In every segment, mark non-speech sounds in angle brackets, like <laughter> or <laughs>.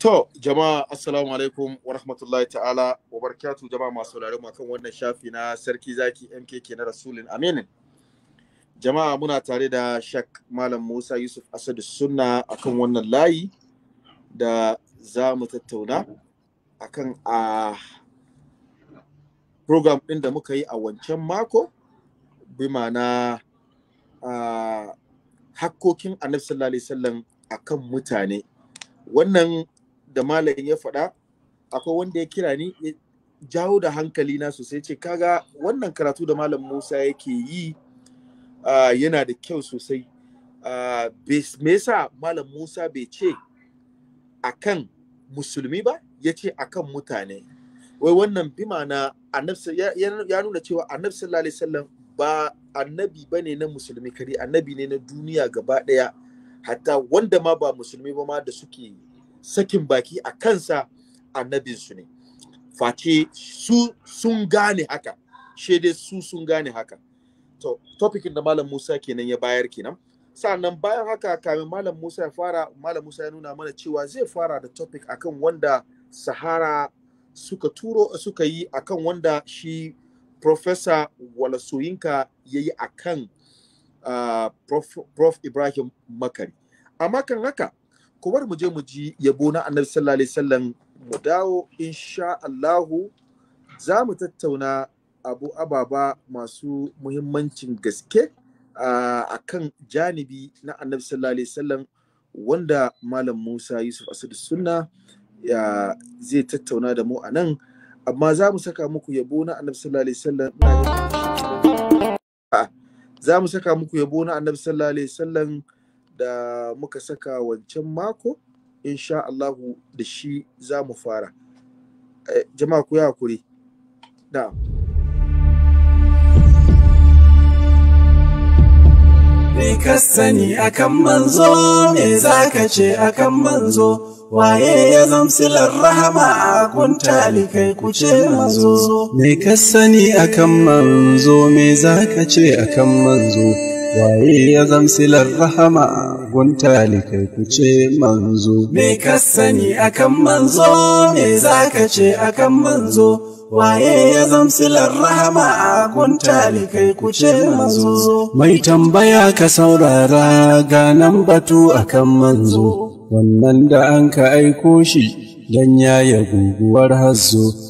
To, jama'a assalamu alaikum wa rahmatullahi ta'ala wa barakatu jama'a masu sauraro kan wannan shafi na sarki zaki MKK na Rasulin Aminin. Jama'a muna tare da Shak Malam Musa Yusuf Asadu Sunna akan wannan layi da za mu tattauna akan a program ɗin da muka yi a wancan mako bi ma'ana hakkokin annabi sallallahu alaihi wasallam akan mutane wannan da malam ya faɗa akwai wanda ya kira ni ya jawo da hankali na sosai ce kaga wannan karatu da malam Musa yake yi yana da kyau sosai me yasa malam Musa bai ce akan musulmi ba ya ce akan mutane wai wannan bi ya nuna cewa annabi sallallahu alaihi ba annabi ba ne na musulmi kari annabi ne na duniya gaba ɗaya hatta wanda ma ba musulmi ba ma da suke sakin baki a kansa annabinsu ne face su sun gane haka dai su sun gane haka to topikin da malam musa kenan ya bayar kenan Sannan bayan haka kamin malam musa ya fara malam musa ya nuna mana cewa zai fara da topic akan wanda sahara suka turo suka yi akan wanda shi professor walasoyinka ya yi akan uh, prof, prof ibrahim makari amma kan haka ku bar mu je mu ji yabo na annabi sallallahu alaihi wasallam mu dawo insha Allahu za mu tattauna abu ababa masu muhimmancin gaske a kan janibi na annabi sallallahu alaihi wasallam wanda malam Musa Yusuf Asadu Sunna ya zai tattauna da mu a nan amma za mu saka muku yabo na annabi sallallahu alaihi wasallam za mu saka muku yabo na annabi sallallahu alaihi wasallam da muka saka wancan mako insha Allahu da shi za mu fara eh, jama'a ku ya hakuri da Me ka sani akan manzo, me za ka ce akan manzo, waye ya zamsilar rahama a kuntali kai kuce manzo. Me ka sani akan manzo, me za ka ce akan manzo. waye ya zamsilar rahama gunta likai ku ce manzo me ka sani akan manzo me zaka ce akan manzo waye ya zamsilar rahama a kunta kai ku manzo mai tambaya ka saurara ga nan batu akan manzo wannan da an ka aiko shi dan yi guguwar hazo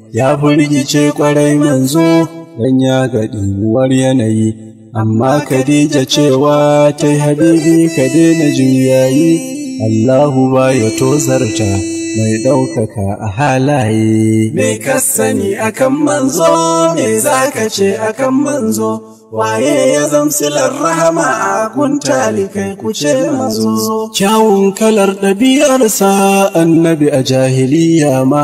ya firgice kwarai manzo dan ya ga ɗinguwar yanayi amma Khadija cewa ta habibi ka daina juyayi Allahu ba ya tozarta mai ɗaukaka a halaye me ka sani akan manzo me zaka ce akan manzo waye ya zamsilar rahama a kuntali kai kuce manzo kyawun kalar ɗabi'arsa annabi a jahiliya ma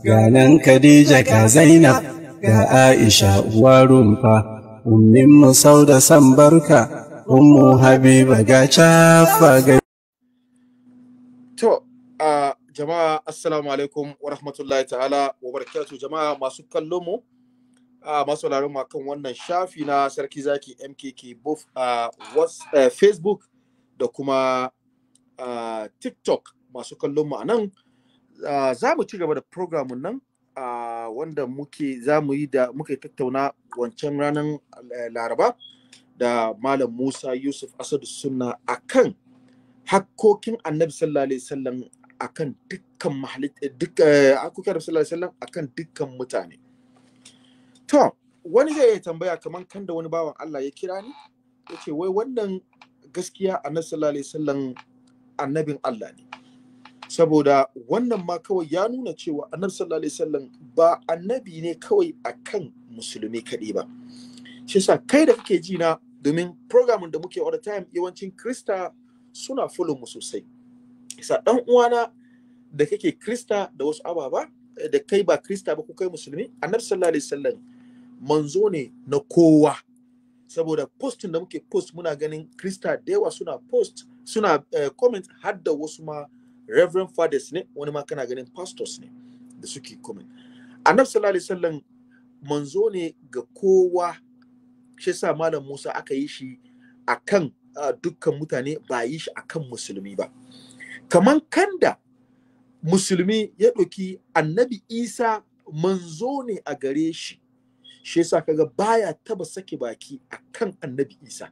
ga nan Khadija ka Zainab ga Aisha uwa rumfa ummin musau da san barka ummu Habiba ga chafa ga to a jama'a assalamu alaikum wa rahmatullahi ta'ala wa barakatuh jama'a masu kallon mu a masu sauraron mu kan wannan shafi na sarki zaki MKK both a eh, Facebook da kuma TikTok masu kallon mu a nan za mu ci gaba da programun nan wanda muke za mu yi da muka tattauna wancan ranar eh, laraba da malam musa yusuf asadu Suna akan hakkokin annabi sallallahu alaihi sallam eh, eh, a kan dukkan mutane to wani zai tambaya kamar kan da wani bawan Allah ya kira ni ya ce wai wannan gaskiya annabi sallallahu alaihi sallam annabin Allah ne saboda wannan ma kawai ya nuna cewa annabi sallallahu alaihi wasallam ba annabi ne kawai akan musulmi kaɗai ba shi yasa kai da kake ji na domin program da muke all the time yawancin krista suna follow mu sosai isa dan uwana da kake krista da wasu ababa eh, da kai ba krista ba ko kai musulmi annabi sallallahu alaihi wasallam manzo ne na kowa saboda postin da muke post muna ganin krista da yawa suna post suna uh, comment har da wasu ma reverend fathers ne wani ma kana ganin pastors ne da suke komen annabi sallallahu alaihi sallan, manzo ne ga kowa shi sa malam Musa aka yi shi akan dukkan mutane ba yi shi akan musulmi ba kaman kanda musulmi ya ɗauki annabi Isa manzo ne a gare shi shi sa kaga baya taba sake baki akan annabi Isa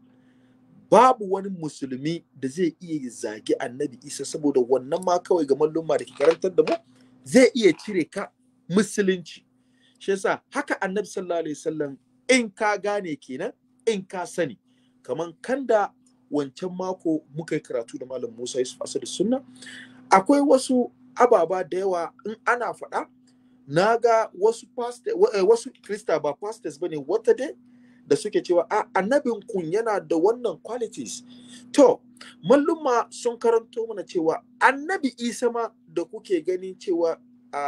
babu wani musulmi da zai iya zagi annabi isa saboda wannan ma kawai ga malluma da ke karantar da mu zai iya cire ka musulunci shi yasa haka annabi sallallahu alaihi wasallam in ka gane kenan in ka sani kaman kanda wancan mako muka yi karatu da malam Musa Yusuf asadu Sunna akwai wasu ababa da yawa in ana faɗa na ga wasu pastor eh, wasu krista ba pastors bane wata dai da suke cewa a annabin kun yana da wannan qualities to malluma sun karanto mana cewa annabi isa ma da kuke ganin cewa a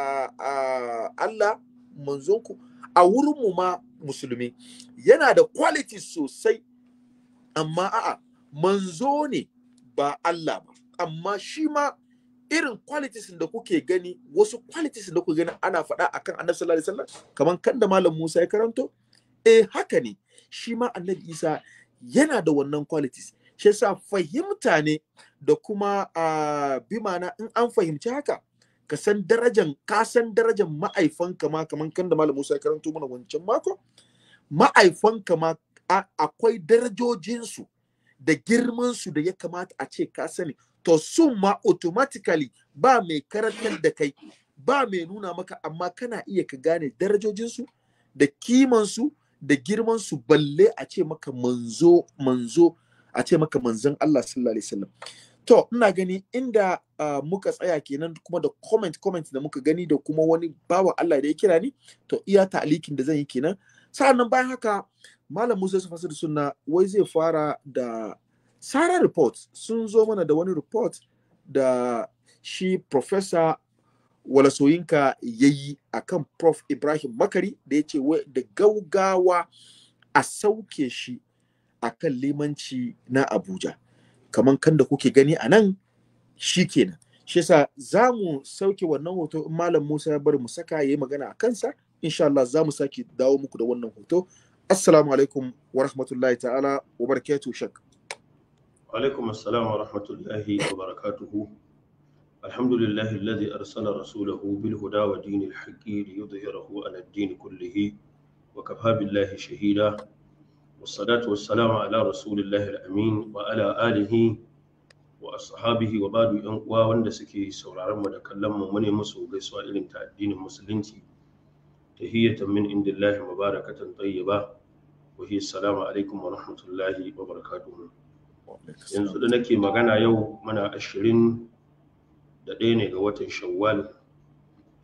Allah manzonku a wurin mu ma musulmi yana da qualities sosai amma a'a manzo ne ba Allah ba amma shi ma irin qualities da kuke gani wasu qualities da kuke gani ana faɗa akan annabi sallallahu alaihi wasallam kamar kan da malam Musa ya karanto eh haka ne shi ma annabi isa yana da wannan qualities shi yasa fahimta ne da kuma bi mana in an fahimci haka ka san darajan ka san darajan ma'aifanka ma kaman kan da malam Musa ya karanto mana wancan mako ma'aifanka ma akwai darajojinsu da girmansu da ya kamata a ce ka sani to sun ma automatically ba mai karantar da kai ba mai nuna maka amma kana iya ka gane darajojinsu da kimansu da girman su balle a ce maka manzo manzo a ce maka manzon Allah sallallahu alaihi wasallam to ina gani inda uh, muka tsaya kenan kuma da comment comment da muka gani da kuma wani bawa Allah da ya kira ni to iya ta'likin da zan yi kenan sa'annan bayan haka malam Musa Yusuf Asadu Sunna wai zai fara da Sara report sun zo mana da wani report da shi professor wala soyinka ya yi a kan prof ibrahim makari da ya ce da gaugawa a sauke shi a kan limanci na abuja kamar kan da kuke gani a nan shi kenan shi yasa za mu sauke wannan hoto in malam musa ya bari mu saka ya yi magana a kansa insha Allah za mu sake dawo muku da wannan hoto assalamu alaikum wa rahmatullahi ta'ala wa barakatuhu shak alaikum assalam wa rahmatullahi wa barakatuhu الحمد لله الذي أرسل رسوله بالهدى ودين الحق ليظهره على الدين كله وكفى بالله شهيدا والصلاة والسلام على رسول الله الأمين وعلى آله وأصحابه وبعد ينقوى واندسكي سورارا ودكلم ومن مسو غيسوا إلين تعدين المسلمين تهية من عند الله مباركة طيبة وهي السلام عليكم ورحمة الله وبركاته yanzu da nake magana yau muna ashirin da ɗaya ne ga watan shawwal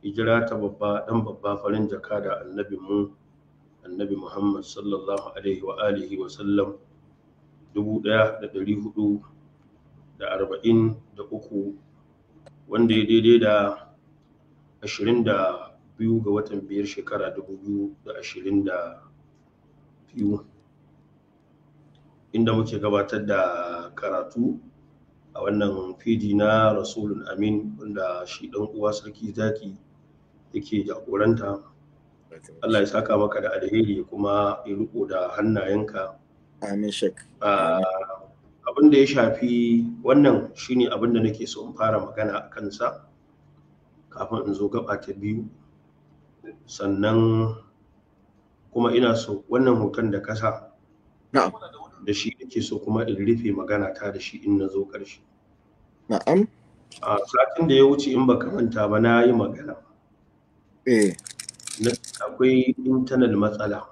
hijira ta babba ɗan babba farin jaka da annabi mu annabi muhammad sallallahu alaihi wa alihi wa sallam dubu ɗaya da ɗari hudu da arba'in da uku wanda ya daidai da ashirin da biyu ga watan biyar shekara dubu biyu da ashirin da biyu inda muke gabatar da karatu a wannan fiji na rasulun amin wanda shi dan uwa sarki zaki yake jagoranta Allah ya saka maka da alheri kuma ya riko da hannayenka amin shek abin da ya shafi wannan shine abin da nake so in fara magana a kansa kafin in zo gaba ta biyu sannan kuma ina so wannan hoton da kasa na'am da shi yake so kuma in rufe magana ta da shi in na zo ƙarshe na'am a satin da ya wuce in baka manta ba na yi magana eh akwai intanet matsala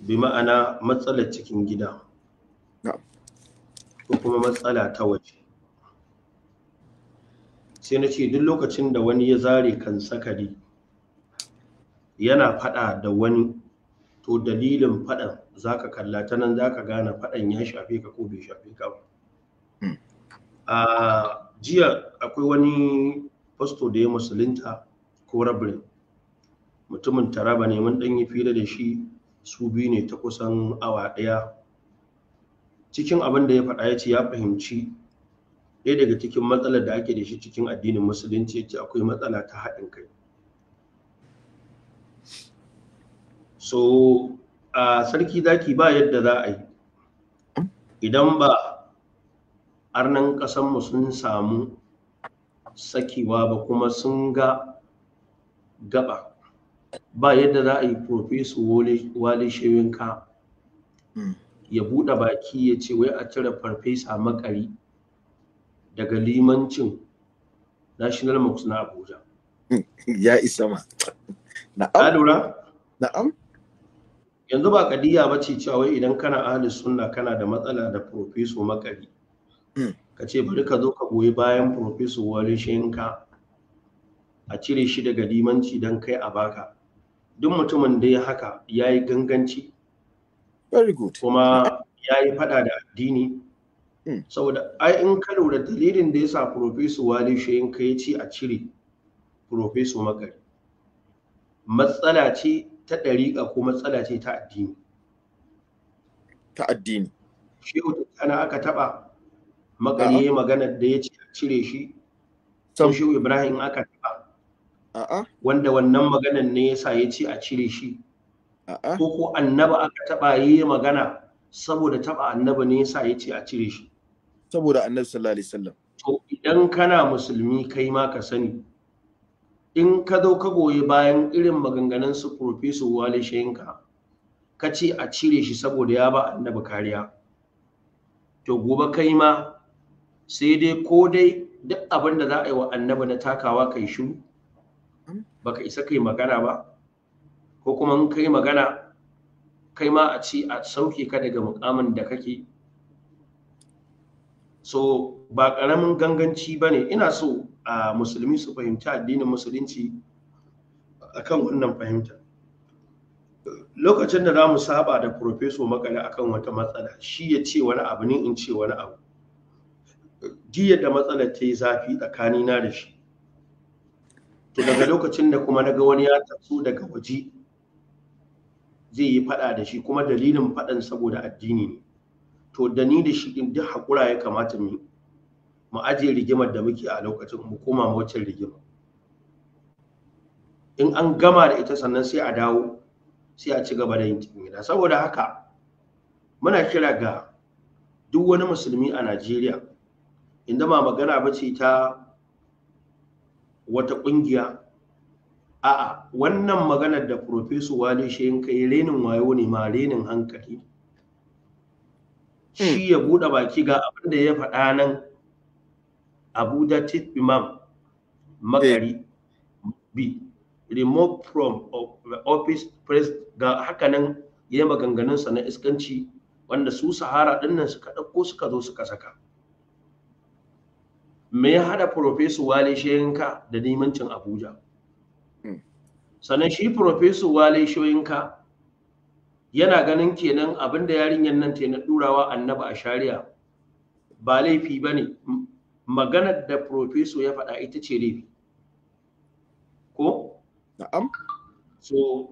bi ma'ana matsalar cikin gida ko kuma matsala ta waje sai na ce duk lokacin da wani ya zare kan sakari yana faɗa da wani to dalilin faɗan za ka kalla ta nan za ka gane faɗan ya shafe ka ko bai shafe ka ba. Hmm. A jiya akwai wani fasto da ya musulunta ko rabin mutumin taraba ne mun ɗan yi fira da shi su biyu ne ta kusan awa ɗaya. Cikin abin da ya faɗa ya ce ya fahimci ɗaya daga cikin matsalar da ake da shi cikin addinin musulunci ya ce akwai matsala ta haɗin kai. So a sarki zaki ba yadda za a yi idan ba arnan ƙasanmu sun samu sakewa ba kuma sun ga gaba ba yadda za a yi professor wale shewinka hmm. ya buɗe baki ya ce wai a cire farfesa makari daga limancin national mosque na abuja <laughs> ya isa ma na'am na'am yanzu ba kadiya ba ce cewa wai idan kana ahli sunna kana da matsala da professor makari hmm. ka ce bari ka zo ka goyi bayan professor wani shinka a cire shi daga limanci don kai a baka duk mutumin da ya haka ya yi ganganci very good kuma ya yi fada da addini hmm. saboda ai in ka lura dalilin da ya sa profeso wani shinka ya ce a cire professor makari matsala ce ta ɗariƙa ko matsala ce ta addini ta addini shehu ana aka taɓa makariye magana da ya a cire shi sun shi ibrahim aka taɓa wanda wannan maganar ne yasa ya ce a cire shi ko ko annaba aka taɓa ya yi magana saboda taɓa annaba ne yasa ya ce a cire shi saboda annabi sallallahu alaihi wasallam to idan kana musulmi kai ma ka sani in ka zo ka goyi bayan irin maganganun su profeso wale shayinka ka ce a cire shi saboda ya ba annabi kariya to gobe kai ma sai dai ko dai duk abin da za a yi wa annabi na takawa kai shiru baka isa kai magana ba ko kuma in kai magana kai ma a ci a sauke ka daga mukamin da kake so ba karamin ganganci ba ne ina so A musulmi su fahimci addinin musulunci akan wannan fahimta lokacin da za mu saba da profeso makale akan wata matsala shi ya ce wani abu ne in ce wani abu jiya da matsala ta yi zafi tsakani na da shi to daga lokacin da kuma naga wani ya taso daga waje zai yi fada da shi kuma dalilin fadan saboda addini ne to da ni da shi duk haƙura ya kamata mu mu ajiye rigimar da muke a lokacin mu koma wacce rigima in an gama da ita sannan sai a dawo sai a ci gaba da yin cikin saboda haka muna kira ga duk wani musulmi a Najeriya inda ma magana bace ta wata kungiya a'a wannan maganar da professor Wale Shehin kai renin wayo ne ma renin hankali shi hmm. ya bude baki ga abin da ya faɗa nan Abuja Chief Imam Makari eh. B removed from office press ga hakanan yayin maganganun sa na iskanci wanda su sahara dinnan suka ɗauko suka zo suka saka me ya hada professor Wale Shoyinka da nimancin Abuja hmm. sannan shi professor Wale Shoyinka yana ganin kenan abinda yarinyar nan ta na durawa annaba a shari'a ba laifi ba ne maganar da profeso ya faɗa ita ce laifi ko na'am so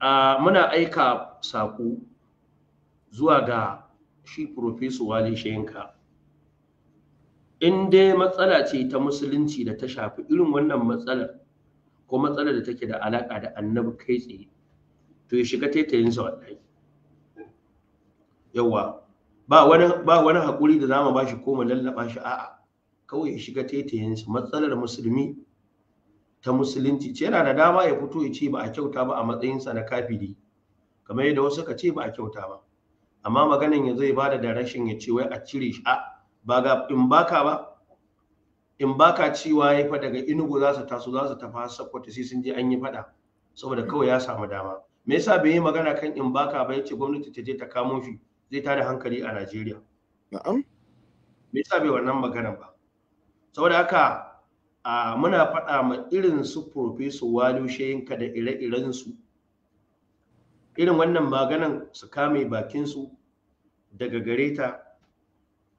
uh, muna aika saƙo zuwa ga shi professor wale shenka in dai matsala ce ta musulunci da ta shafi irin wannan matsalar ko matsalar da take da alaƙa da annabi kai tsaye to ya shiga taitayinsa wallahi yawa ba wani ba wani hakuri da zamu bashi ko mu lallaba shi a'a kawai ya shiga taitayensa matsalar musulmi ta musulunci ce yana da dama ya fito ya ce ba a kyauta ba a matsayinsa na kafiri kamar yadda wasu ka ce ba a kyauta ba amma maganan ya zai bada da rashin ya ce wai a cire shi a ba ga in baka ba in baka cewa ya fa daga inugu za su taso za su tafi sakwata sai sun je an yi fada saboda kawai ya samu dama me yasa bai yi magana kan in baka ba ya ce gwamnati ta je ta kamo shi zai tada hankali a Najeriya na'am me yasa bai wannan magana ba saboda haka a muna faɗa ma irin su professor walu shayinka da ire-iren su irin wannan maganan su kame bakin su daga gare ta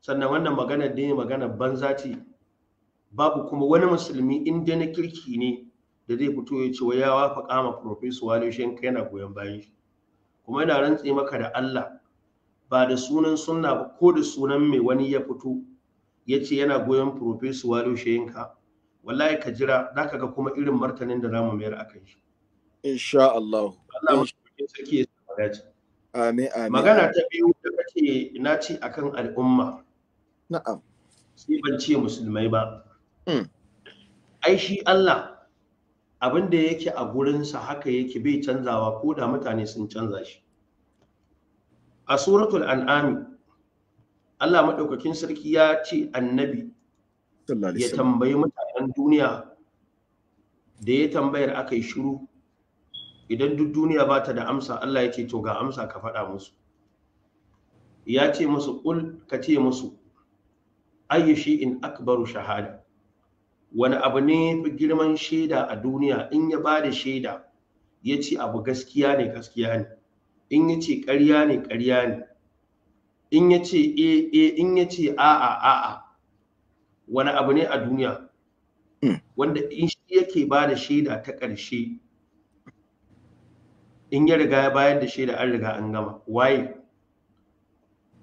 sannan wannan magana ne magana banza ce babu kuma wani musulmi in dai na kirki ne da zai fito ya ce ya wafa kama professor walu shayinka yana goyon bayan shi kuma yana rantse maka da Allah ba da sunan sunna ba ko da sunan mai wani ya fito ya ce yana goyon profesu walo shayinka wallahi ka jira za ka ga kuma irin martanin da zamu mayar a shi insha Allah Allah sarki ya amin amin magana ta biyu da kake na ce akan al'umma na'am sai ban ce musulmai ba hmm. ai shi Allah abin da yake a gurinsa haka yake bai canzawa ko da mutane sun canza shi a suratul an'ami Allah maɗaukakin sarki ya ce annabi ya tambayi mutanen duniya da ya tambayar aka yi shiru idan duk duniya ba ta da amsa Allah ya ce to ga amsa ka faɗa musu ya ce musu ƙul ka ce musu ayyushi in akbaru shahada wani abu ne fi girman shaida a duniya in ya bada da shaida ya ce abu gaskiya ne gaskiya ne in ya ce ƙarya ne ƙarya ne in ya ce a e, e in ya ce a a a a wani abu ne a duniya hmm. wanda in shi yake ba da shaida ta ƙarshe in ya riga ya bayar da shaida an riga an gama waye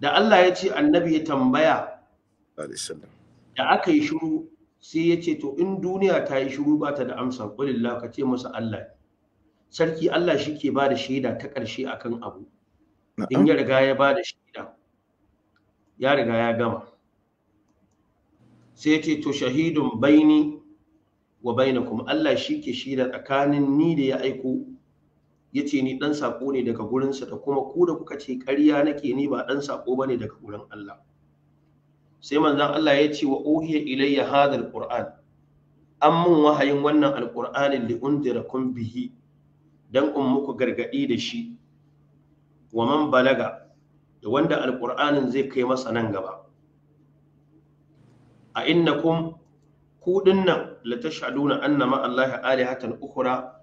da Allah ya ce annabi ya tambaya da aka yi shiru sai ya ce to in duniya ta yi shiru ba ta da amsa kulillah ka ce masa Allah sarki Allah shi ke ba da shaida ta ƙarshe akan abu in ya riga ya ba da ya riga ya gama sai ce to shahidun baini wa baina kuma Allah shi ke shida tsakanin ni da ya aiko ya ce ni ɗan saƙo ne daga gurinsa da kuma ku da kuka ce ƙarya nake ni ba ɗan saƙo ba ne daga gurin Allah sai manzan Allah ya ce wa ohiya ilayya hadal qur'an an mun wahayin wannan alƙur'anin li undirakum bihi dan in muku gargaɗi da shi wa man balaga da wanda alƙur'anin zai kai masa nan gaba a innakum ku dinnan la tashhaduna anna ma Allah alihatan ukhra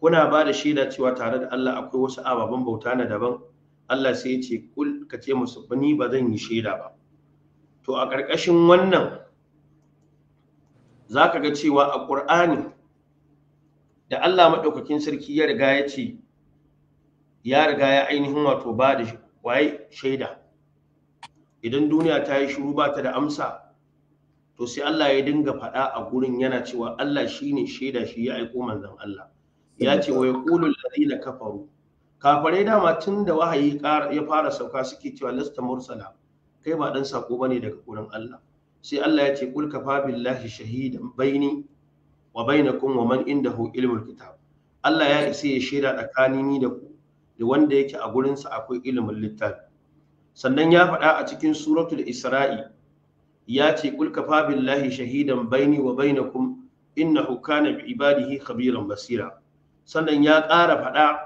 kuna ba da shaida cewa tare da Allah akwai wasu ababen bauta na daban Allah sai ya ce kul ka ce musu ni ba zan yi shaida ba to a ƙarƙashin wannan zaka ga cewa a da Allah maɗaukakin sarki ya riga ya ce ya riga ya ainihin wato ba da waye shaida idan duniya ta yi shiru ba ta da amsa to sai Allah ya dinga faɗa a gurin yana cewa Allah shine shaida shi ya aiko manzan Allah ya ce wa yaqulu ladina kafaru kafare dama tun da wahayi ya fara sauka suke cewa lasta mursala kai ba dan sako bane daga gurin Allah sai Allah ya ce kul kafa billahi shahidan baini wa bainakum wa man indahu ilmul kitab Allah ya isa ya shaida tsakanin ni da ku wanda yake a gurinsa akwai ilimin littafi sannan ya faɗa a cikin suratul isra'i ya ce kul fabin lahi shahidan baini wa bainakum innahu kana bi ibadihi khabiran basira sannan ya ƙara faɗa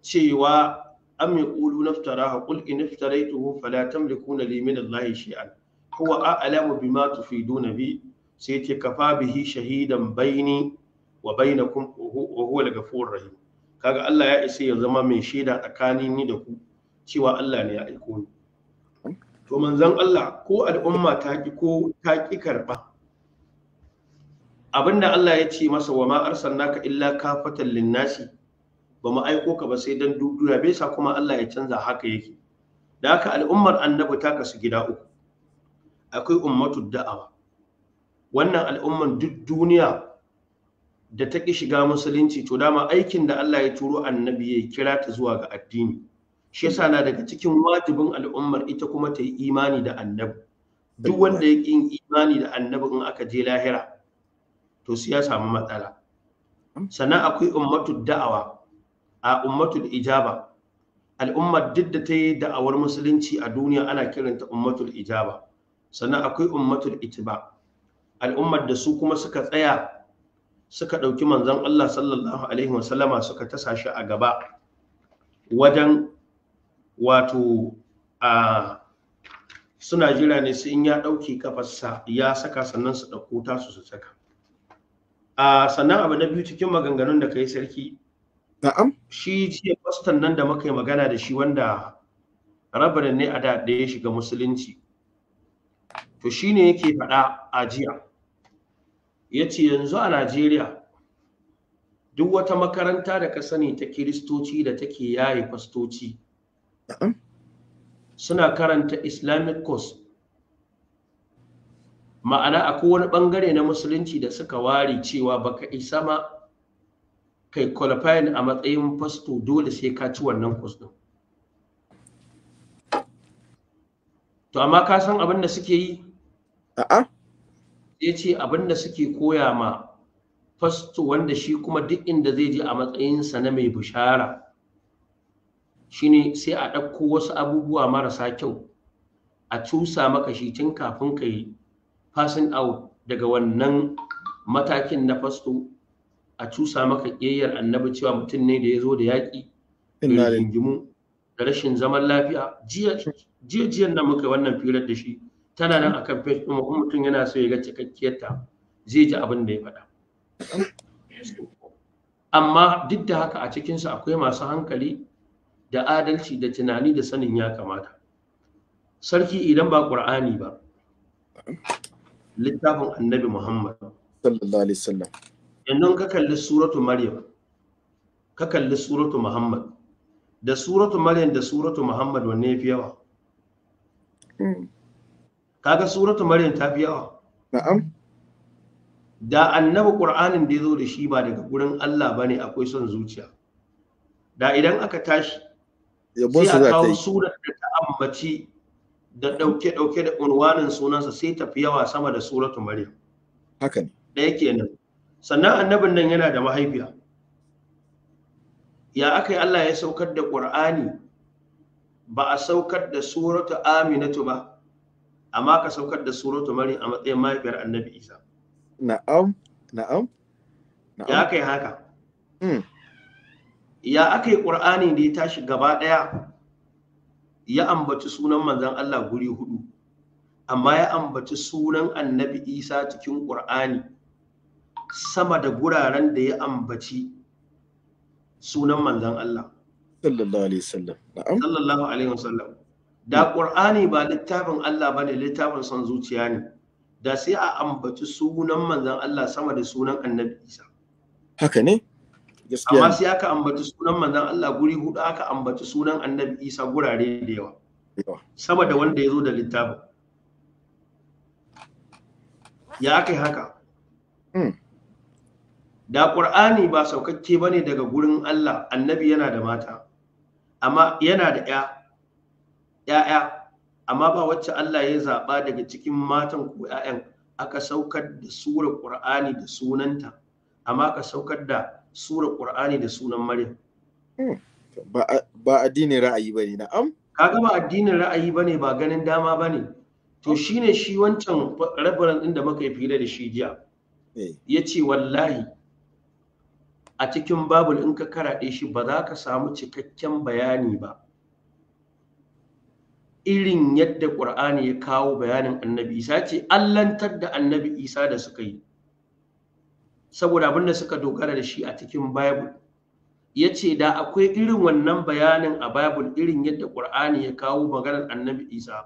cewa am yaqulu naftaraha qul in iftaraytuhu fala tamlikuna li min allahi shay'an huwa a'lamu bima tufiduna bi sai ce kafa bihi shahidan baini wa bainakum wa huwa al-ghafurur rahim kaga Allah ya isa ya zama mai shaida tsakanin ni da ku cewa Allah ne ya aiko ni to manzon Allah ko al'umma ta ki ko ta ki karba abinda Allah ya ce masa wa ma arsalnaka illa kafatan linnasi ba mu aiko ka ba sai dan duniya bai sa kuma Allah ya canza haka yake da haka al'ummar annabi ta kasu gida uku akwai ummatu da'awa wannan al'umman duk duniya da ta ki shiga musulunci to dama aikin da Allah ya turo annabi ya kira ta zuwa ga addini shi yasa na daga cikin wajibin al'ummar ita kuma ta yi imani da annabi duk wanda ya yin imani da annabi in aka je lahira to su ya samu matsala sannan akwai ummatu da'awa a ummatul ijaba al'ummar duk da ta yi da'awar musulunci a duniya ana kiranta ummatul ijaba sannan akwai ummatul itiba al'ummar da su kuma suka tsaya suka ɗauki manzon Allah sallallahu alaihi wasallama suka tasa shi a gaba wajen wato a suna jira ne su in ya ɗauki kafarsa ya saka sannan su ɗauko tasu su saka a sannan abu na biyu cikin maganganun da kai sarki na'am shi jiya fastan nan da muka yi magana da shi wanda rabarin ne a da ya shiga musulunci to ne yake faɗa a jiya ya ce yanzu a najeriya duk wata makaranta da ka sani ta kiristoci da take yaye fastoci suna karanta islamic course ma'ana akwai wani bangare na musulunci da suka ware cewa baka isa ma kai qualifying a matsayin fasto dole sai ka ci wannan course din to amma ka san abin da suke yi a'a ya ce abinda suke koya ma fasto wanda shi kuma duk inda zai je a matsayinsa na mai bishara shine sai a ɗauko wasu abubuwa marasa kyau a cusa maka shi tun kafin ka yi passing out daga wannan matakin na fasto a cusa maka ƙiyayyar annabi cewa mutum ne da ya zo da yaƙi da da rashin zaman lafiya jiya jiyan nan muka wannan firar da shi tana nan akan page ɗin in mutum yana so ya ga cikakkiyarta zai ji abin da ya faɗa amma duk da haka a cikinsu akwai masu hankali da adalci da tunani da sanin ya kamata sarki idan ba ƙur'ani ba littafin annabi muhammad sallallahu alaihi wasallam yanzu ka kalli suratu maryam ka kalli suratu muhammad da suratu maryam da suratu muhammad wanne fi yawa hmm. kaga suratu maryam ta fi yawa na'am da annabi qur'anin da yazo da shi ba daga gurin Allah bane akwai son zuciya da idan aka tashi yabon su za ta yi surar da ta ambaci da dauke dauke da unwanin sunansa sai ta fi yawa sama da suratu maryam haka da yake nan sannan annabin nan yana da mahaifiya ya aka Allah ya saukar da qur'ani ba a saukar da suratu aminatu ba amma ka saukar da suratu maryam a matsayin mahaifiyar annabi isa na'am na'am ya kai haka hmm. ya aka yi ƙur'ani da ya tashi gaba ɗaya ya ambaci sunan manzan Allah guri hudu amma ya ambaci sunan annabi isa cikin ƙur'ani sama da guraren da ya ambaci sunan manzan Allah sallallahu alaihi wasallam sallallahu alaihi wasallam da ƙur'ani ba littafin Allah ba ne littafin son zuciya ne da sai a ambaci sunan manzan Allah sama da sunan annabi Isa haka ne amma sai aka ambaci sunan manzan Allah guri hudu aka ambaci sunan annabi Isa gurare da yawa sama da wanda ya zo da littafin ya aka yi haka hmm. da ƙur'ani ba saukakke ba ne daga gurin Allah annabi yana da mata amma yana da 'ya 'ya'ya amma ba wacce Allah ya zaɓa daga cikin matan ko 'ya'yan aka saukar da sura ƙur'ani da sunanta amma aka saukar da sura ƙur'ani da sunan Maryam. Hmm. Ba addinin ra'ayi ba ne na'am? Kaga ba addinin ra'ayi ba ne ba ganin dama ba ne. To hmm. shi ne shi wancan rabaran ɗin da muka yi fira da shi jiya. Eh. Ya ce wallahi a cikin babul in ka karaɗe shi ba za ka samu cikakken bayani ba irin yadda ƙur'ani ya kawo bayanin annabi isa ce allantar da annabi isa da suka yi saboda abinda suka dogara da shi a cikin bible ya ce da akwai irin wannan bayanin a bible irin yadda ƙur'ani ya kawo maganar annabi isa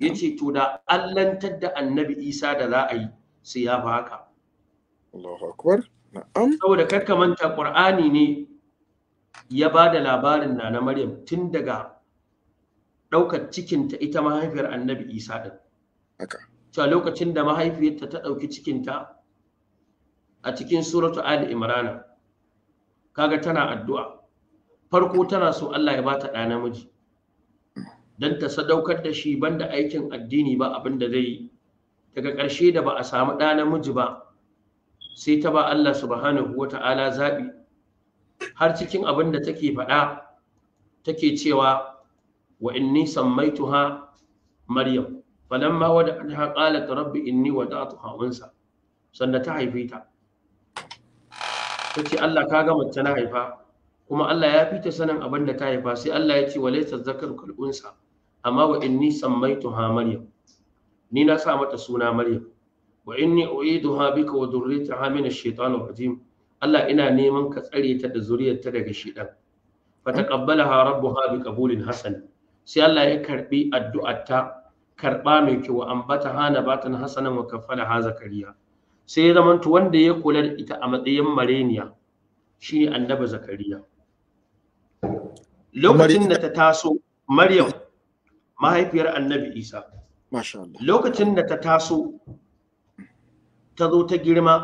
ya ce to da allantar da annabi isa da za a yi sai ya fi haka saboda karka manta ƙur'ani ne ya ba da labarin na na maryam tun daga ɗaukar cikinta ita mahaifiyar annabi isa ɗin cewa lokacin da mahaifiyarta ta ɗauki cikinta a cikin suratu ali imrana kaga tana addu'a farko tana so allah ya ba ta ɗa namiji don ta sadaukar da shi banda aikin addini ba abin da zai yi daga ƙarshe da ba a samu ɗa namiji ba sai ta ba allah subhanahu wa ta'ala zaɓi har cikin abin da take faɗa take cewa wa inni sammaituha maryam falamma wada'atha qalat rabbi inni wada'tuha unsa sanda ta haife ta tace Allah ka ga mace na haifa kuma Allah ya fita sanin abin da ta haifa sai Allah ya ce wa zakaru zakar unsa amma wa inni sammaituha maryam ni na sa mata suna maryam wa inni u'iduha bika wa dhurriyyataha min ash-shaytanir rajim Allah ina neman ka tsare ta da zuriyarta daga shedan fataqabbalaha rabbuha biqabulin hasan sai Allah ya karbi addu'arta karba mai kyau ambata hana batan hasanan wa kafala ha zakariya sai ya zamanto wanda ya kula da ita a matsayin mareniya shine annaba zakariya lokacin da ta taso maryam mahaifiyar annabi isa lokacin da ta taso ta zo ta girma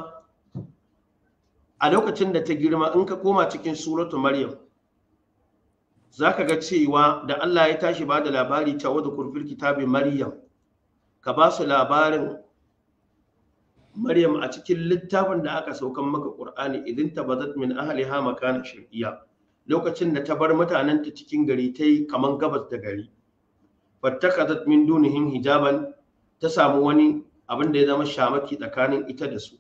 a lokacin da ta girma in ka koma cikin suratu maryam Za ka ga cewa da Allah ya tashi ba da labari ta wadda kurfin kitabin Maryam ka ba su labarin Maryam a cikin littafin da aka saukan maka ƙur'ani, idan tabazat min ahali ha makana shirkiya lokacin da ta bar mutanenta cikin gari ta yi kamar gabas da gari fattakatat min dunihin hijaban ta samu wani abin da ya zama shamaki tsakanin ita da su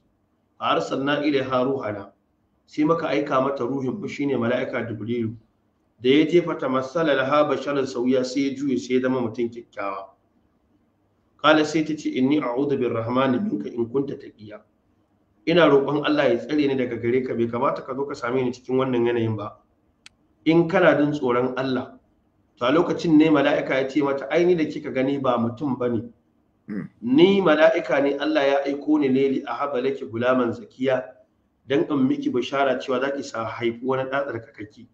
a arsalna ilaiha ruhana sai muka aika mata ruhin mu ne mala'ika jibrilu da ya masala matsalar laha basharan sauya sai ya juye sai ya zama mutum kyakkyawa kala sai ta ce in ni inni bin rahmani binka in kunta iya. ina roƙon Allah ya tsare ni daga gare ka bai kamata ka zo ka same ni cikin wannan yanayin ba in kana jin tsoron Allah to a lokacin ne mala'ika ya ce mata aini da kika gani ba mutum ba ne.' Hmm. ni mala'ika ne Allah ya aiko ni ne a haɓa laki gulaman zakiya don in miki bishara cewa za ki sa haifi wani ɗan tsarkakaki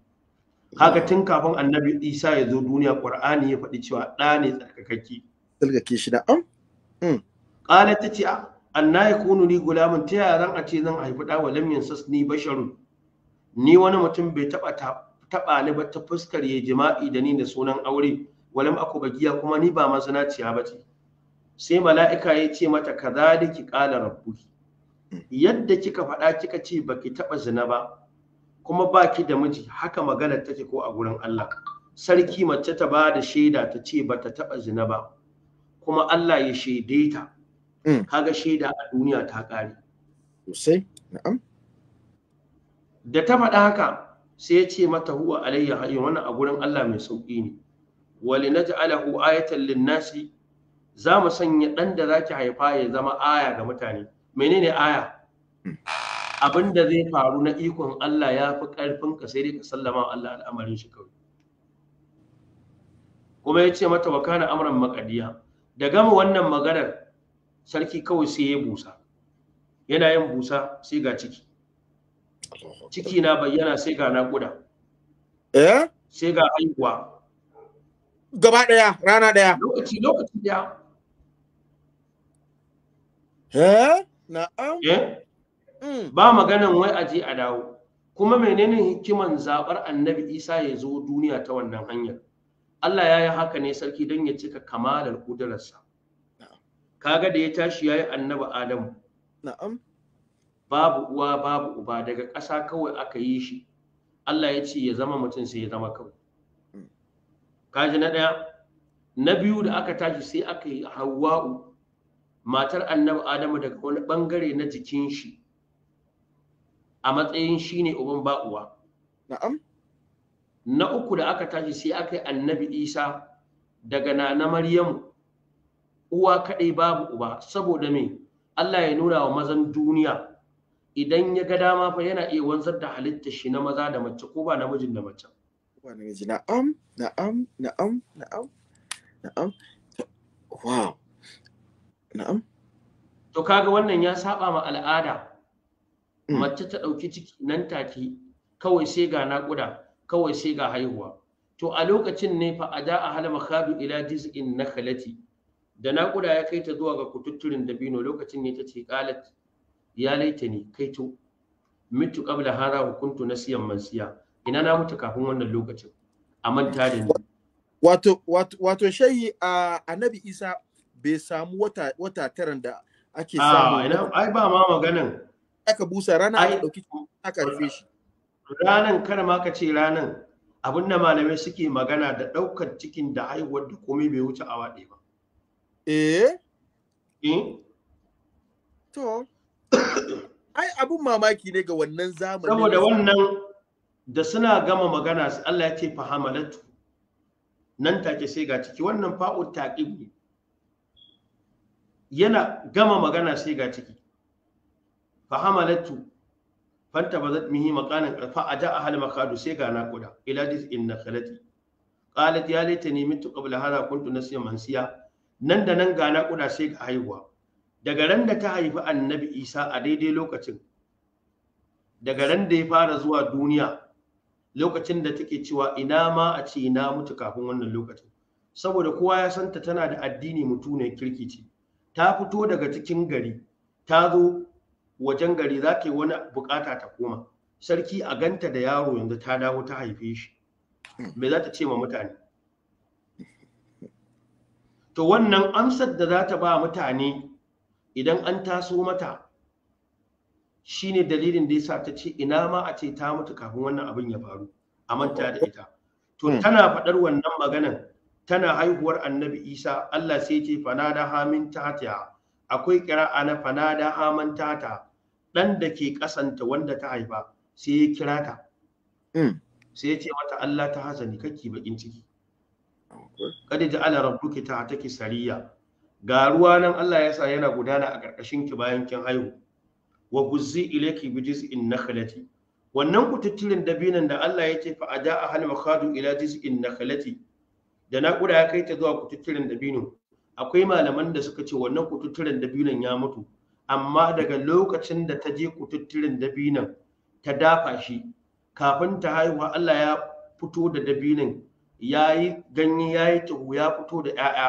haka tun kafin annabi isa ya zo duniya qur'ani ya faɗi cewa ɗa ne tsarkakakke tsarkake shi da am mm. qala ta ce anna kunu ni gulamun ta yaran a ce zan haifi ɗa wa sas ni basharun ni wani mutum bai taba taba ni ba ta fuskar ya jima'i da ni da sunan aure walam aku bagiya kuma ni ba mazinaciya ba ce sai mala'ika ya ce mata kadhalika qala rabbuki mm. yadda kika faɗa kika ce baki taɓa zina ba kuma baki da miji haka maganar take ko a gurin Allah sarki mace ta ba da shaida ta ce ba ta taɓa zina ba kuma Allah ya shaide ta mm. kaga shaida a duniya ta ƙare sosai na'am da ta faɗa haka sai ya ce mata huwa alayya hayyin wannan a gurin Allah mai sauƙi ne wali naj'alahu ayatan lin-nasi za mu sanya ɗan da zaki haifa ya zama aya ga mutane menene aya mm. abin da zai faru na ikon Allah ya fi ƙarfin ka sai dai ka sallama wa Allah al'amarin shi kawai kuma ya ce mata wa kana amran maqadiya da gama wannan maganar sarki kawai sai ya busa yana yin busa sai ga ciki ciki na bayyana sai ga naƙuda eh sai ga haihuwa gaba ɗaya rana ɗaya lokaci lokaci ɗaya eh na'am eh Mm. ba maganan wai a je a dawo kuma menene hikiman zabar annabi isa ya zo duniya ta wannan hanyar Allah ya yi haka ne sarki don ya cika kamalar kudurarsa kaga da ya tashi ya yi annabi adamu babu uwa babu uba daga ƙasa kawai aka yi shi Allah ya ce ya zama mutum sai ya zama kawai mm. kaji na ɗaya na biyu da aka tashi sai aka yi hawa'u matar annabi adamu daga wani ɓangare na jikin shi a matsayin shine uban ba uwa na uku da aka tashi sai aka yi annabi isa daga na na maryamu uwa kaɗai babu uba saboda me Allah ya nuna wa mazan duniya idan ya ga dama fa yana iya wanzar da halitta shi na maza da mace ko ba namijin da mace wow na'am to kaga wannan ya saba ma al'ada Hmm. mace ta ɗauki ciki nan take kawai sai ga naƙuda kawai sai ga haihuwa to a lokacin ne fa a da'a hal makhadu ila jiz'in nakhlati da naƙuda ya kai ta zuwa ga kututturin dabino lokacin ne ta ce qalat ya laita ni kaito mitu qabla hada hukuntu nasiyan mansiya ina na mutu kafin wannan lokacin a manta da ni wato wato wato shayi a annabi isa bai samu wata wata taran da ake samu ah, ai ba ma maganan aka busa rana a ɗauki ta karfe shi ranan kada ma ka ce ranan abin da malamai suke magana da ɗaukar cikin da haihuwar da komai bai wuce awa ɗaya ba eh, eh? to ai abun mamaki ne ga wannan zamani saboda wannan da suna gama magana Allah ya ce fahamalatu nan take sai ga ciki wannan fa'u taqib ne yana gama magana sai ga ciki fahamalatu hamalatu fanta bazat mihi makanin karfa a ja'a hal makadu sai ga nakuda ila dis in nakhlati qalat ya laitani mitu qabla hada kuntu nasiya mansiya nan da nan ga nakuda sai ga haihuwa daga ran da ta haifi annabi isa a daidai lokacin daga ran da ya fara zuwa duniya lokacin da take cewa ina ma a ce ina mutu kafin wannan lokacin saboda kowa ya santa tana da addini mutune kirki ce ta fito daga cikin gari ta zo wajen gari za ta yi wani bukata ta koma sarki a ganta da yaro yanzu ta dawo ta haife shi hmm. me za ta ce ma mutane to wannan amsar da za ta ba mutane idan an taso mata shine dalilin da yasa ta ce ina ma a ce ta mutu kafin wannan abin ya faru a manta da ita to hmm. tana faɗar wannan maganan tana haihuwar annabi isa allah sai ce fanada hamin tatiya akwai kira'a na fanada haman tata ɗan da ke ƙasanta wanda ta haifa sai ya kira ta hmm. sai ya ce mata Allah ta hazani kake bakin ciki kada ji ala rabbuki ta take sariya ga ruwa nan Allah ya sa yana gudana a ƙarƙashin ki bayan kin haihu wa guzzi ilayki bi jiz'in nakhlati wannan kututturin dabinan da Allah ya ce fa ada ahal makhadu ila jiz'in nakhlati da naƙuda ya kai ta zuwa kututturin dabino akwai malaman da suka ce wannan kututturen dabinon ya mutu amma daga lokacin da ta je kututturin dabinan ta dafa shi kafin ta haihuwa Allah ya fito da dabinan ya yi ganye ya yi tuhu ya fito da ‘ya'ya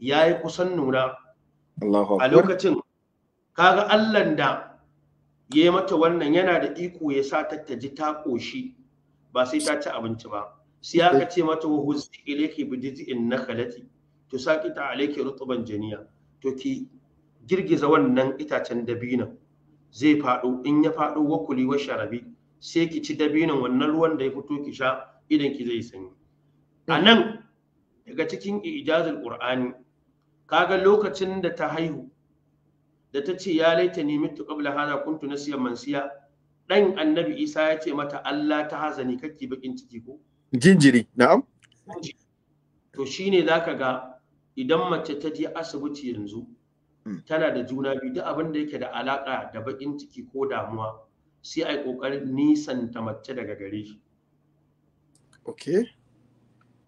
ya yi kusan nuna a lokacin kaga Allah da ya yi mata wannan yana da iko ya sa ta ji ta ƙoshi ba sai ta ci abinci ba sai aka ce mata wa huzzi in na jiz'in nakhlati ta alaiki rutban janiya to ki girgiza wannan itacen dabinan zai faɗo in ya faɗo wakuli wa sharabi sai ki ci dabinan wannan ruwan da ya fito ki sha idan ki zai sanyi a mm. nan daga cikin ijazul qur'ani kaga lokacin da ta haihu da ta ce ya laita ni mitu qabla hada kuntu nasiyan mansiya dan annabi isa ya ce mata Allah ta hazani kake bakin ciki ko jinjiri na'am to shine zaka ga idan mace ta je asibiti yanzu Mm. tana da juna biyu duk abin da yake da alaka da bakin ciki ko damuwa sai a yi kokarin ta mace daga gare shi okay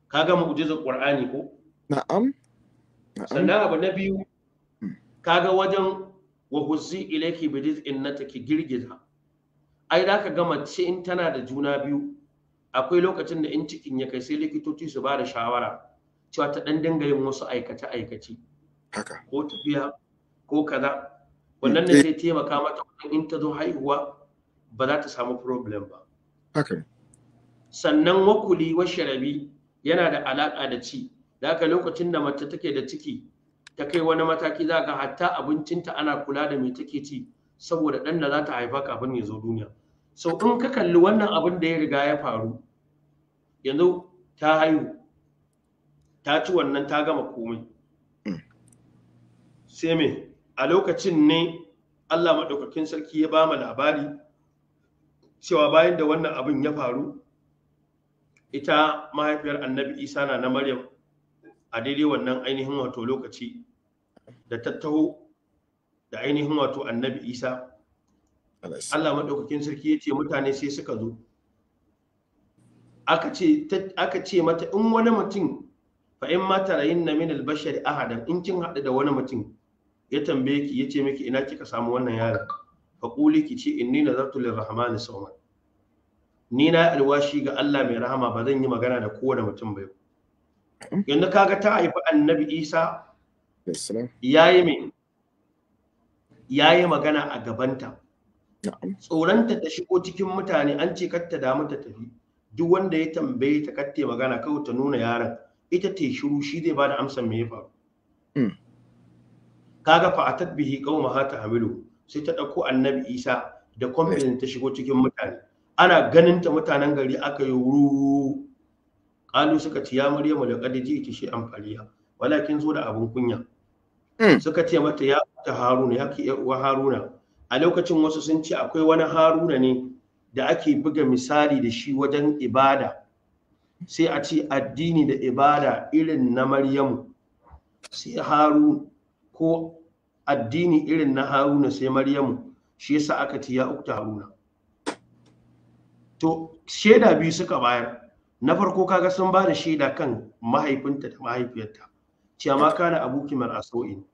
kaga mu'jizar qur'ani ko na'am sannan abu na biyu mm. kaga wajen wa huzzi ilayki bi rizqin ki girgiza ai da ka ga mace in tana da juna biyu akwai lokacin da in cikin ya kai sai likitoci su ba da shawara cewa ta dan dinga yin wasu aikace aikace haka ko tafiya ko kaza wannan ne eh. zai taimaka mata in ta zo haihuwa ba za ta samu problem ba haka sannan wakuli wa sharabi yana da alaƙa da ci da lokacin da mace take da ciki ta kai wani mataki za ga hatta abincinta ana kula da mai take ci saboda ɗan da za ta haifa kafin ya zo duniya Sau in ka kalli wannan abin da ya riga ya faru yanzu ta haihu ta ci wannan ta gama komai sai me a lokacin ne Allah maɗaukakin sarki ya ba mu labari cewa bayan da wannan abin ya faru ita mahaifiyar annabi isa na na maryam a daidai wannan ainihin wato lokaci da tattaho da ainihin wato annabi isa Allah maɗaukakin sarki ya ce mutane sai suka zo aka ce mata in wani mutum fa’in mata rayin na min albashari ahadan in kin haɗu da wani mutum ya tambaye ki ya ce miki ina kika samu wannan yaron fa quli ki ce inni nazartu rahmani sawman ni na alwashi ga Allah mai rahama ba zan yi magana da kowane mutum ba yanzu kaga ta haifi annabi Isa yayi mai yayi magana a gabanta tsoronta ta shigo cikin mutane an ce kar ta damu ta tafi duk wanda ya tambaye ta kar magana kawai ta nuna yaron ita ta shiru shi zai bada amsar me ya faru hmm. kaga fa atat bihi qaumaha hamilu sai ta dauko annabi Isa da kwamfanin ta shigo cikin mutane ana ganin ta mutanen gari aka yi wuru kalu suka ce ya maryamu da kadiji ita shi amfariya walakin zo da abun kunya hmm. suka ce mata ya ta haruna ya ki uwa haruna a lokacin wasu sun ce akwai wani haruna ne da ake buga misali da shi wajen ibada sai a ce addini da ibada irin na maryamu sai haru ko addini irin na haruna sai maryamu shi yasa aka ci ya ukta haruna to shaida biyu suka bayar na farko kaga sun ba da shaida kan mahaifinta da mahaifiyarta cewa ma kana abuki mar asau'in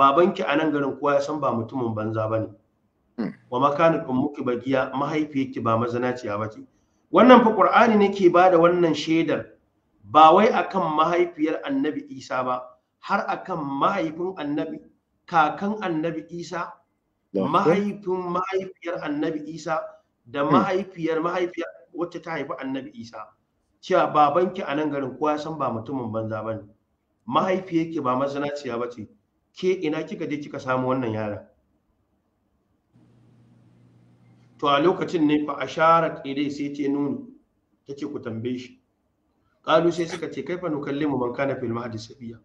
babanki a nan garin kowa ya san ba mutumin banza bane hmm. wa ma kana ummuki bagiya mahaifiyarki ba mazanaciya bace wannan fa qur'ani ne ke bada wannan shaidar ba wai akan mahaifiyar annabi isa ba har akan mahaifin annabi kakan annabi isa mahaifin mahaifiyar annabi isa da hmm. mahaifiyar mahaifiyar wacce ta haifi annabi isa cewa babanki a nan garin kowa san ba mutumin banza ba ne mahaifiyarki ba mazinaciya ba ce ke ina kika je kika samu wannan yara? to a lokacin ne fa shara ilai sai ce nuni tace ku tambaye shi ƙalu sai suka ce kai kaifa nukallimu man kana fil mahdi sabiya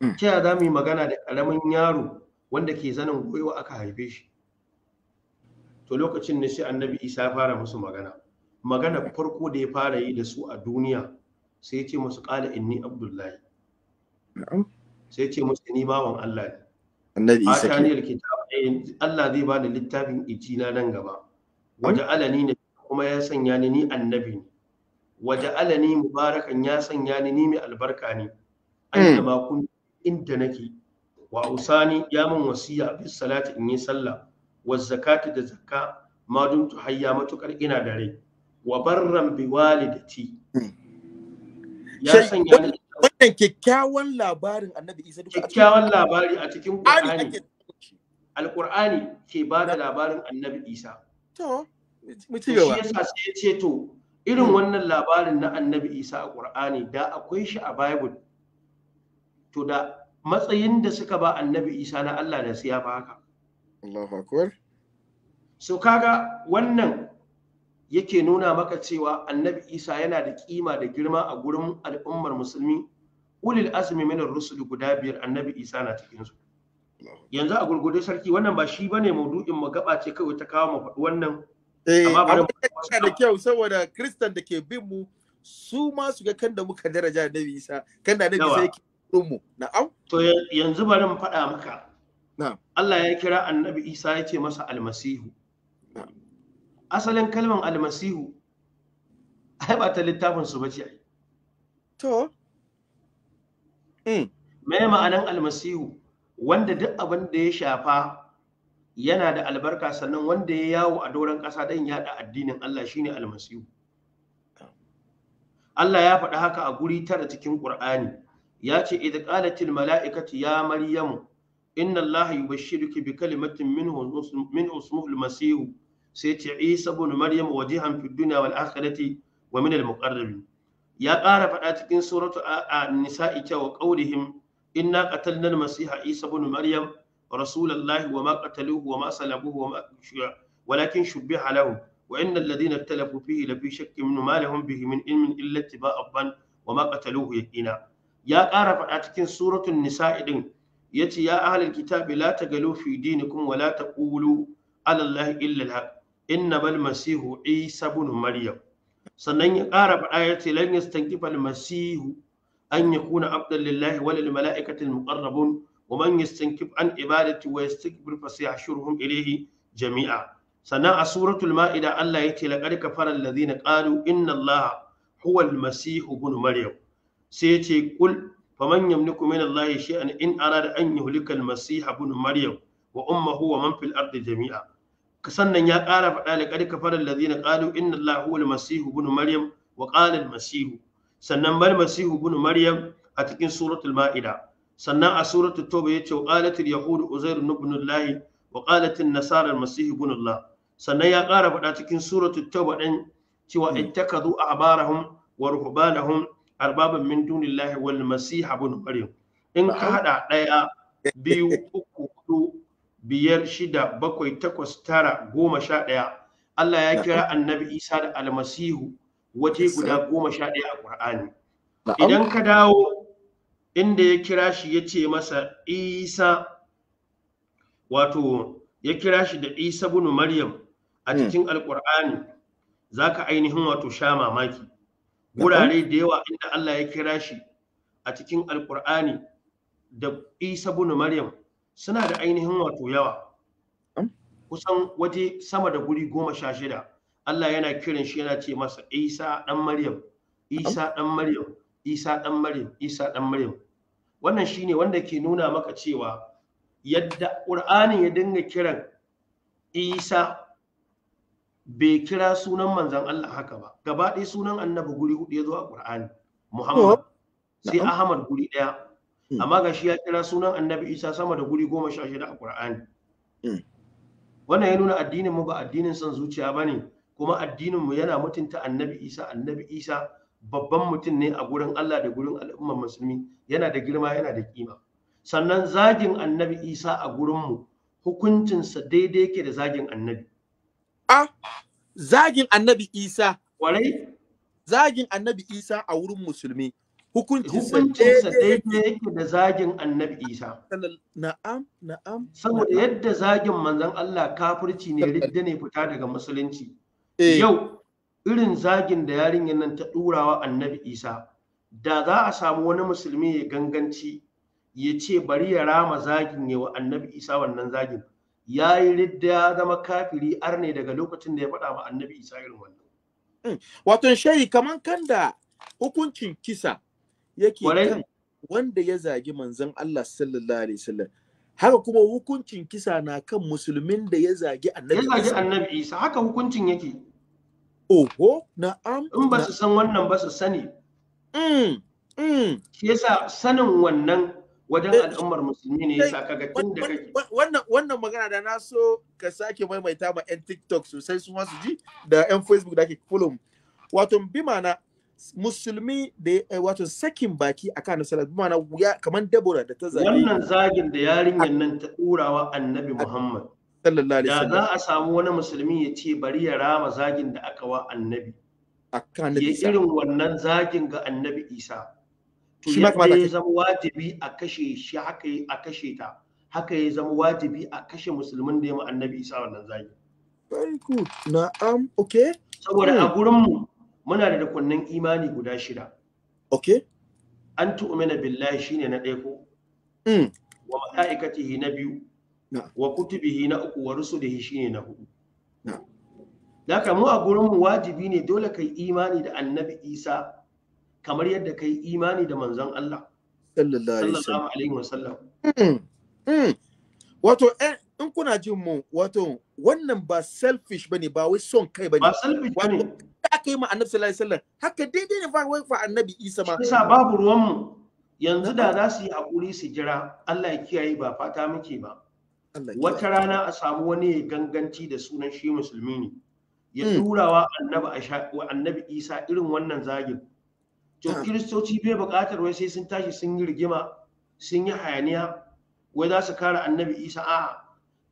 Mm. ta za mu yi magana da ƙaramin yaro wanda ke zanen goyo aka haife shi to lokacin da shi annabi isa ya fara musu magana magana farko da ya fara yi da su a duniya sai ya ce musu ƙala inni abdullahi sai ya ce musu ni bawan allah ne annabi isa ke eh, Allah zai bani littafin ijina nan gaba waje mm. alani ne kuma ya sanya ni ni annabi ne waje alani mubarakan ya sanya ni ni mai albarka ne mm. ayyuka ma kun inda nake wa usani ya min wasiya bis salati in yi sallah wa zakati da zakka ma dum tu hayya matukar ina da rai wa barran bi walidati ya sanya ni wannan kyakkyawan labarin annabi isa kyakkyawan labari a cikin qur'ani alqur'ani ke ba da labarin annabi isa to shi yasa sai ya ce to irin hmm. wannan labarin na annabi isa a qur'ani da akwai shi a bible to da matsayin da suka ba annabi isa na Allah da su ya fi haka Allahu akbar so kaga wannan yake nuna maka cewa annabi isa yana da kima da girma a gurin al'ummar musulmi ulil azmi min ar-rusul guda biyar annabi isa na cikin su yanzu a gurgudu sarki wannan ba shi bane maudu'in mu gaba ce kawai ta kawo mu faɗi wannan eh, amma ba da kyau saboda kristan da ke bin mu su ma su ga kan da muka daraja annabi isa kan da annabi isa yake ɗinmu na'am to yanzu bari mu faɗa maka na'am Allah ya kira annabi Isa ya ce masa almasihu asalin kalman almasihu ai ba ta littafin su bace ai to mm. me ma'anan almasihu wanda duk abin da ya shafa yana da albarka sannan wanda ya yawo a doron ƙasa don yaɗa addinin Allah shine almasihu Allah ya faɗi haka a guri tara cikin Ƙur'ani ya ce idan qalatil mala'ikatu ya maryamu inna allaha yubashshiruki bi kalimatin min ismuhu al sai ce isa ibn maryam wajihan fid dunya wal akhirati wa min al-muqarrabin ya ƙara faɗa cikin suratu a nisa'i cewa qaulihim inna qatalna al-masiha isa ibn maryam rasulallahi wa ma qataluhu wa ma salabuhu wa ma walakin shubbiha lahu wa inna alladhina ikhtalafu fihi la fi shakkin min ma lahum bihi min ilmin illa ittiba'a wa ma qataluhu yaqina ya ƙara faɗa cikin suratun nisa'i din yace ya ahlul kitabi la tagalu fi dinikum wa la taqulu ala allahi illa inna bal masihu isa ibn maryam sannan ya ƙara faɗa yace lan yastankifa almasihu an yakuna abdan lillahi wa lil mala'ikati wa man yastankif an ibadati wa yastakbir fa sayahshuruhum ilayhi jami'a sannan a suratul ma'ida Allah yace laqad kafara alladhina qalu inna allaha huwa masihu ibn maryam sai ya ce kul faman yamliku min Allah shay'an in arada an yuhlika al-masih ibn maryam wa ummuhu wa man fil ardi jami'a sannan ya kara faɗa da ƙarƙa farar lazina ƙalu inna Allah huwa al-masih ibn maryam wa qala al-masih sannan bal masih ibn maryam a cikin suratul ma'ida sannan a suratul toba yace wa qalat al-yahud uzair ibn Allah wa qalat an-nasara al-masih ibn Allah sannan ya ƙara faɗa cikin suratul toba din cewa ittakadu abarahum wa ruhbanahum arbaban min dunillahi wal masih maryam in ka hada daya biyu uku hudu biyar shida bakwai takwas tara goma sha ɗaya Allah ya kira annabi Isa da almasihu waje guda goma sha ɗaya a Qur'ani. Idan ka dawo inda ya kira shi ya ce masa Isa wato ya kira shi da Isa bin Maryam a hmm. cikin alkur'ani za ka ainihin wato sha mamaki. wurare da yawa inda Allah ya kira shi a cikin alkur'ani da isa bunu maryam suna da ainihin wato yawa kusan waje sama da guri goma sha shida Allah yana kiran shi yana ce masa isa dan maryam isa dan maryam isa dan maryam isa dan maryam wannan shine wanda ke nuna maka cewa yadda ƙur'ani ya dinga kiran isa bai kira sunan manzan Allah haka ba gaba ɗaya sunan annabi guri hudu ya zo a Qur'ani Muhammad sai Ahmad guri ɗaya hmm. amma ga shi ya kira sunan annabi Isa sama da guri goma sha shida a Qur'ani hmm. wannan ya nuna addinin mu ba addinin son zuciya bane kuma addinin mu yana mutunta annabi Isa annabi Isa babban mutum ne a gurin Allah da gurin al'ummar musulmi yana da girma yana da kima sannan zagin annabi Isa a gurin mu hukuncinsa daidai yake da zagin annabi a zagin annabi isa kwarai zagin annabi isa a wurin musulmi hukuncinsa daidai yake da zagin annabi isa na'am na'am saboda yadda zagin manzon Allah kafirci ne ridda ne fita daga musulunci eh. yau irin zagin da yarinyar nan ta ɗurawa annabi isa da za a samu wani musulmi ya ganganci ya ce bari ya rama zagin ya wa annabi isa wannan zagin ya yi ridda ya zama kafiri arne daga lokacin da ya faɗa ma annabi isa irin wannan hmm. wato shayi kaman kan da hukuncin kisa yake kan wanda ya zagi manzon Allah sallallahu alaihi wasallam haka kuma hukuncin kisa na kan musulmin da ya zagi annabi ya zagi annabi isa haka hukuncin yake oho na'am in ba su san wannan ba su sani mm mm shi yasa sanin wannan wajen eh, al'ummar musulmi ne yasa kaga tun da kake wannan wannan magana da na so ka sake maimaita ma yan TikTok sosai su su ji da yan Facebook da ke follow wato bi mana musulmi da eh, wato sakin baki a kan salat bi mana kamar Deborah da ta zagi wannan zagin da yarinyar nan ta wa Annabi Muhammad sallallahu alaihi wasallam da za a samu wani musulmi ya ce bari ya rama zagin da aka wa Annabi akan Annabi ya irin wannan zagin ga Annabi Isa shi ma kamata ya zama wajibi a kashe shi haka a kashe ta haka ya zama wajibi a kashe musulmin da ya annabi isa wannan zagi very good na'am okay saboda a hmm. gurin mu muna da rukunnan imani guda shida okay an tu'mina billahi shine na ɗaya ko hmm. wa mala'ikatihi na biyu wa kutubihi na uku wa rusulihi shine na hudu na'am da mu a gurin mu wajibi ne dole kai imani da annabi isa kamar yadda kai imani da manzon Allah sallallahu alaihi wasallam hmm, hmm. wato eh, in kuna jin mu wato wannan ba selfish bane ba wai son kai bane ba selfish bane aka yi ma annabi sallallahu alaihi wasallam haka daidai ne fa wai fa annabi Isa ma Isa babu ruwan mu yanzu da za su yi hakuri su jira Allah ya kiyaye ba fata muke ba wata rana a samu wani ya ganganci da sunan shi musulmi ne ya hmm. turawa annabi annabi Isa irin wannan zagin to kiristoci bai buƙatar wai sai sun tashi sun yi rigima sun yi hayaniya wai za su kare annabi isa a'a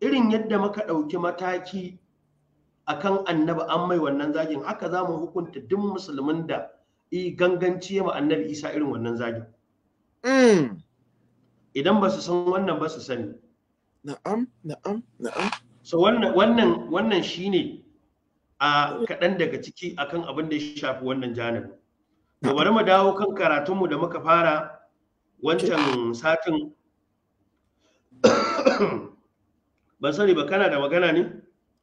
irin yadda muka ɗauki mataki akan annabi an mai wannan zagin haka za mu hukunta duk musulmin da i ganganci ma annabi isa irin wannan zagin mm. idan ba su san wannan ba su sani na'am na'am na'am so wannan wannan shine a kaɗan daga ciki akan abin da ya shafi wannan janar. to bari mu dawo kan karatunmu da muka fara wancan satin <coughs> ban sani ba kana da magana ne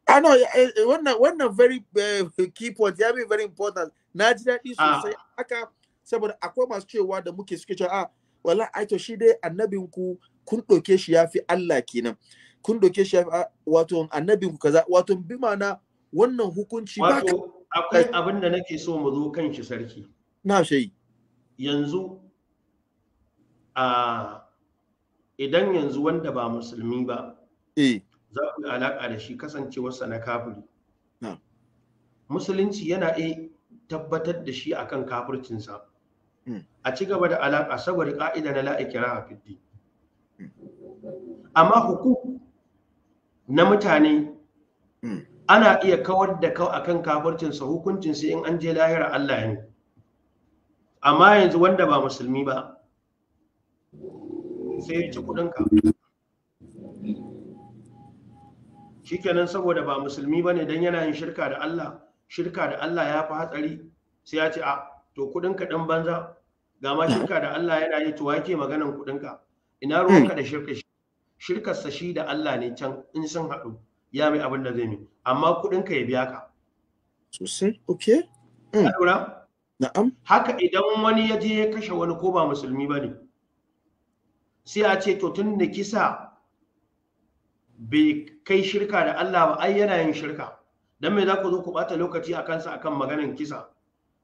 I ah, no eh, eh, wannan wannan very uh, key point ya be very important na ji daɗi ah. sosai aka saboda akwai masu cewa da muke suke cewa a ah, wala ai to shi dai annabin ku kun ɗauke shi yafi Allah kenan kun ɗauke shi yafi wato annabin ku kaza wato bi mana wannan hukunci ba akwai abin da nake so mu zo kan shi sarki na shi yanzu a idan yanzu wanda ba musulmi ba eh za ku yi alaƙa da shi kasancewarsa na kafiri musulunci yana iya tabbatar da shi akan kafircinsa hmm. a ci gaba da alaƙa saboda ƙa'ida na la'ikira a fiddi hmm. amma hukuk na mutane hmm. ana iya kawar da kau akan kafircinsa hukuncinsa in an je lahira Allah ne amma yanzu wanda ba musulmi ba sai ya ci kudinka shikenan saboda ba musulmi ba ne don yana yin shirka da Allah shirka da Allah ya fi hatsari sai ya ce a ah, to kudinka ɗan banza ga ma shirka da Allah yana yi tuwa ke maganan kudinka ina ruwanka da shirka shi shirkarsa shi da Allah ne can in sun haɗu ya mai abin da zai mai amma kudinka ya biya ka sosai okay mm. Haka idan wani ya je ya kashe wani ko ba musulmi ba ne, sai a ce to tun da kisa bai kai shirka da Allah ba ai yana yin shirka. Don me za ku zo ku bata lokaci a kansa akan maganin kisa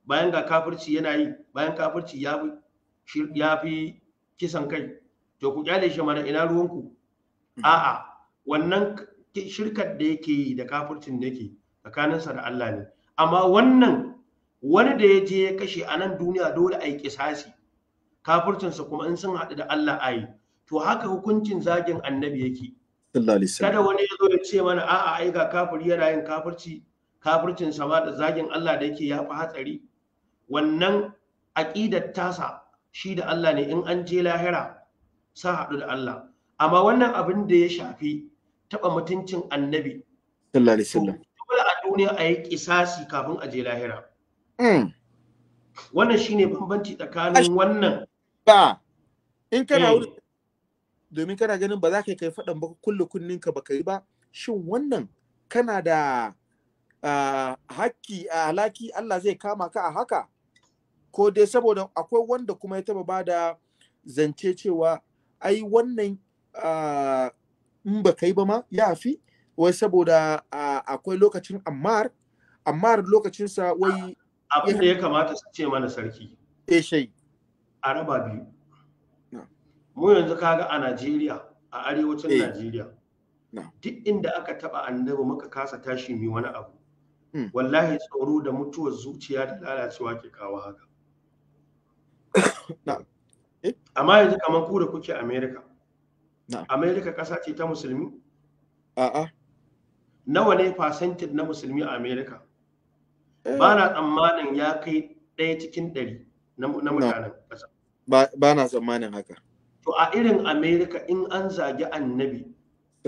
bayan ga kafirci yana yi bayan kafirci ya fi kisan kai to ku kyale shi mana ina ruwanku a'a wannan shirkar da yake yi da kafircin da yake tsakaninsa da Allah ne amma wannan wani da ya je ya kashe a nan duniya dole a yi kisasi kafircinsa kuma in sun haɗu da Allah a yi. to haka hukuncin zagin annabi yake kada wani ya zo ya ce mana a'a ai ga kafir yana yin kafirci kafircin sama da zagin Allah da yake ya fi hatsari wannan aƙidar tasa shi da Allah ne in an je lahira sa haɗu da Allah amma wannan abin da ya shafi taɓa mutuncin annabi dole a duniya a yi kisasi kafin a je lahira Mm. wannan shine bambanci tsakanin wannan ba in kana eh. wuri ganin ba za ka kai faɗan ba kulle kunninka ba kai ba shin wannan kana da hakki a halaki Allah zai kama ka a haka ko dai saboda akwai wanda kuma ya taba da zance cewa ai wannan in ba kai ba ma ya fi wai saboda akwai lokacin ammar ammar lokacinsa wai abin da ya kamata su ce mana sarki eh, a raba biyu mu yanzu kaga a najeriya a arewacin eh. najeriya duk inda aka taba annabi muka kasa tashi mi wani abu hmm. wallahi tsoro da mutuwar zuciya da lalacewa ke kawo haka eh. amma yanzu kamar ku da kuke america america ƙasa ce ta musulmi a'a nawa ne fasentin na musulmi a america Eh. ba na tsammanin ya kai ɗaya cikin ɗari na mutanen ƙasa ba na tsammanin haka to a irin Amerika in an zagi annabi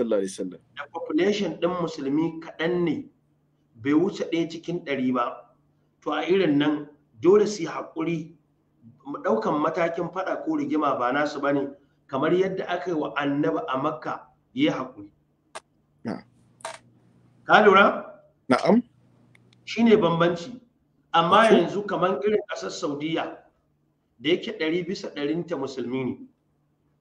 da population ɗin musulmi kaɗan ne bai wuce ɗaya cikin ɗari ba to a irin nan dole su yi haƙuri ɗaukan matakin faɗa ko rigima ba nasu ba ne kamar yadda aka yi wa Annabi a makka ya yi haƙuri. ka na'am shine bambanci amma yanzu kamar irin ƙasar saudiya da yake ɗari bisa ɗarinta musulmi ne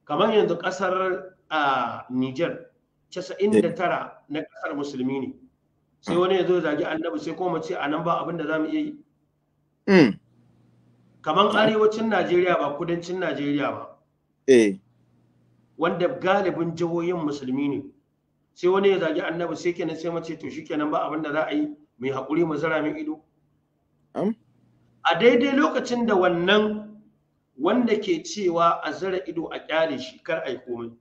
kamar yanzu ƙasar a niger 99 na ƙasar musulmi ne sai wani ya zo zagi annabi sai kuma ce a nan ba abin da za mu iya yi hmm. kamar arewacin najeriya ba kudancin najeriya ba eh. wanda galibin jihohin musulmi ne sai wani ya zagi annabi sai kenan sai mace to shi kenan ba abin da za a yi mai haƙuri mu zara min ido a daidai lokacin da wannan wanda ke cewa a zara ido a kyale shi kar a yi komai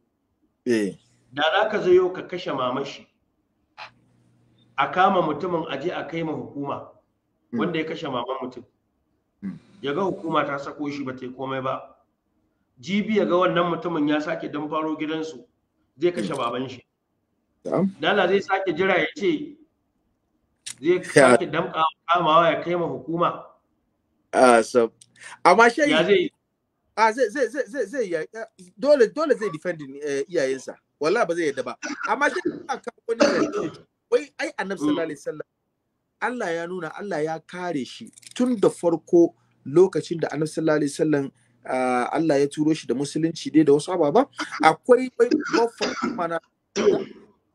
eh. da za ka zo ka kashe mamashi a kama mutumin aje a kai ma hukuma hmm. wanda ya kashe maman mutum hmm. ya ga hukuma ta sako shi ba ta yi komai ba jibi ya ga wannan mutumin ya sake don faro gidansu zai kashe hmm. baban shi dala zai sake jira ya ce zai sake damƙa kamawa ya kai ma hukuma amma shi ya zai a zai zai zai zai eh, dole dole zai defending eh, iyayensa wallahi ba zai yadda ba amma shi ka kawo ne wai ai annabi mm. sallallahu alaihi wasallam Allah ya nuna Allah ya kare shi tun da farko lokacin da annabi sallallahu alaihi wasallam Allah ya turo shi da musulunci dai da wasu ababa akwai bai mana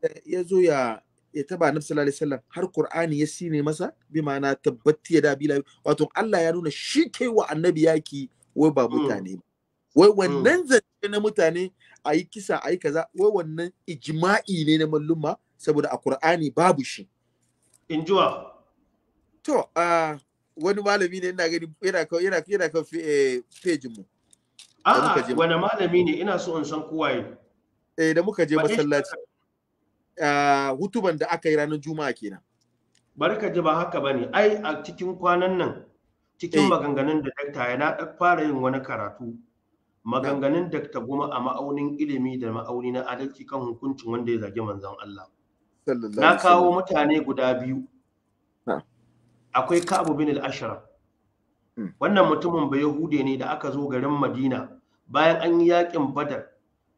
eh, ya zo ya ya taba annabi sallallahu alaihi wasallam har qur'ani ya sine masa bi ma'ana tabbati ya da bila wato Allah ya nuna shi kai wa annabi yaki wai ba hmm. mutane ba wai hmm. wannan zance na mutane a yi kisa a yi kaza wai wannan ijma'i ne na malluma saboda a qur'ani babu shi in juwa to a wani malami ne ina gani yana kan yana yana kan eh, page mu a'a wani malami ne ina so in san kowaye eh da muka je masallaci Ah, hutuban da aka yi ranar juma'a kenan bari ji ba haka bane ai a cikin kwanan nan cikin eh. maganganun da dakta ya na fara yin wani karatu maganganun dakta goma a ma'aunin ilimi da ma'auni na adalci kan hukuncin wanda ya zagi manzon Allah na kawo mutane guda biyu akwai Ka'ab bin al-Ashraf hmm. wannan mutumin ba Yahude ne da aka zo garin Madina bayan an yi yakin Badar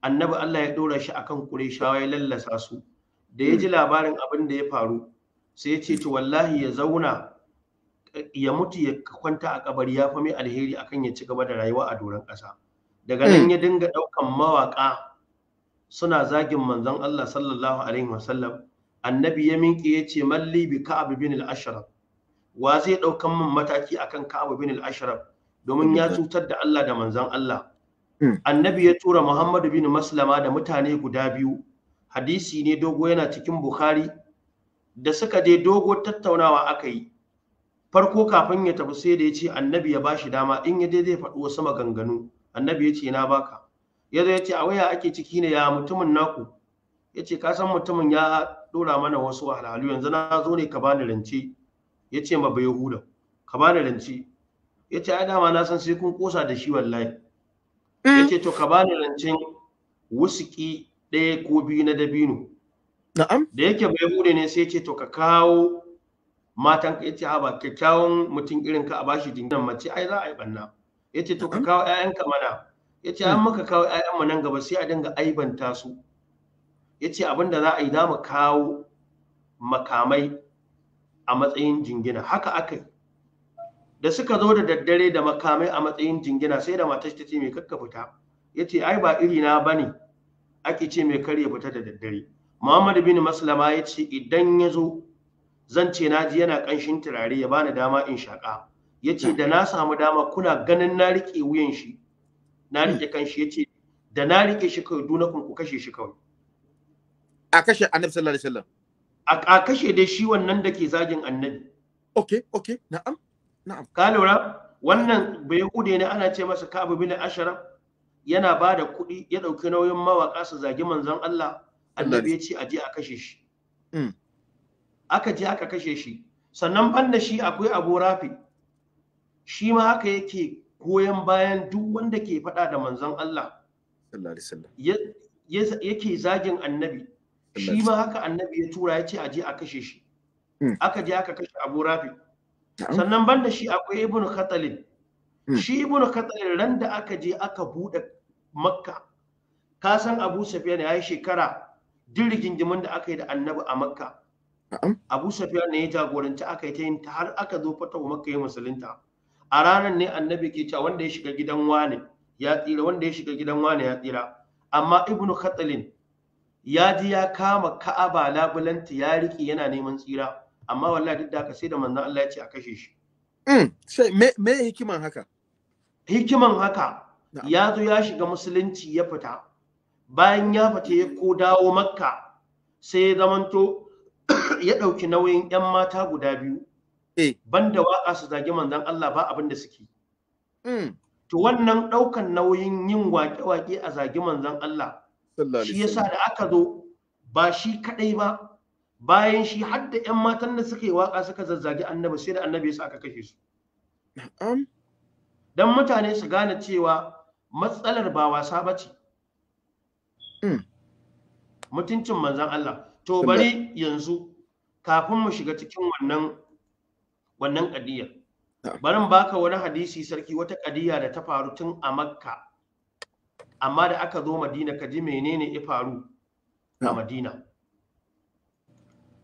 annabi Allah ya dora shi akan Qurayshawa ya lallasa su da ya ji hmm. labarin abin da ya faru sai ya ce to wallahi ya zauna ya mutu ya kwanta a kabari ya fami mai alheri akan ya ci gaba da rayuwa a doron ƙasa daga nan hmm. ya dinga ɗaukan mawaƙa suna zagin manzon Allah sallallahu alaihi wasallam annabi ya minke ya ce malli bi ka'ab bin al-ashraf wa zai ɗaukan min mataki akan ka'ab bin al-ashraf domin ya cutar da Allah da manzon Allah hmm. annabi ya tura Muhammadu bin Maslama da mutane guda biyu hadisi ne dogo yana cikin bukhari da suka dai dogo tattaunawa aka yi farko kafin ya tafi sai da ya ce annabi ya bashi dama in ya dai zai faɗi wasu maganganu annabi ya ce na baka ya zai ya ce a waya ake ciki ne ya mutumin naku ya ce ka mutumin ya ɗora mana wasu wahalhalu yanzu na zo ne ka bani rance ya ce ma bai huda ka bani rance ya ce ai dama na san sai kun kosa da shi wallahi ya ce to ka bani rancen wiski. ɗaya ko biyu na dabino na'am da yake bai bude ne sai ce to ka kawo matan ka yace ba kyakkyawan mutum irin ka a bashi dingan mace ai za a yi banna yace to ka kawo ka mana yace an hmm. maka kawo ƴaƴan mu nan gaba sai a dinga aibanta su yace abin da za a yi za mu kawo makamai a matsayin jingina haka aka yi da suka zo da daddare da makamai a matsayin jingina sai da matar ta ce mai kakka fita yace ai ba iri na bane ake ce mai karya ya fita da daddare Muhammadu bin Maslama ya ce idan ya zo zan ce na ji yana ƙanshin turare ya bani dama in shaƙa ya ce da na samu dama kuna ganin na riƙe wuyan shi na riƙe kanshi ya ce da na riƙe shi kawai dunakun ku kashe shi kawai a kashe annabi sallallahu alaihi wasallam a kashe dai shi wannan da ke zagin annabi okay okay na'am na'am ka lura wannan bai hude ne ana ce masa ka'ab bin ashraf yana ba da kuɗi ya ɗauki nauyin mawaƙa su zagi manzon Allah annabi ya ce a je a kashe shi mm. aka je aka kashe shi sannan banda shi akwai abu rafi shi ma haka yake goyon bayan duk wanda ke faɗa da manzon Allah yake zagin annabi shi ma haka annabi ya tura ya ce a je a kashe shi mm. aka je aka kashe abu rafi sannan banda shi akwai ibn khatalin mm. shi ibn khatalin ran da aka je aka buɗe makka ka san abu ne ya yi shekara duk rigingimin da aka yi da annabi a makka abu Safiya ne ya jagoranci aka yi ta yin ta har aka zo fata makka ya musulunta a ranar ne annabi ke cewa wanda ya shiga gidan wane ya tsira wanda ya shiga gidan wane ya tsira amma ibnu Katsalin ya ji ya kama ka'aba labulanta ya riki yana neman tsira amma wallahi duk da haka sai da manzon Allah ya ce a kashe shi mm, sai me me hikiman haka hikiman haka ya zo ya shiga musulunci ya fita bayan ya fita ya ko dawo makka sai ya zamanto ya ɗauki nauyin 'yan mata guda biyu eh. banda waƙa su zagi manzon Allah ba abin da suke mm. to wannan ɗaukan nauyin yin waƙe-waƙe a zagi manzon Allah shi yasa da aka zo ba shi kaɗai ba bayan shi har da 'yan matan da suka yi waƙa suka zazzagi annabi sai da annabi ya sa aka kashe su dan mutane su gane cewa matsalar ba wasa ba ce hmm. mutuncin manzan Allah to bari yanzu kafin mu shiga cikin wannan wannan barin baka wani hadisi sarki wata kadiya da ta faru tun a makka amma da aka zo madina ka ji menene ya faru a madina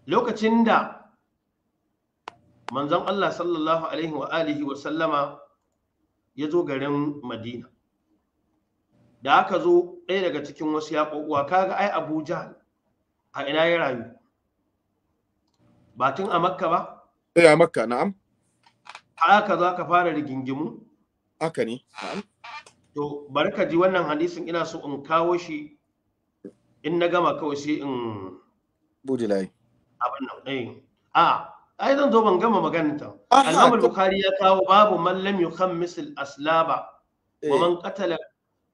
lokacin da manzan Allah sallallahu alaihi wa alihi wa sallama ya zo garin madina da aka zo ɗaya daga cikin wasu yaƙoƙuwa kaga ai abuja a ina ya rayu batun a makka ba eh a makka na'am haka za ka fara rigingimu haka ne na'am to barka ji wannan hadisin ina so in kawo shi in na gama kawai sai in budi layi abin nan eh a ai zan zo ban gama magananta al-Imam ya kawo babu man lam misil al-aslaba wa man eh. qatala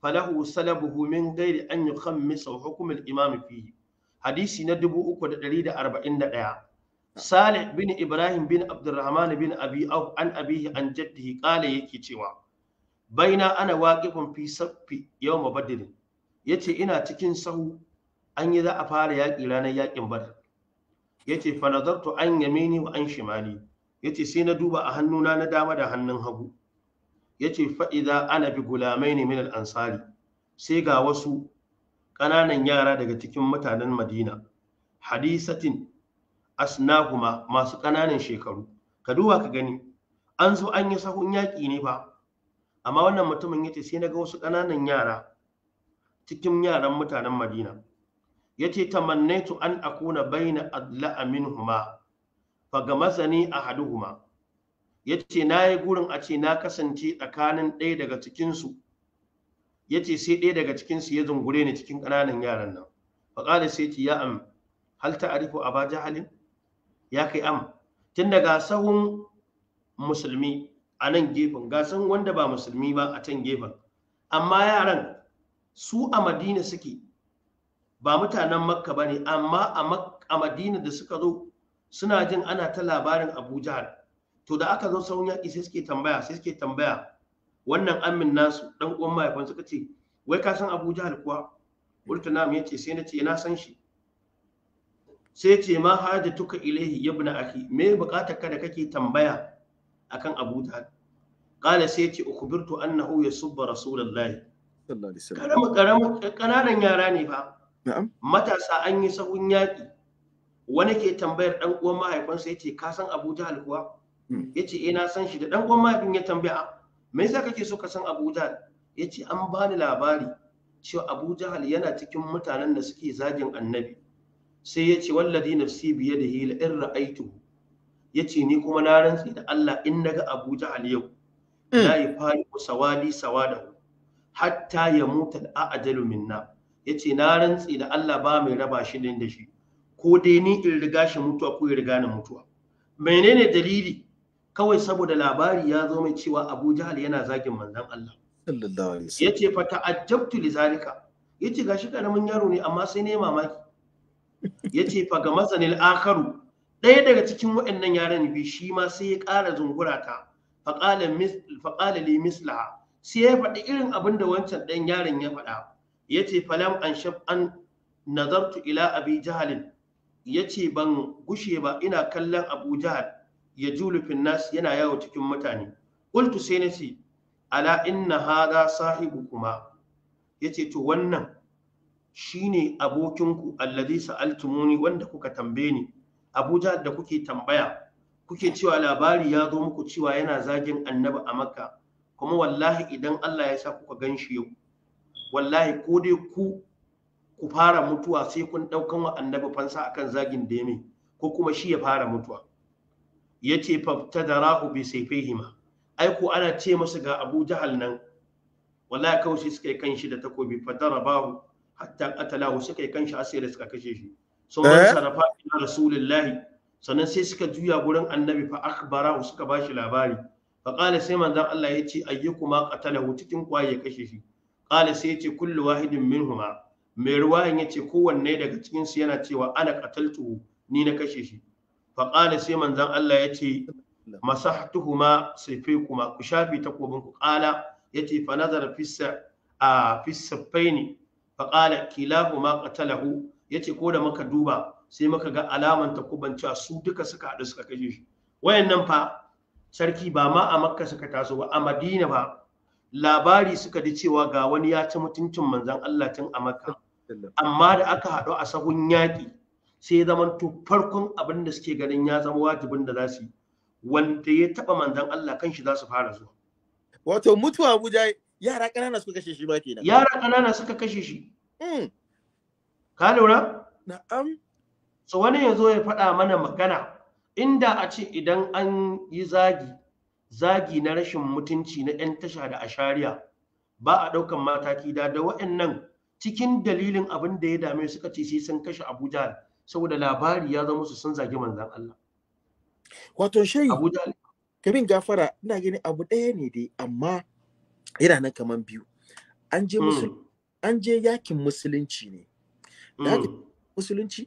falahu salabuhu min ghairi an yukhammisa hukm al-imam fihi hadisi na ɗaya. Salih bin Ibrahim bin Abdurrahman bin Abi Auf an abihi an jaddihi qala yake cewa baina ana waqifun fi saffi yawm badr yace ina cikin sahu an yi za a fara yaƙi ranar yaƙin bar yace fa nazartu an yamini wa an shimali yace sai na duba a hannuna na dama da hannun hagu yace fa idza ana bi ne min al'ansari, ansari sai ga wasu ƙananan yara daga cikin mutanen Madina hadisatin asnahuma masu ƙananan shekaru ka duba ka gani an zo an yi sahun yaƙi ne ba amma wannan mutumin yace sai na ga wasu ƙananan yara cikin yaran mutanen Madina yace tamannaitu an akuna baina adla minhuma faga masani haduhuma. ya ce na yi gurin a ce na kasance tsakanin ɗaya daga cikinsu ya ce sai ɗaya daga cikinsu ya zungure ni cikin ƙananan yaran nan faƙalar sai ce ya am hal ta arifu a ba jahalin ya kai am tun daga sahun musulmi a nan gefen gasan wanda ba musulmi ba a can gefen amma yaran su a madina suke ba mutanen makka ba ne amma a madina da suka zo suna jin ana ta labarin abu to da aka zo sauran yaƙi sai suke tambaya sai suke tambaya wannan amin nasu dan uwan mahaifan suka ce wai ka san Abu Jahal kuwa Qultu na'am yace sai na ce na san shi sai ce ma hajatuka ilaihi ibn akhi me bukatarka da kake tambaya akan Abu Jahal qala sai yace ukhbirtu annahu yasubba rasulullahi sallallahu alaihi wasallam kananan yara ne fa matasa an yi sahun yaƙi wani ke tambayar dan uwan mahaifansa mahaifinsa ce ka san Abu Jahal kuwa Hmm. Yace ce eh, ina san shi da ɗan uwan mahaifin ya tambaya ah, me yasa kake so ka san abu jahal ya ce an bani labari cewa abu jahal yana cikin mutanen da suke zagin annabi sai ya ce wallazi nafsi biye da hila in ra'aitu ya ce ni kuma na rantsi da Allah in naga abu jahal yau hmm. la yafari sawadi sawadahu hatta ya mutal da a'ajalu minna ya ce na rantsi da Allah ba mai raba shi da shi ko dai ni in riga shi mutuwa ko ya riga ni mutuwa menene dalili kawai saboda labari ya zo mai cewa Abu Jahal yana zagin manzon Allah sallallahu alaihi wasallam yace fa ta'ajjabtu li zalika gashi karamin yaro ne amma sai ne mamaki yace fa ga masanil akharu ɗaya daga cikin waɗannan yaran bi shi ma sai ya ƙara zungura ta faƙala li mislaha sai ya faɗi irin abin da wancan ɗan yaron ya faɗa ya ce falam an an nazartu ila abi jahalin ya ce ban gushe ba ina kallon abu jahal ya julufin yana yawo cikin mutane ƙultu sai na ce, ala inna kuma. Ya ce to wannan shi shine abokinku alladhi sa'altumuni wanda kuka tambaye ni abuja da kuke tambaya kuke cewa labari ya zo muku cewa yana zagin annabi a makka kuma wallahi idan Allah ya sa kuka gan shi yau wallahi ko dai ku ku fara mutuwa sai kun ɗaukan wa annabi fansa akan zagin da ya mai ko kuma shi ya fara mutuwa yace bai bi sayfihima ai Aiko ana ce masa ga Abu Jahal nan wallahi suka yi kanshi da takobi fadarabahu hatta atalahu suka yi kanshi da suka kashe shi sun eh? sarrafa ila rasulillahi sannan sai suka juya gurin annabi fa akhbarahu suka bashi labari fa qala sai manzon Allah ya ce ayyukuma qatalahu cikin ya kashe shi qala sai yace kullu wahidin minhuma mai ruwayan yace kowanne daga cikin su yana cewa ana qataltuhu ni na kashe shi faƙala sai manzan Allah ya ce masahtuhuma saife kuma ku shafi takobin ku ƙala ya ce fa nazar a fissafai ne faƙala kilahuma qatalahu ya ce ko da muka duba sai muka ga alaman takuban cewa su duka suka haɗu suka kashe shi wayannan fa sarki ba ma a makka suka taso ba a madina ba labari suka ji cewa ga wani ya ci mutuncin manzan Allah tun a makka amma da aka haɗu a sahun yaƙi sai zaman to farkon abin da suke ganin ya zama wajibin da za su yi wanda ya taba manzon Allah kan shi za su fara zuwa wato mutuwa Abuja yara ƙanana suka kashe shi ma kenan yara ƙanana suka kashe shi hmm. ka lura na'am so wani ya zo ya faɗa mana magana inda a ce idan an yi zagi zagi na rashin mutunci na 'yan tasha da ashariya ba a ɗaukan mataki da da wa'annan cikin dalilin abin da ya dame suka ce sai sun kashe abuja saboda labari ya zama su sun zagi manzan Allah wato shehi kamin gafara ina gani abu ɗaya ne dai amma yana nan kamar biyu an je hmm. an je yakin musulunci ne hmm. musulunci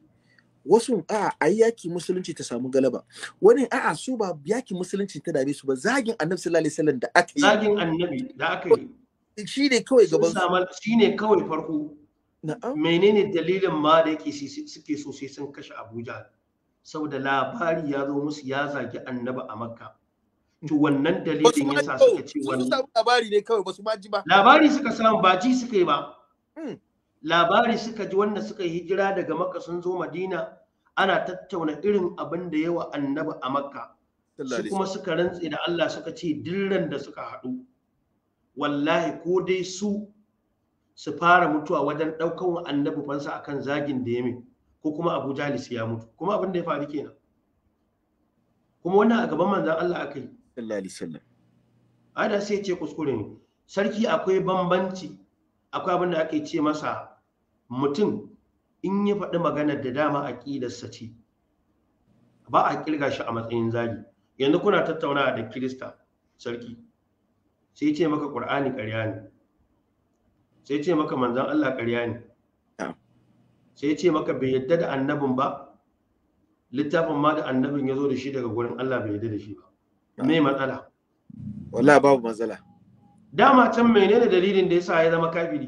wasu a a yaki musulunci ta samu galaba wani a a su ba yakin musulunci ta dame su ba zagin annabi sallallahu alaihi wasallam da aka yi zagin annabi da aka yi shi ne kawai gaban su shi ne kawai farko menene dalilin ma da yake suke so sai sun kashe abuja saboda labari ya zo musu ya zagi annaba a makka to wannan dalilin ya sa suka ce wannan labari ne kawai ba su ma ji ba labari suka samu ba ji suka yi ba hmm. labari suka ji wanda suka yi hijira daga makka sun zo madina ana tattauna irin abin da yawa annaba a makka su kuma suka rantse da Allah suka ce dillan da suka haɗu wallahi ko dai su su fara mutuwa wajen ɗaukan annabi fansa akan zagin da ya ko kuma abu jalis ya mutu kuma abin da ya faru kenan kuma wannan a gaban manzan Allah aka yi sallallahu alaihi da sai ce kuskure ne sarki akwai bambanci akwai abin da ake ce masa mutum in ya faɗi maganar da dama a aƙidarsa ce ba a kirga shi a matsayin zagi yanzu kuna tattaunawa da kirista sarki sai ce maka ƙur'ani ƙarya ne sai ce maka manzan Allah ƙarya ne sai ce maka bai yadda da annabin ba littafin ma da annabin ya zo da shi daga gurin Allah bai yadda da shi ba me matsala wallahi babu matsala dama can menene dalilin da yasa ya zama kafiri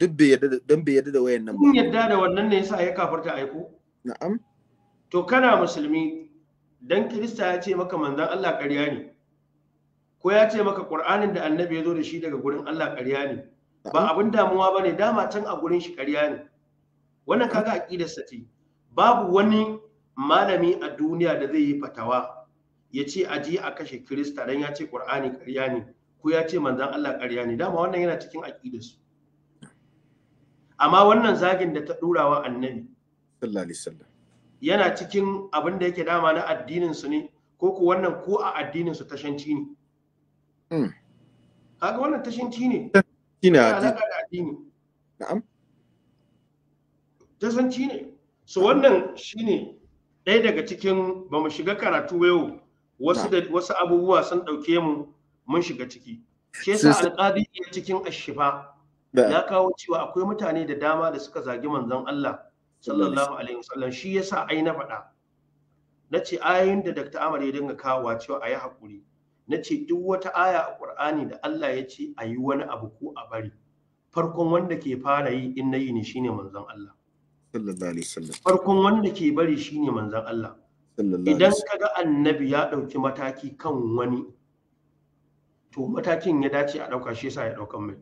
duk bai yadda dan bai yadda da wayan nan ba yadda da wannan ne yasa ya ta aiko na'am to kana musulmi dan kirista ya ce maka manzan Allah ƙarya ne ko ya ce maka Qur'anin da annabi ya zo da shi daga gurin Allah ƙarya ne ba abin damuwa ba ne dama can a gurin shi ƙarya ne wannan kaga sa ce babu wani malami a duniya da zai yi fatawa ya ce a ji a kashe kirista don ya ce ƙur'ani ƙarya ne ko ya ce manzon Allah ƙarya ne dama wannan yana cikin su amma wannan zagin da ta wa annabi yana cikin abin da yake dama na addininsu ne ko ku wannan ko a addininsu tashanci ne hmm. kaga wannan tashanci ne da addini na'am ne so wannan shine ɗaya daga cikin ba mu shiga karatu yau wasu wasu abubuwa sun ɗauke mu mun shiga ciki Ke sa alƙadi iya cikin ashifa ya kawo cewa akwai mutane da dama da suka zagi manzon Allah sallallahu alaihi wasallam shi yasa ai na faɗa na ce ayoyin da Dr. Amar ya dinga kawo cewa a yi haƙuri na ce duk wata aya a ƙur'ani da Allah ya ce a yi wani abu ko a bari farkon wanda ke fara yi in na yi ne shine manzon Allah farkon wanda ke bari shine manzon Allah idan ka ga annabi ya ɗauki mataki kan wani to matakin ya dace a ɗauka shi yasa ya ɗaukan mai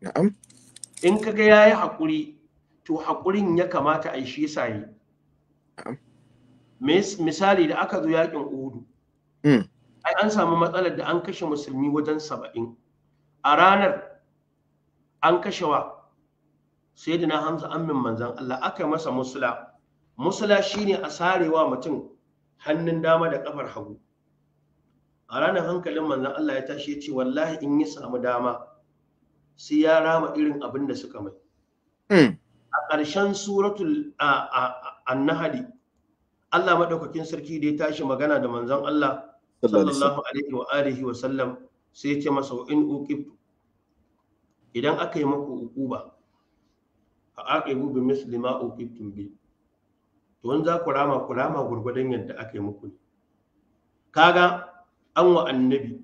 na'am in ka ga yayi haƙuri to haƙurin ya kamata a yi shi yasa yi misali da aka zo yakin Uhudu ai an samu matsalar da an kashe musulmi wajen saba'in a ranar an kashe wa sayyidina hamza ammin manzan Allah aka masa musula musula shine a sarewa mutum hannun dama da kafar hagu a ranar hankalin manzan Allah ya tashi ya ce wallahi in ya samu dama sai ya rama irin abin da suka mai hmm. a ƙarshen suratul annahadi Allah maɗaukakin sarki da ya tashi magana da manzan Allah sallallahu alaihi wa alihi wa sallam sai ya ce masa in uqibtu idan aka yi muku uquba a aqibu bi misli ma uqibtum bi to wanda za ku rama ku rama gurgudan yadda aka yi muku kaga an wa annabi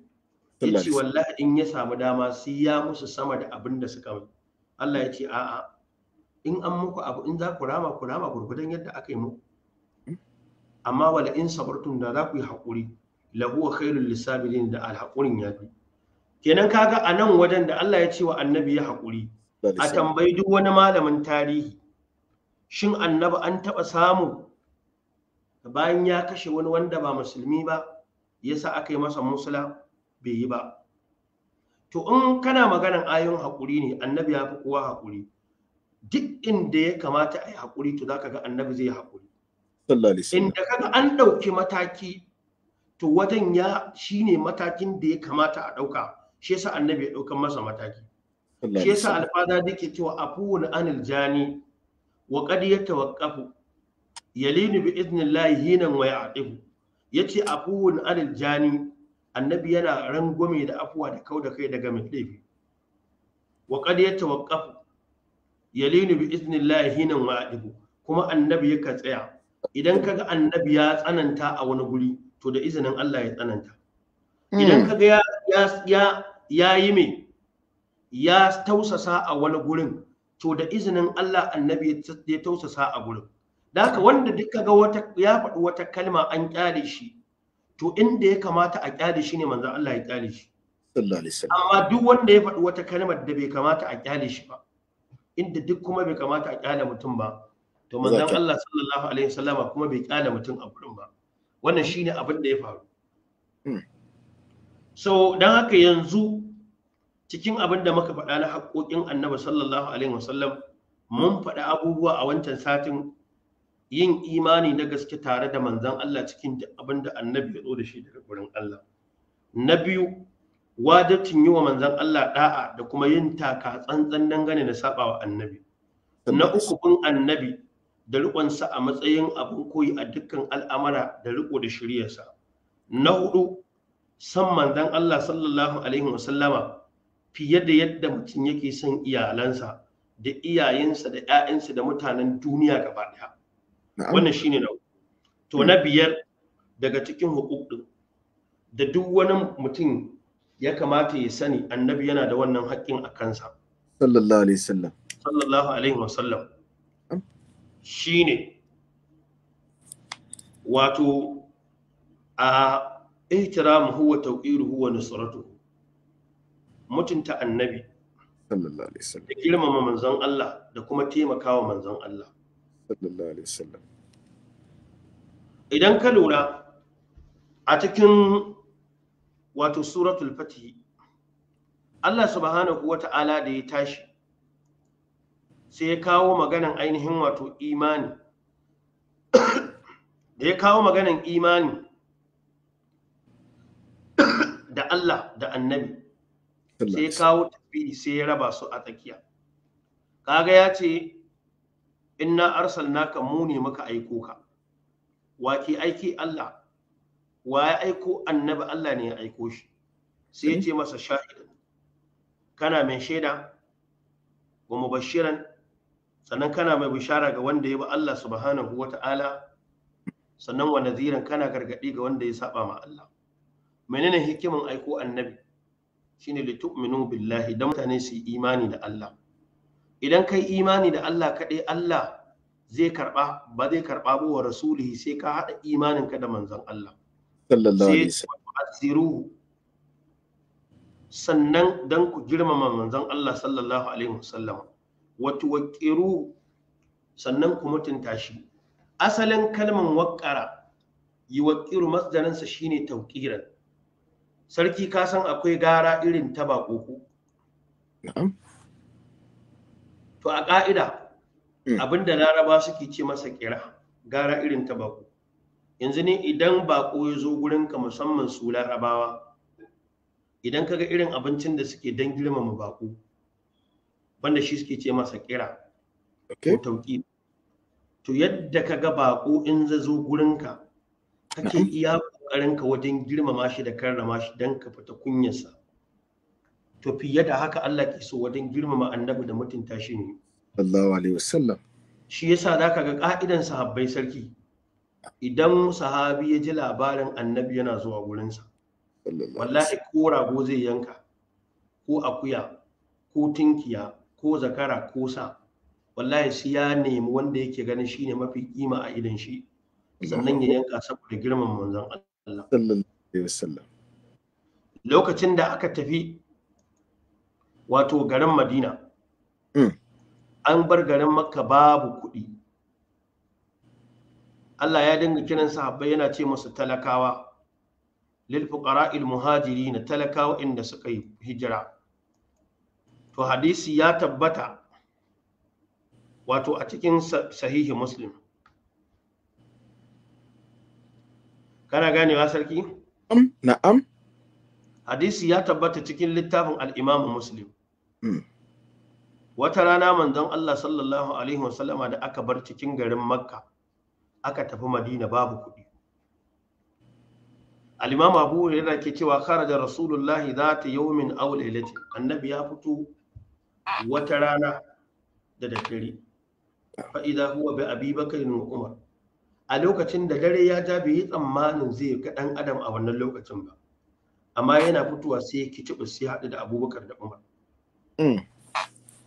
yace wallahi in ya samu dama sai ya musu sama da abin da suka yi. Allah ya ce a'a in an muku abu in za ku rama ku rama gurgudan yadda aka yi muku hmm? amma wala in sabartum da za ku yi haƙuri lahuwa khairul lisabirin da alhaƙurin ya fi kenan kaga a nan wajen da Allah ya ce wa annabi ya haƙuri a tambayi duk wani malamin tarihi shin annabi an taɓa samu bayan ya kashe wani wanda ba musulmi ba yasa aka yi masa musula bai yi ba to in kana maganan ayon haƙuri ne annabi ya fi kowa haƙuri duk inda ya kamata a yi haƙuri to ka ga annabi zai haƙuri inda kaga an ɗauki mataki to wajen ya shine matakin da ya kamata a ɗauka shi yasa annabi ya ɗaukan masa mataki shi yasa alfada da ke cewa afuwun anil jani wa qad yatawaqqafu yalinu bi idnillahi hinan wa ya'tifu yace afuwun anil jani annabi yana rangwame da afuwa da kau da kai daga mai laifi wa qad yatawaqqafu yalinu bi idnillahi hinan wa ya'tifu kuma annabi yake tsaya idan kaga annabi ya tsananta a wani guri to da izinin Allah ya tsananta mm. idan kaga ya ya ya yi me ya tausasa a wani gurin to da izinin Allah annabi ya tausasa a gurin da haka wanda duk kaga wata ya faɗi wata kalma an kyale shi to inda ya kamata a kyale shi ne manzon Allah ya kyale shi amma duk wanda ya faɗi wata kalmar da bai kamata a kyale shi ba inda duk kuma bai kamata a kyale mutum ba to manzon Allah sallallahu alaihi wasallama kuma bai kyale mutum a gurin ba wannan shine abin da ya faru hmm. so don haka yanzu cikin abin da muka faɗa na haƙoƙin annabi sallallahu alaihi wasallam mun hmm. faɗa abubuwa a wancan satin yin imani na gaske tare da manzan Allah cikin abinda abin da annabi ya zo da shi daga gurin Allah na biyu wajibcin yi wa manzan Allah da'a da kuma yin taka tsantsan dangane da sabawa annabi na uku bin annabi da riƙonsa a matsayin abin koyi a dukkan al'amara da riƙo da shiryarsa na hudu san manzon Allah sallallahu alaihi wasallama fiye da yadda mutum yake son iyalansa da iyayensa da ‘ya'yansa da mutanen duniya gaba ɗaya. Wannan shi ne na To na mm. biyar daga cikin hukuk da duk wani mutum ya kamata ya sani annabi yana da wannan haƙƙin a kansa. Sallallahu Alaihi Wasallam. Sallallahu Alaihi Wasallam. shine wato a ihtiramu huwa tawqiruhu huwa nusratu mutunta annabi sallallahu alaihi wasallam da girmama manzon Allah da kuma taimakawa manzon Allah sallallahu alaihi wasallam idan ka lura a cikin wato suratul fatih Allah subhanahu wata'ala da ya tashi sai ya kawo maganan ainihin wato imani <coughs> da ya kawo maganan imani <coughs> da Allah da annabi sai ya kawo tafiye sai ya raba su a tsakiya kaga ya ce arsal arsalnaka mu ne muka aiko ka wa ke aiki Allah wa ya aiko annabi Allah ne ya aiko shi sai ya ce masa shahidin kana mai shaida mu mubashiran sannan kana mai bishara ga wanda ya bi Allah subhanahu wa ta'ala sannan wa naziran kana gargadi ga wanda ya saba ma Allah menene hikimin aiko annabi shine li tu'minu billahi dan mutane su imani da Allah idan kai imani da Allah kaɗai Allah zai karba ba zai karba ba wa rasulihi sai ka hada imanin ka da manzon Allah sallallahu alaihi wasallam sannan dan ku girmama manzon Allah sallallahu alaihi wasallam wa sannan ku mutunta shi asalin kalman waƙara yuwaqqiru masdarin sa shine tawqiran sarki ka san akwai gara irin ta bakoko to a ka'ida mm. abinda laraba suke ce masa kira gara irin ta bako yanzu ne idan baƙo ya zo gurinka musamman su larabawa idan kaga irin abincin da suke don girmama bako Banda shi suke ce masa kira ko tauki to yadda ka ga bako in zazo zo gurinka kake iya ka wajen girmama shi da karrama shi don ka fita kunyarsa to fiye da haka Allah ke so wajen girmama annabi da mutunta shi ne sallallahu alaihi wasallam shi yasa zaka ga ka'idan sahabbai sarki idan sahabi ya ji labarin annabi yana zuwa gurinsa wallahi ko rago zai yanka ko akuya ko tinkiya ko zakara ko sa wallahi sai ya nemi wanda yake ganin shine mafi kima a idan shi sannan ya yanka saboda girman manzon Allah lokacin da aka tafi wato garin Madina hmm. an bar garin Makka babu kuɗi Allah ya dinga kiran sahabbai yana ce masa talakawa lil fuqara'il na talakawa inda suka yi hijira to hadisi ya tabbata wato a cikin sahihi muslim kana ganewa sarki na'am hadisi ya tabbata cikin littafin al'imamu muslim hmm. wata rana manzon Allah sallallahu alaihi wasallama da aka bar cikin garin makka aka tafi madina babu kuɗi al'imamu abu hurairah ke cewa da rasulullahi za ta yawmin aw lailati annabi ya fito wata rana da daddare fa'ida huwa bi abi bakar umar a lokacin da dare ya ja bai yi tsammanin zai ga ɗan adam a wannan lokacin ba amma yana fitowa sai ya kici sai haɗu da abubakar da umar mm.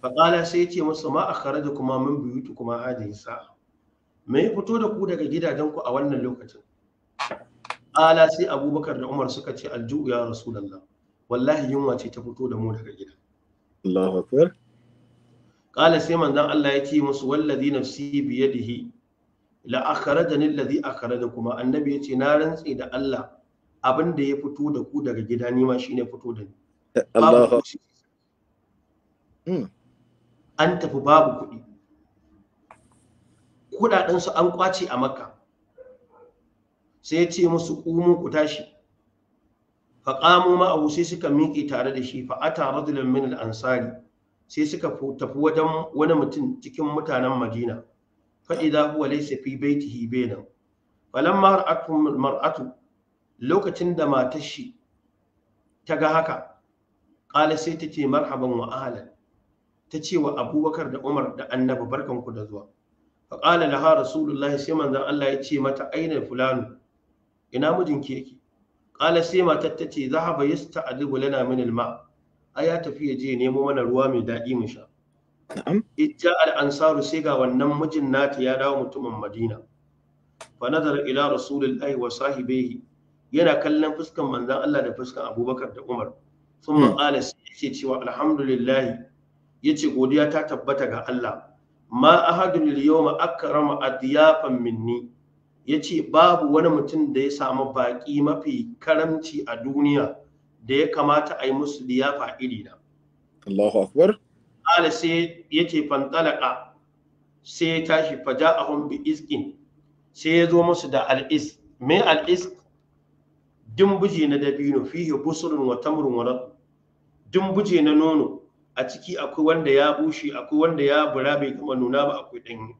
faƙala sai ya ce masa ma a kare da kuma min kuma hajji sa'a me ya fito da ku daga gidajenku a wannan lokacin ala sai abubakar da umar suka ce aljuhu ya rasulullah wallahi yunwa ce ta fito da mu daga gida Allahu akbar qala sai manzon Allah ya ce musu wallazi nafsi bi yadihi la akhrajani allazi akhrajakuma annabi ya ce na rantsi da Allah abin da ya fito da ku daga gida shine fito da ni eh, hmm. an tafi babu kuɗi kuɗaɗensu an kwace a makka sai ya ce musu ƙumu ku tashi faƙamu ma'ahu sai suka miƙe tare da shi fa'ata rajulan min al-ansari sai suka tafi wajen wani mutum cikin mutanen madina faɗi huwa laysa fi baitihi bainan falamma ra'atuhum mar'atu lokacin da matar shi ta ga haka ƙala sai ta ce marhaban wa ahlan ta ce wa abubakar da umar da annabi barkanku da zuwa faƙala laha rasulullahi sai manzon Allah ya ce mata aina fulanu ina mijinki yake qala sai matar ta ce zahaba yasta'dibu lana min ilma. A ai ya tafi ya je nemo mana ruwa mai daɗi mu sha ija ijja al sai ga wannan mijin nata ya dawo mutumin Madina fa nazara ila rasulullahi wa sahibihi yana kallon fuskan manzon Allah da fuskan Abubakar da Umar thumma hmm. qala sai yace cewa alhamdulillah yace godiya ta tabbata ga Allah ma ahadun al rama a adyafan minni ya ce babu wani mutum da ya samu baƙi mafi karamci a duniya da ya kamata a yi musu liyafa iri na. Allahu Akbar. Ala sai ya ce fantalaka sai ya tashi faja a bi iskin sai ya zo musu da al'is. Mai al'is Dumbuje na dabino fihe busurin wa tamurin wa Dumbuje na nono a ciki akwai wanda ya bushe akwai wanda ya bura bai nuna ba akwai ɗanye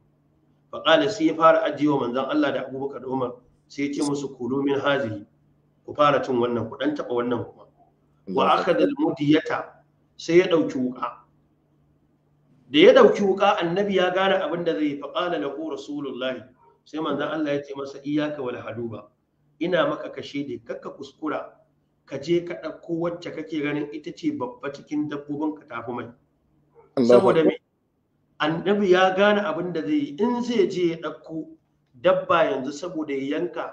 faƙala sai ya fara ajiyewa manzan Allah da abubakar da umar sai ya ce musu kulu min hazihi ku fara cin wannan ku dan taɓa wannan kuma wa aka da mudiyata sai ya ɗauki wuƙa da ya ɗauki wuƙa annabi ya gane abin da zai faƙala lahu rasulullahi sai manzan Allah ya ce masa iyaka wal haduba ina maka kashe da kakka kuskura ka je ka ɗauko wacce kake ganin ita ce babba cikin dabbobin ka tafi mai saboda me annabi ya gane abin da zai yi in zai je ya ɗauko dabba yanzu saboda ya yanka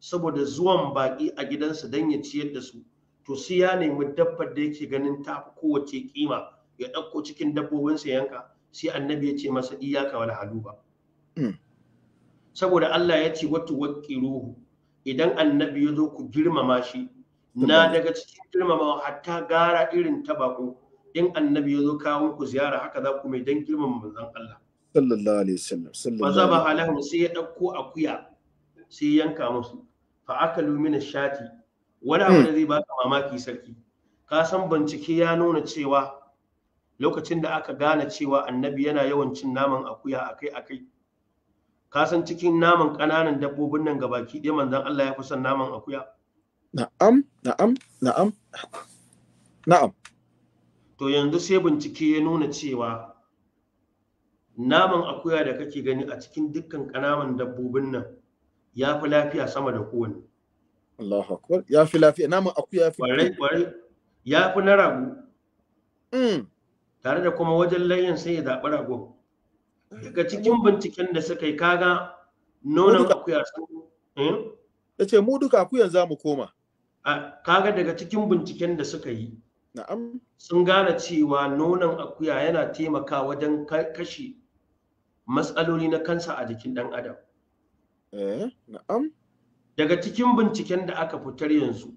saboda zuwan baƙi a gidansa dan ya ciyar da su to sai ya nemi dabbar da yake ganin ta fi kowace kima ya ɗauko cikin dabbobinsa yanka sai annabi ya ce masa iyaka wal haluba hmm. saboda Allah ya ce wata ruhu idan annabi ya zo ku girmama shi na daga cikin girmamawa hatta gara irin ta baƙo in annabi ya zo kawo muku ziyara haka za ku mai dan girman manzon Allah sallallahu alaihi wasallam sallallahu alaihi wasallam halahu sai ya dauko akuya sai yanka musu fa akalu min shati wani abu da hmm. zai baka mamaki sarki ka san bincike ya nuna cewa lokacin da aka gane cewa annabi yana yawan cin naman akuya akai akai ka san cikin naman kananan dabbobin nan gabaki ɗaya manzon Allah ya fi son naman akuya na'am na'am na'am na'am to yanzu sai bincike ya nuna cewa naman akuya da kake gani a cikin dukkan kananan dabbobin nan ya fi lafiya sama da kowane Allahu akbar ya fi lafiya naman akuya ya fi kwarai kwarai ya fi na mm. tare da kuma wajen layin sai ya zaɓi rago daga cikin binciken da suka yi kaga nonon akuya sun eh? ya ce mu duka akuyan za mu koma kaga daga cikin binciken da suka yi Na'am. Sun gane cewa nonon akuya yana taimaka wajen kashe matsaloli na kansa a jikin ɗan adam. Eh, Daga cikin binciken da aka fitar yanzu,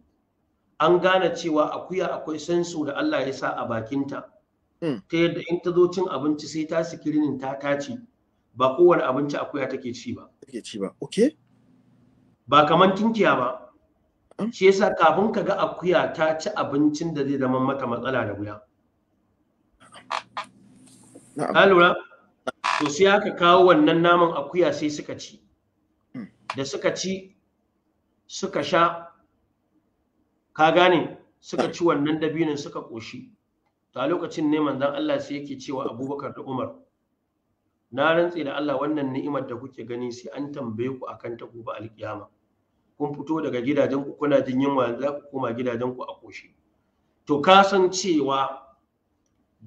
an gane cewa akuya akwai sensu da Allah ya sa a bakinta. Hmm. Ta yadda in ta zo cin abinci sai ta sikirinin ta tace ba kowane abinci akuya take ci ba. ci ba, Ba kamar kinkiya ba. shi yasa kafin ka ga akuya ta ci abincin da zai zama mata matsala da wuya ka lura to sai aka kawo wannan naman akuya sai suka ci hmm. da suka ci suka sha ka gane suka ci wannan dabinin suka ƙoshi to a lokacin ne manzon Allah sai yake cewa Abubakar da Umar na rantse da Allah wannan ni'imar da kuke gani sai an tambaye ku akan ta gobe alkiyama kun fito daga gidajen ku kuna jin yunwa za ku koma gidajen ku a koshi to ka san cewa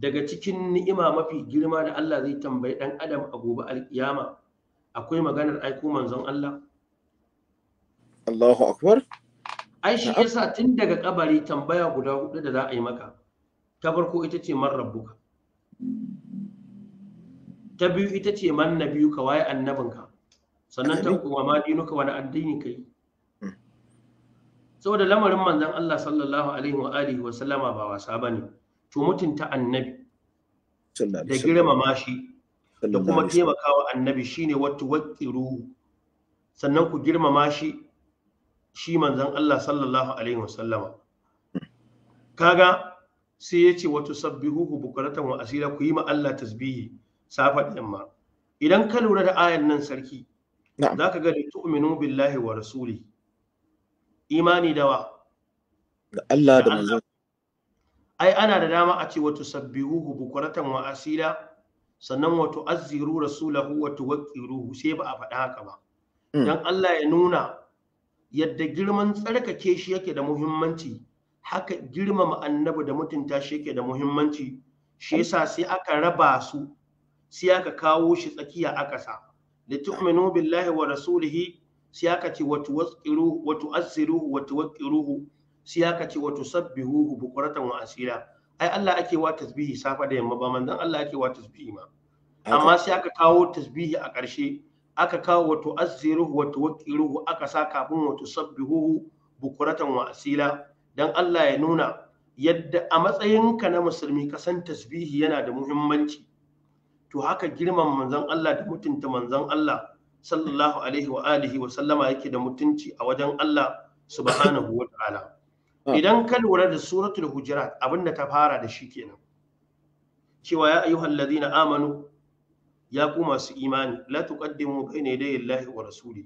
daga cikin ni'ima mafi girma da Allah zai tambayi dan adam a gobe alkiyama akwai maganar aiko manzon Allah Allahu akbar ai shi yasa tun daga kabari tambaya guda hudu da za a yi maka ta farko ita ce man rabbuka ta biyu ita ce man nabiyuka waye annabinka sannan ta uku ma dinuka wani addini kai saboda lamarin manzan Allah sallallahu alaihi wa alihi wa sallama ba wasa bane to mutunta annabi da girmama shi da kuma taimakawa annabi shine wata waqiru sannan ku girmama shi shi manzon Allah sallallahu alaihi wa sallama kaga sai ya ce wata sabbihuhu bukuratan wa asira ku yi ma Allah tasbihi safa da yamma idan ka lura da ayan nan sarki za ka ga tu'minu billahi wa rasuli imani da wa da Allah da manzon ai ana da dama a ce wato tusabbihuhu bukuratan wa asila sannan wato tu'azziru rasulahu wa tuwaqqiruhu sai ba a faɗa haka ba hmm. dan Allah ya nuna yadda girman tsarkake shi yake da muhimmanci haka girmama annabi da mutunta shi yake da muhimmanci shi yasa sai aka raba su sai aka kawo shi tsakiya aka sa litu'minu billahi wa rasulihi sai aka ce wa tuwqiru wa tu'assiruhu wa tuwqiruhu sai aka ce wa tusabbihuhu bukuratan wa asira ai Allah ake wa tasbihi safa da yamma ba manzon Allah ake wa tasbihi ma amma sai aka kawo tasbihi a ƙarshe aka kawo wa tu'assiruhu wa tuwqiruhu aka sa kafin wa tusabbihuhu bukuratan wa asila dan Allah ya nuna yadda a matsayinka na musulmi ka san tasbihi yana da muhimmanci to haka girman manzon Allah da mutunta manzon Allah sallallahu alaihi wa alihi wa sallama yake da mutunci a wajen Allah subhanahu wa ta'ala ah. idan ka lura da suratul hujurat abinda ta fara da shi kenan cewa ya ayyuhal ladina amanu ya ku masu imani la tuqaddimu bayna yaday Allahi wa rasuli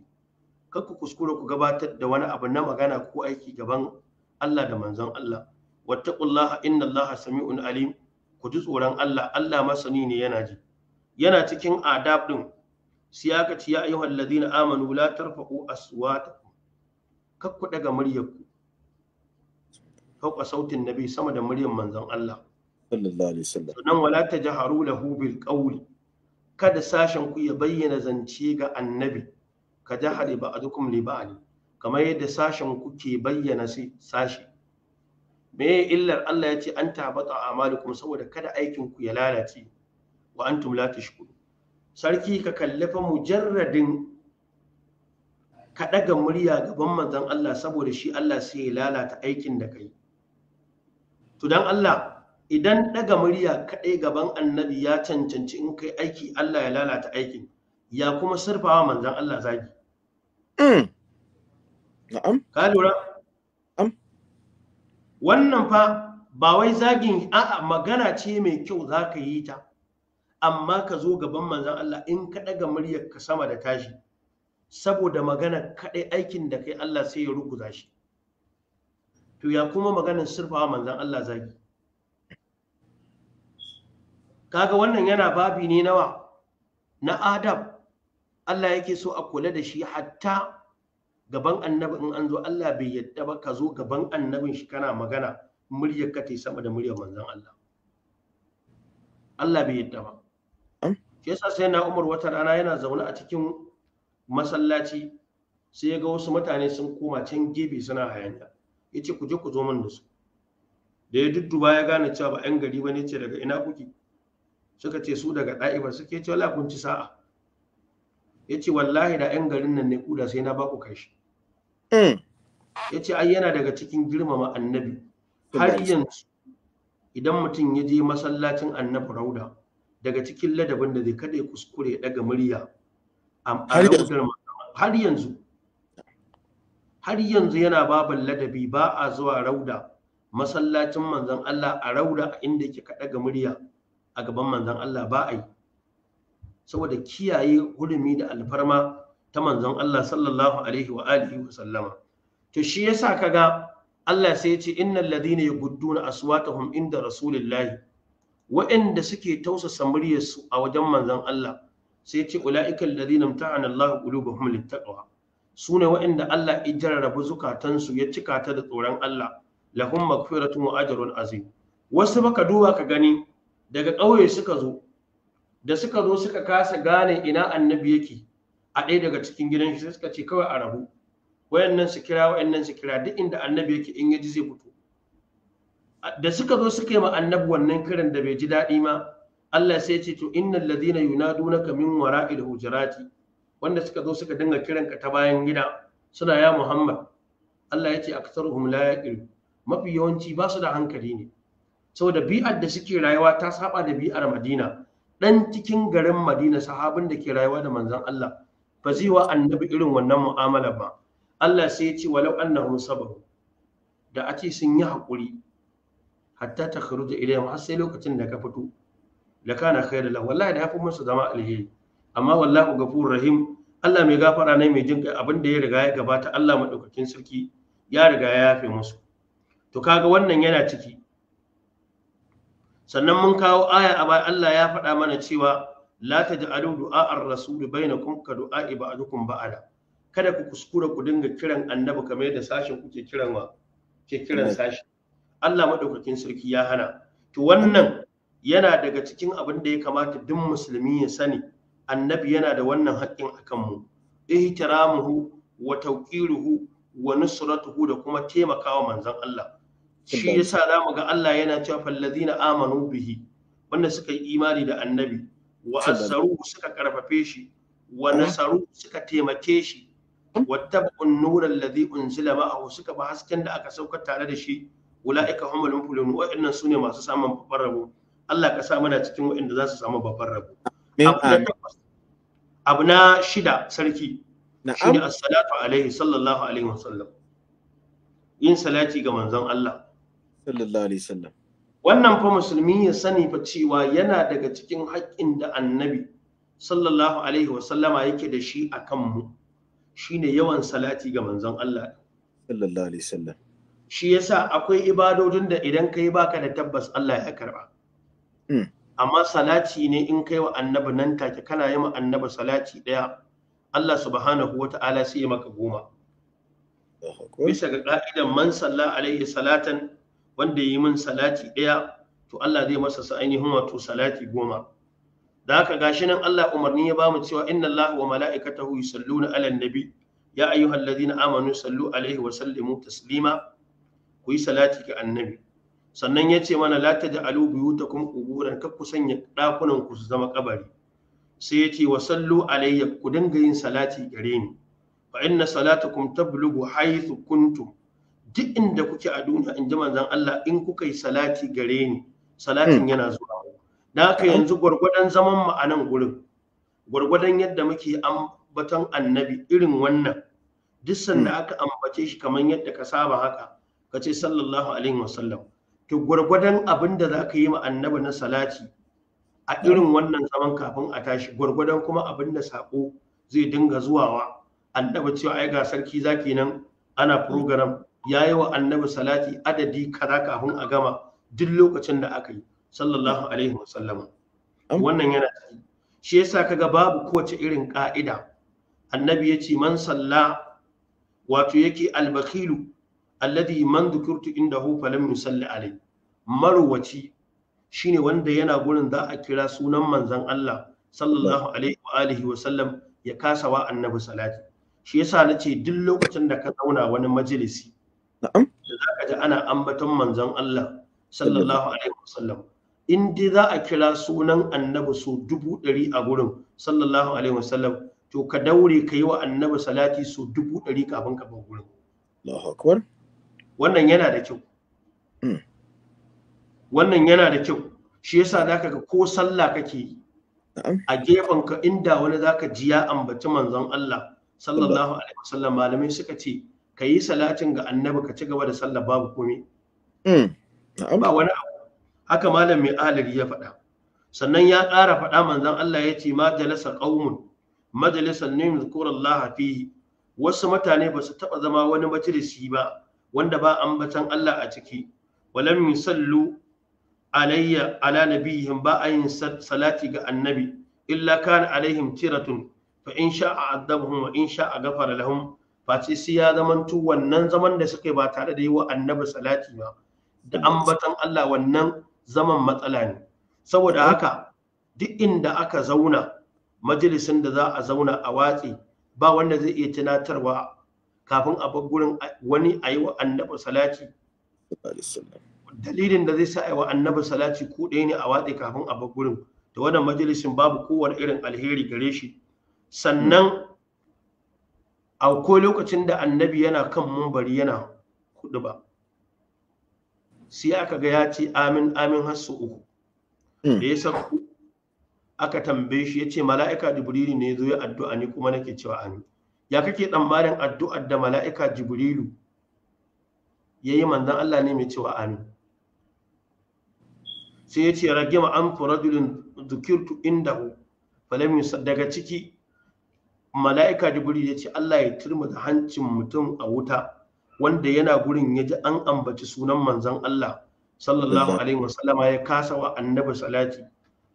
kar ku kuskura ku gabatar da wani abu na magana ko aiki gaban Allah da manzon Allah wattaqullaha inna Allaha sami'un alim ku ji tsoron Allah Allah masani ne yana ji yana cikin adab din sai aka ya ayyuhal ladina amanu la tarfa'u aswatakum kakku daga muryarku fauka sautin nabi sama da muryar manzon Allah sallallahu alaihi wasallam sannan wala tajharu lahu bil kada sashen ku ya bayyana zance ga annabi ka jahari ba'dukum li ba'li kamar yadda sashen ku ke bayyana sashi me illar Allah ya ce an tabata amalukum saboda kada aikin ku ya lalace wa antum la tashkurun sarki ka kalli fa mujarradin ka ɗaga murya gaban manzon Allah saboda shi Allah sai ya lalata aikin da kai to dan Allah idan ɗaga murya kaɗai gaban annabi ya cancanci in kai aiki Allah ya lalata aikin ya kuma surfawa manzon Allah zagi mm. na'am ka lura wannan fa ba wai zagin a'a magana ce mai kyau za ka yi ta amma ka zo gaban manzan Allah in ka ɗaga muryar ka sama da tashi saboda magana kaɗai aikin da kai Allah sai ya ruku shi to ya kuma maganar surfawa manzan Allah zagi kaga wannan yana babi ne nawa na adab Allah yake so a kula da shi hatta gaban annabi in an zo Allah bai yadda ba ka zo gaban annabin shi kana magana muryar ka ta sama da muryar manzon Allah Allah bai yadda ba yasa sai na umar wata rana yana zaune a cikin masallaci sai ya ga wasu mutane sun koma can gefe suna hayanta ya ce ku je ku zo min da su da ya dudduba ya gane cewa ba 'yan gari ba ne ce daga ina kuke suka ce su daga ɗa'ibar suke ce wala kun ci sa'a ya ce wallahi da 'yan garin nan ne kuda sai na baku kashi hmm. ya ce ai yana daga cikin girmama annabi har yanzu idan mutum ya je masallacin annabi rauda daga cikin ladabin da zai kada ya kuskure ya daga murya har yanzu har yanzu yana baban ladabi ba a zuwa rauda masallacin manzon Allah a rauda inda yake ka murya a gaban manzon Allah ba a yi saboda kiyaye hurumi da alfarma ta manzon Allah sallallahu alaihi wa alihi wa sallama to shi yasa kaga Allah sai ya ce innal ladina yaghudduna aswatahum inda rasulillahi waɗanda suke tausasa muryarsu a wajen manzon Allah sai ce ula'ika alladhina imtahana Allahu qulubahum littaqwa sune waɗanda Allah ya jarrabu zukatansu ya cika ta da tsoron Allah lahum maghfiratun wa ajrun azim wasu baka duba ka gani daga ƙauye suka zo da suka zo suka kasa gane ina annabi yake a ɗaya daga cikin gidan shi suka ce kawai a rabu wayannan su kira wayannan su kira duk inda annabi yake in yaji zai fito da suka zo suka yi ma annabi wannan kiran da bai ji daɗi ma Allah sai ce to innal ladina yunadunaka min wara'il hujurati wanda suka zo suka dinga ka ta bayan gida suna ya Muhammad Allah ya ce aktsaruhum la yaqil mafi yawanci ba su da hankali ne saboda bi'ar da suke rayuwa ta saba da bi'ar Madina dan cikin garin Madina sahabin da ke rayuwa da manzon Allah ba zai wa annabi irin wannan mu'amala ba Allah sai ya ce walau annahum sabaru da a ce sun yi haƙuri hatta ta kharuja ilayhim har sai lokacin da ka fito la kana khairu lahu wallahi da yafi musu zama alheri amma wallahu ghafurur rahim Allah mai gafara ne mai jin abin da ya riga ya gabata Allah madaukakin sarki ya riga ya yafe musu to kaga wannan yana ciki sannan mun kawo aya a baya Allah ya faɗa mana cewa la taj'alu du'a'ar rasul bainakum ka du'a'i ba'dukum ba'ada kada ku kuskura ku dinga kiran annabi kamar yadda sashin kuke kiran wa ke kiran sashi Allah maɗaukakin sarki ya hana to wannan yana daga cikin abin da ya kamata duk musulmi ya sani annabi yana da wannan haƙƙin akan mu ihtiramuhu wa tawqiruhu wa nusratuhu da kuma taimakawa manzon Allah shi yasa zamu ga Allah yana cewa fallazina amanu bihi wanda suka yi imani da annabi wa azzaru suka karfafe shi wa nasaru suka taimake shi wattaba'un nura alladhi unzila ma'ahu suka ba hasken da aka saukar tare da shi ulaika humul muflihun wa'annan sune masu samun babbar rabo Allah ka sa mana cikin wa'anda za su samu babbar rabo abu na shida sarki shine as-salatu alaihi sallallahu alaihi wa sallam. yin salati ga manzon Allah sallallahu alaihi wa sallam. wannan fa musulmi ya sani fa cewa yana daga cikin haƙƙin da annabi sallallahu alaihi wa wasallama yake da shi akan mu shine yawan salati ga manzon Allah sallallahu alaihi wa sallam. shi yasa akwai ibadodin da idan kayi baka da tabbas Allah ya karba hmm. amma salati ne in kai wa annabi nan take kana yi wa annabi salati ɗaya. Allah subhanahu wata'ala sai ya maka goma bisa ga ka'idan man salla alaihi salatan wanda yi min salati ɗaya, to Allah zai masa sa ainihin wato salati goma da haka gashi nan Allah umarni ya bamu cewa inna Allah wa mala'ikatahu yusalluna ala nabi ya ayyuhalladhina amanu sallu alaihi wa sallimu taslima ku yi salati ga annabi sannan ya ce mana la taj'alu kuma quburan kar ku sanya dakunan ku su zama kabari sai ya ce wa sallu alayya ku dinga yin salati gare ni fa inna salatukum tablugu haythu kuntum duk inda kuke a duniya in ji manzon Allah in kuka yi salati gare ni salatin hmm. yana zuwa da haka hmm. yanzu gwargwadon zaman mu a nan gurin gwargwadon yadda muke ambaton annabi irin wannan duk sanda hmm. aka ambace shi kamar yadda ka saba haka ka ce sallallahu alaihi wasallam to gwargwadon abin da za ka yi ma annabi na salati a irin wannan zaman kafin a tashi gwargwadon kuma abin da sako zai dinga zuwawa annabi cewa ai ga sarki zaki nan ana program ya yi wa annabi salati adadi kaza kafin a gama duk lokacin da aka yi sallallahu alaihi wasallam wannan yana shi yasa kaga babu kowace irin ka'ida annabi ya ce man salla wato yake albakhilu alladhi man dhukirtu indahu falam yusalli alai marwaci shine wanda yana gurin za a kira sunan manzon Allah sallallahu alaihi wa alihi wa sallam ya kasa wa annabi salati shi yasa nace duk lokacin da ka zauna wani majalisi na'am da zaka ji ana ambaton manzon Allah sallallahu alaihi wa sallam in dai za a kira sunan annabi so dubu ɗari a gurin sallallahu alaihi wa sallam to ka daure ka yi wa annabi salati so dubu ɗari kafin ka bar gurin Allahu akbar wannan yana da kyau hmm. wannan yana da kyau shi yasa zaka ga ko sallah kake yi a gefen ka inda wani zaka ji ya ambaci manzon Allah sallallahu alaihi wasallam malamai suka ce ka yi salatin ga annabi ka ci gaba da sallah babu komai hmm. ba wani abu haka malam mai aliri ya faɗa sannan ya ƙara faɗa manzon Allah ya ce ma jalasa qaumun majalisan ne yuzkurullaha fihi wasu mutane ba su taɓa zama wani majalisi ba wanda ba ambatan Allah a ciki walam yusallu alayya ala nabihim ba ayin salati ga annabi illa kana alaihim tiratun fa in sha'a adabhum wa in a ghafara lahum face sai ya zamantu wannan zaman da suka yi ba tare da yi wa annabi salati ba da ambatan Allah wannan zaman matsala ne saboda haka duk inda aka zauna majalisin da za a zauna a watsi ba wanda zai iya tunatarwa kafin a bar gurin wani a yi wa annabi salati dalilin da zai sa a yi wa annabi salati ku ɗaya ne a watse kafin a bar gurin da wannan majalisin babu kowane irin alheri gare shi sannan akwai lokacin da annabi yana kan mumbari yana kudu ba sai aka ga ya ce amin amin har su uku hmm. da ya aka tambaye shi ya ce mala'ika jibrili ne zo ya addu'a ni kuma nake cewa amin ya kake tsammanin addu'ar da mala'ika jibrilu ya yi manzan Allah ne mai cewa amin sai ya ce rage an furadulun zukirtu inda hu falamin daga ciki mala'ika jibrilu ya ce Allah ya turmi da hancin mutum a wuta wanda yana gurin ya ji an ambaci sunan manzan Allah sallallahu alaihi wasallama ya kasa wa annabi salati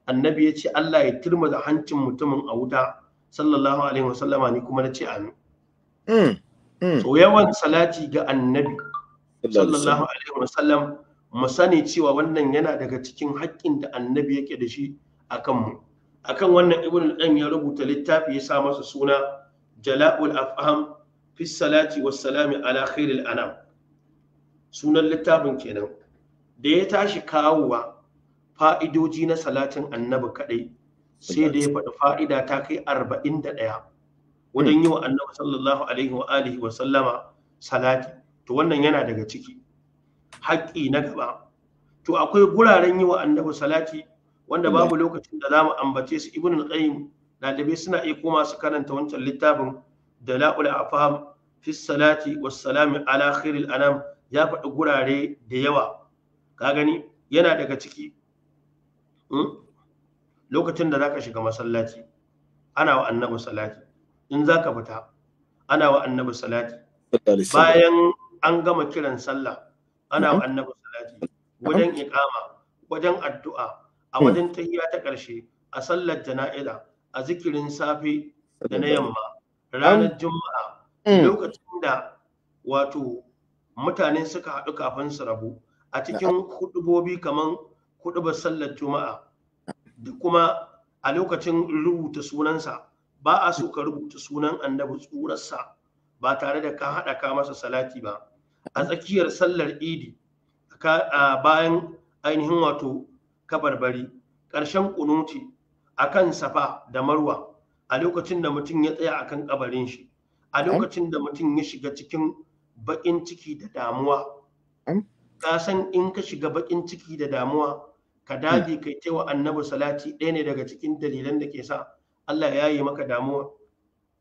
annabi ya ce Allah ya turmi da hancin mutumin a wuta sallallahu alaihi wasallama ni kuma na ce amin so mm, mm. yawan salati ga annabi sallallahu alaihi wasallam mu sani cewa wannan yana daga cikin haƙƙin da annabi yake da shi kanmu. A kan wannan ibn al ya rubuta littafi ya sa masa suna jala'ul afham fi salati was salami ala khairil anam sunan littafin kenan da ya tashi kawowa fa'idoji na salatin annabi kadai sai da ya faɗi fa'ida ta kai arba'in da ɗaya wajen yi wa annabi sallallahu alaihi wa alihi wa sallama salati to wannan yana daga ciki haƙƙi na gaba to akwai guraren yi wa annabi salati wanda babu lokacin da zamu ambace su ibn al-qayyim dalibai suna iya koma su karanta wancan littafin dala'ul afham fi salati wa salami ala khairil anam ya faɗi gurare da yawa ka gani yana daga ciki hmm? lokacin da zaka shiga masallaci ana wa annabi salati in zaka fita ana wa annabi salati bayan an gama kiran sallah ana wa annabi salati wajen iqama wajen addu'a a hmm. wajen tahiyya ta ƙarshe a sallar jana'iza a zikirin safe da na yamma ranar juma'a hmm. lokacin da wato mutane suka haɗu kafin su rabu a cikin hudubobi kaman hudubar sallar juma'a da kuma a lokacin rubuta sunansa ba a so ka rubuta sunan annabi tsurarsa ba tare da ka haɗa ka masa salati ba a tsakiyar sallar idi a bayan ainihin wato kabarbari ƙarshen kunuti a kan safa da marwa a lokacin da mutum ya tsaya akan kabarin shi a lokacin da mutum ya shiga cikin baƙin ciki da damuwa ka san in ka shiga baƙin ciki da damuwa ka dage kai taiwa annabi salati ɗaya ne daga cikin dalilan da ke sa Allah ya yi maka damuwa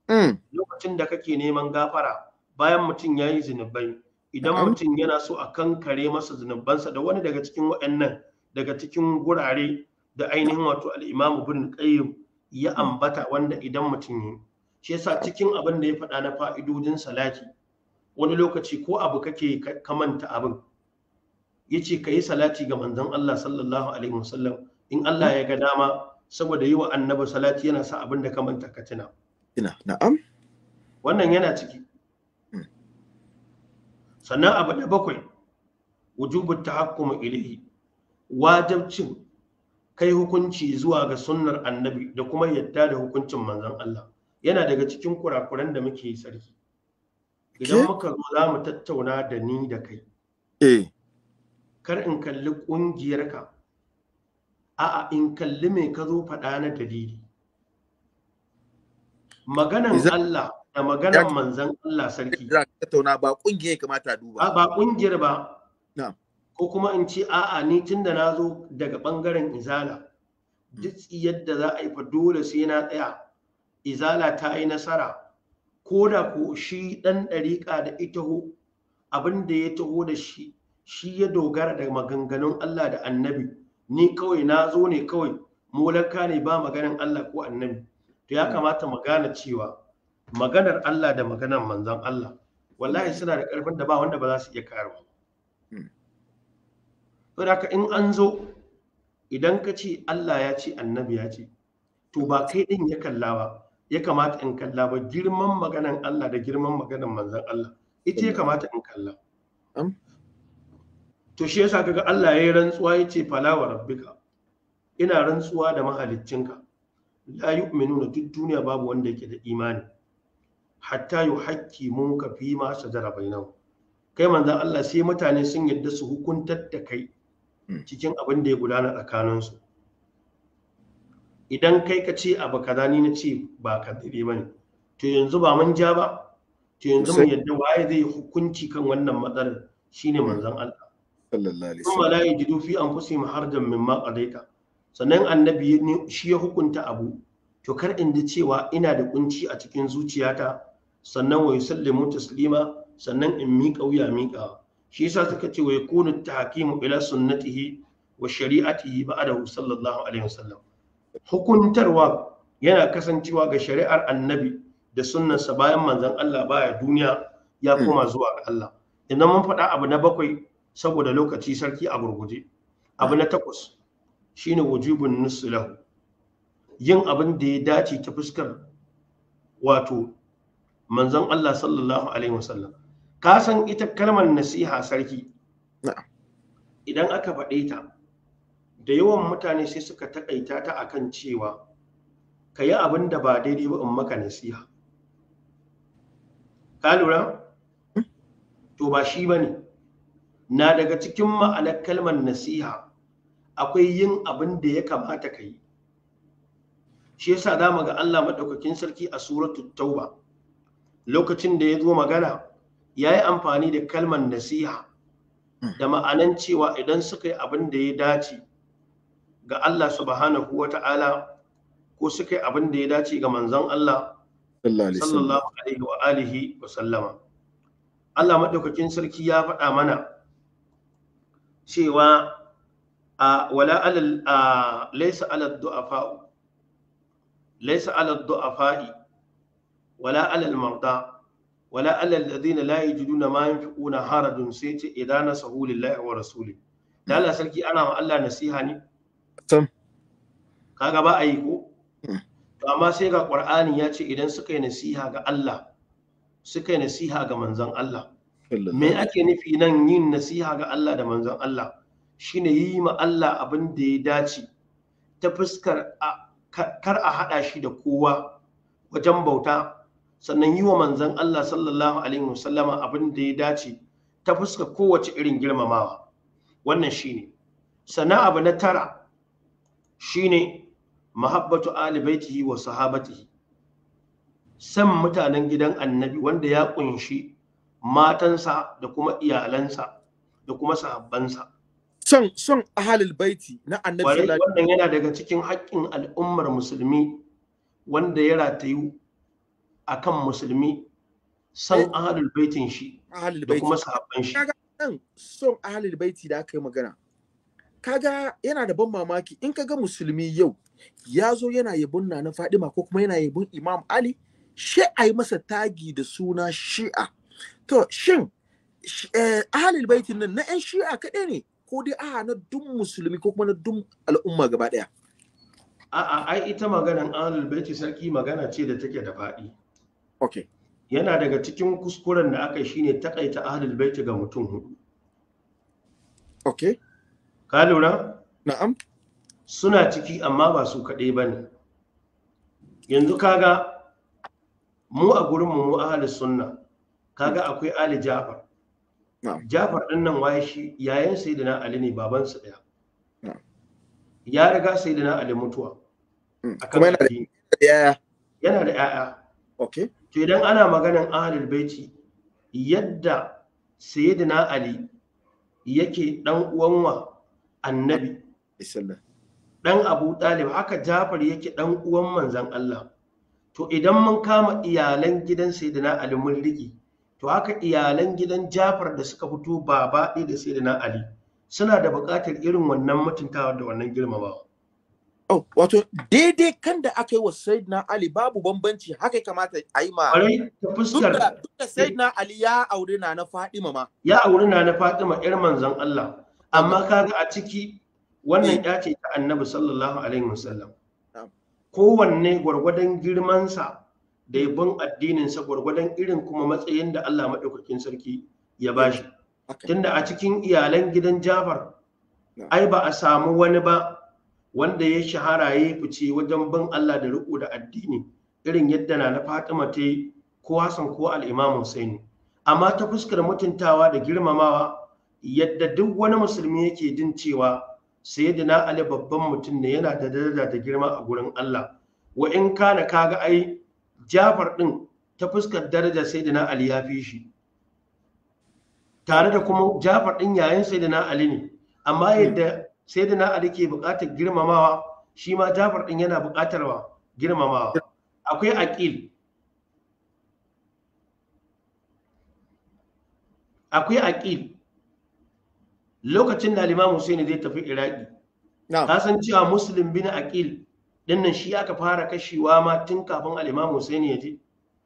mm. lokacin da kake neman gafara bayan mutum ya yi zunubai idan mutum yana so a kankare masa zunubansa da wani daga cikin waɗannan daga cikin gurare da ainihin wato al'imamu bin qayyim ya mm. ambata wanda idan mutum yi shi yasa cikin abin da ya faɗa na fa'idodin salati wani lokaci ko abu kake kamanta abin Ya ce ka yi salati ga manzon Allah sallallahu alaihi wasallam in Allah ya ga dama saboda yi wa annabi salati yana sa abin da ka manta ka tuna ina na'am wannan yana ciki hmm. sannan abu da bakwai wujubu tahakkum ilihi, wajabcin kai hukunci zuwa ga sunnar annabi da kuma yadda da hukuncin manzon Allah yana daga cikin kurakuran da muke sarki idan muka zo za mu tattauna da ni da kai eh. kar in kalli ƙungiyarka a'a in kalli mai ka zo faɗa na dalili maganan Allah da maganan manzan Allah sarki ba ƙungiyar kamata duba ba ƙungiyar ba ko kuma in ce a'a ni tun da na zo daga ɓangaren izala duk yadda za a yi fa dole sai na tsaya izala ta yi nasara ko da ko shi ɗan ɗariƙa da ita abin da ya taho da shi shi ya dogara da maganganun Allah da annabi ni kawai na zo ne kawai molaka ne ba maganin Allah ko annabi to ya kamata mu gane cewa maganar Allah da maganar manzon Allah wallahi suna da karfin da ba wanda ba za su iya karewa to hmm. da in an zo idan ka ce Allah ya ce annabi ya ce to ba kai din ya kalla ba ya kamata in kalla ba girman maganar Allah da girman maganar manzon Allah ita ya kamata in kalla to shi yasa kaga Allah ya yi rantsuwa yace fala wa rabbika ina rantsuwa da mahaliccinka la yu'minuna duk duniya babu wanda yake da imani hatta munka fi ma sadara bainahum kai manzon Allah sai mutane sun yadda su hukuntar da kai hmm. cikin abin da ya gudana tsakaninsu idan kai ka ce abu kaza ni na ce ba ka dare bane to yanzu ba mun ja ba to yanzu mun yadda waye zai hukunci kan wannan matsalar shine hmm. manzon Allah sallallahu alaihi wasallam la yajidu fi anfusihim harjan sannan annabi shi ya hukunta abu to kar in ji cewa ina da kunci a cikin zuciyata sannan wa yusallimu taslima sannan in miƙa wuya miƙa shi yasa suka ce wa yakunu tahkimu ila sunnatihi wa shari'atihi ba'dahu sallallahu alaihi wasallam hukuntarwa yana kasancewa ga shari'ar annabi da sunnansa bayan manzon Allah baya duniya ya koma hmm. zuwa ga Allah idan mun faɗa abu na bakwai saboda lokaci sarki a gurguje abu na takwas shine wujubun nusulahu yin abin da ya dace ta fuskar wato manzon Allah sallallahu alaihi wasallam ka san ita kalmar nasiha sarki idan aka faɗe ta da yawan mutane sai suka taƙaita ta akan cewa ka yi abin da ba daidai ba in maka nasiha ka lura hmm? to ba shi ba ne na daga cikin ma'anar kalmar nasiha akwai yin abin da ya kamata ka yi shi yasa za mu ga Allah maɗaukakin sarki a suratul tauba lokacin da ya zo magana ya yi amfani da kalmar nasiha da ma'anan cewa idan suka yi abin da ya dace ga Allah subhanahu wa ta'ala ko suka yi abin da ya dace ga manzon Allah sallallahu alaihi wa alihi wa sallama Allah maɗaukakin sarki ya faɗa mana cewa a wala alal a laysa alal du'afa laysa alal du'afa wala alal marda wala alal ladina la yajiduna ma yunfiquna haradun sai ce idan nasahu lillahi wa rasuli da Allah sarki ana ma Allah nasiha ne tam kaga ba a ko hmm. to amma sai ga Qur'ani ya ce idan suka yi nasiha ga Allah suka yi nasiha ga manzon Allah me ake nufi nan yin nasiha ga Allah da manzon Allah shine yi ma Allah abin da ya dace ta fuskar kar a hada shi da kowa wajen bauta sannan yi wa manzon Allah sallallahu alaihi wasallama abin da ya dace ta fuskar kowace irin girmamawa wannan shine sana abu na tara shine mahabbatu ali baitihi wa sahabatihi san mutanen gidan annabi wanda ya kunshi matansa da kuma iyalansa da kuma sahabbansa son son ahalul baiti na annabi sallallahu alaihi wannan yana daga cikin haƙƙin al'ummar musulmi wanda ya ratayu akan musulmi son eh. ahalul baitin shi da kuma sahabban shi nan son ahalul baiti da aka yi magana kaga yana da ban mamaki in kaga musulmi yau ya zo yana yabon Nana Fadima ko kuma yana yabon Imam Ali she a yi masa tagi da suna Shi'a to shin eh, ahalil baitin nan na 'yan shi'a kaɗai ne ko dai a na dun musulmi ko kuma na dun al'umma gaba ɗaya a'a ai ita maganan ahalil baiti sarki magana ce da take da faɗi okay yana daga cikin kuskuren da aka shine takaita ahalil baiti ga mutum hudu okay ka lura na'am suna ciki amma ba su kaɗai ba ne yanzu kaga mu a gurinmu mu ahalin sunna kaga akwai ali jafar jafar din nan waye shi yayan sayyidina ali ne baban ɗaya? daya ya riga sayyidina ali mutuwa hmm, kuma yana da yaya yana da yaya okay to idan ana maganan ahlul baiti yadda sayyidina ali yake dan uwan wa annabi dan abu talib haka jafar yake dan uwan manzon Allah to idan mun kama iyalan gidan sayyidina ali mun riki to haka iyalan gidan Jafar da suka fito baba ɗaya da na Ali suna da buƙatar irin wannan mutuntawa da wannan girmamawa Oh, wato daidai kan da aka yi wa Sayyidina Ali babu bambanci haka kamata a yi ma. Duka Sayyidina Ali ya auri na na Fatima ma. Ya auri na na Fatima ƴar manzon Allah. Amma kaga a ciki wannan ya eh. ce ta Annabi sallallahu alaihi wasallam. Kowanne gwargwadon girmansa da yabon addinin sa gwargwadon irin kuma matsayin da Allah maɗaukakin sarki ya ba bashi tunda a cikin iyalan gidan Jafar ai ba a samu wani ba wanda ya shahara ya fice wajen bin Allah da riƙo da addini irin yadda na Fatima ta yi ko Hassan ko al-Imam Husaini amma ta fuskar mutuntawa da girmamawa yadda duk wani musulmi yake jin cewa sayyidina Ali babban mutum ne yana da daraja da girma a gurin Allah wa in kana kaga ai jafar ɗin ta fuskar daraja sai da na ali ya fi shi tare da kuma jafar ɗin yayin sai da na ali ne amma yadda sai da na ali ke buƙatar girmamawa shi ma jafar ɗin yana buƙatar wa girmamawa akwai aƙil akwai aƙil lokacin da Alimamu sai zai tafi iraki Na san cewa muslim bin aƙil dinnan shi aka fara kashewa ma tun kafin alimamu sai ne ya je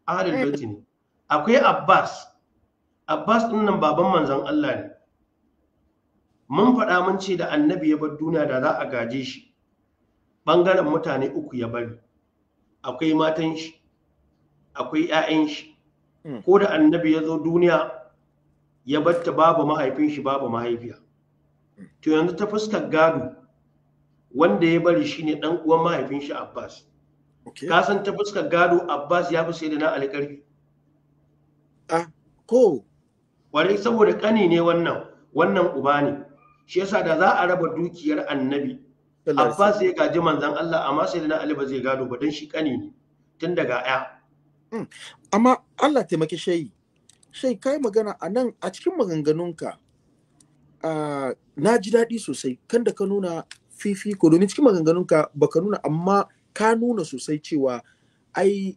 ahlul ne akwai Abbas Abbas dinnan baban manzon Allah ne mun faɗa mun ce da annabi ya bar duniya da za a gaje shi ɓangaren mutane uku ya bari akwai matan shi akwai 'ya'yan shi hmm. ko da annabi ya zo duniya ya batta babu mahaifin shi babu mahaifiya hmm. to yanzu ta fuskar gado wanda ya bari shine dan uwan mahaifin shi Abbas ka san ta fuskar gado Abbas ya fi da na karfi ah ko kwarai saboda kani ne wannan wannan uba ne shi yasa da za a raba dukiyar annabi Abbas ya gaji manzan Allah amma na Ali ba zai gado ba dan shi kani ne tun daga ya hmm. amma Allah taimaki shayi shai kai magana a nan a cikin maganganunka ah, na ji daɗi sosai kan da ka nuna fifiko domin cikin maganganunka baka nuna amma ka nuna sosai cewa ai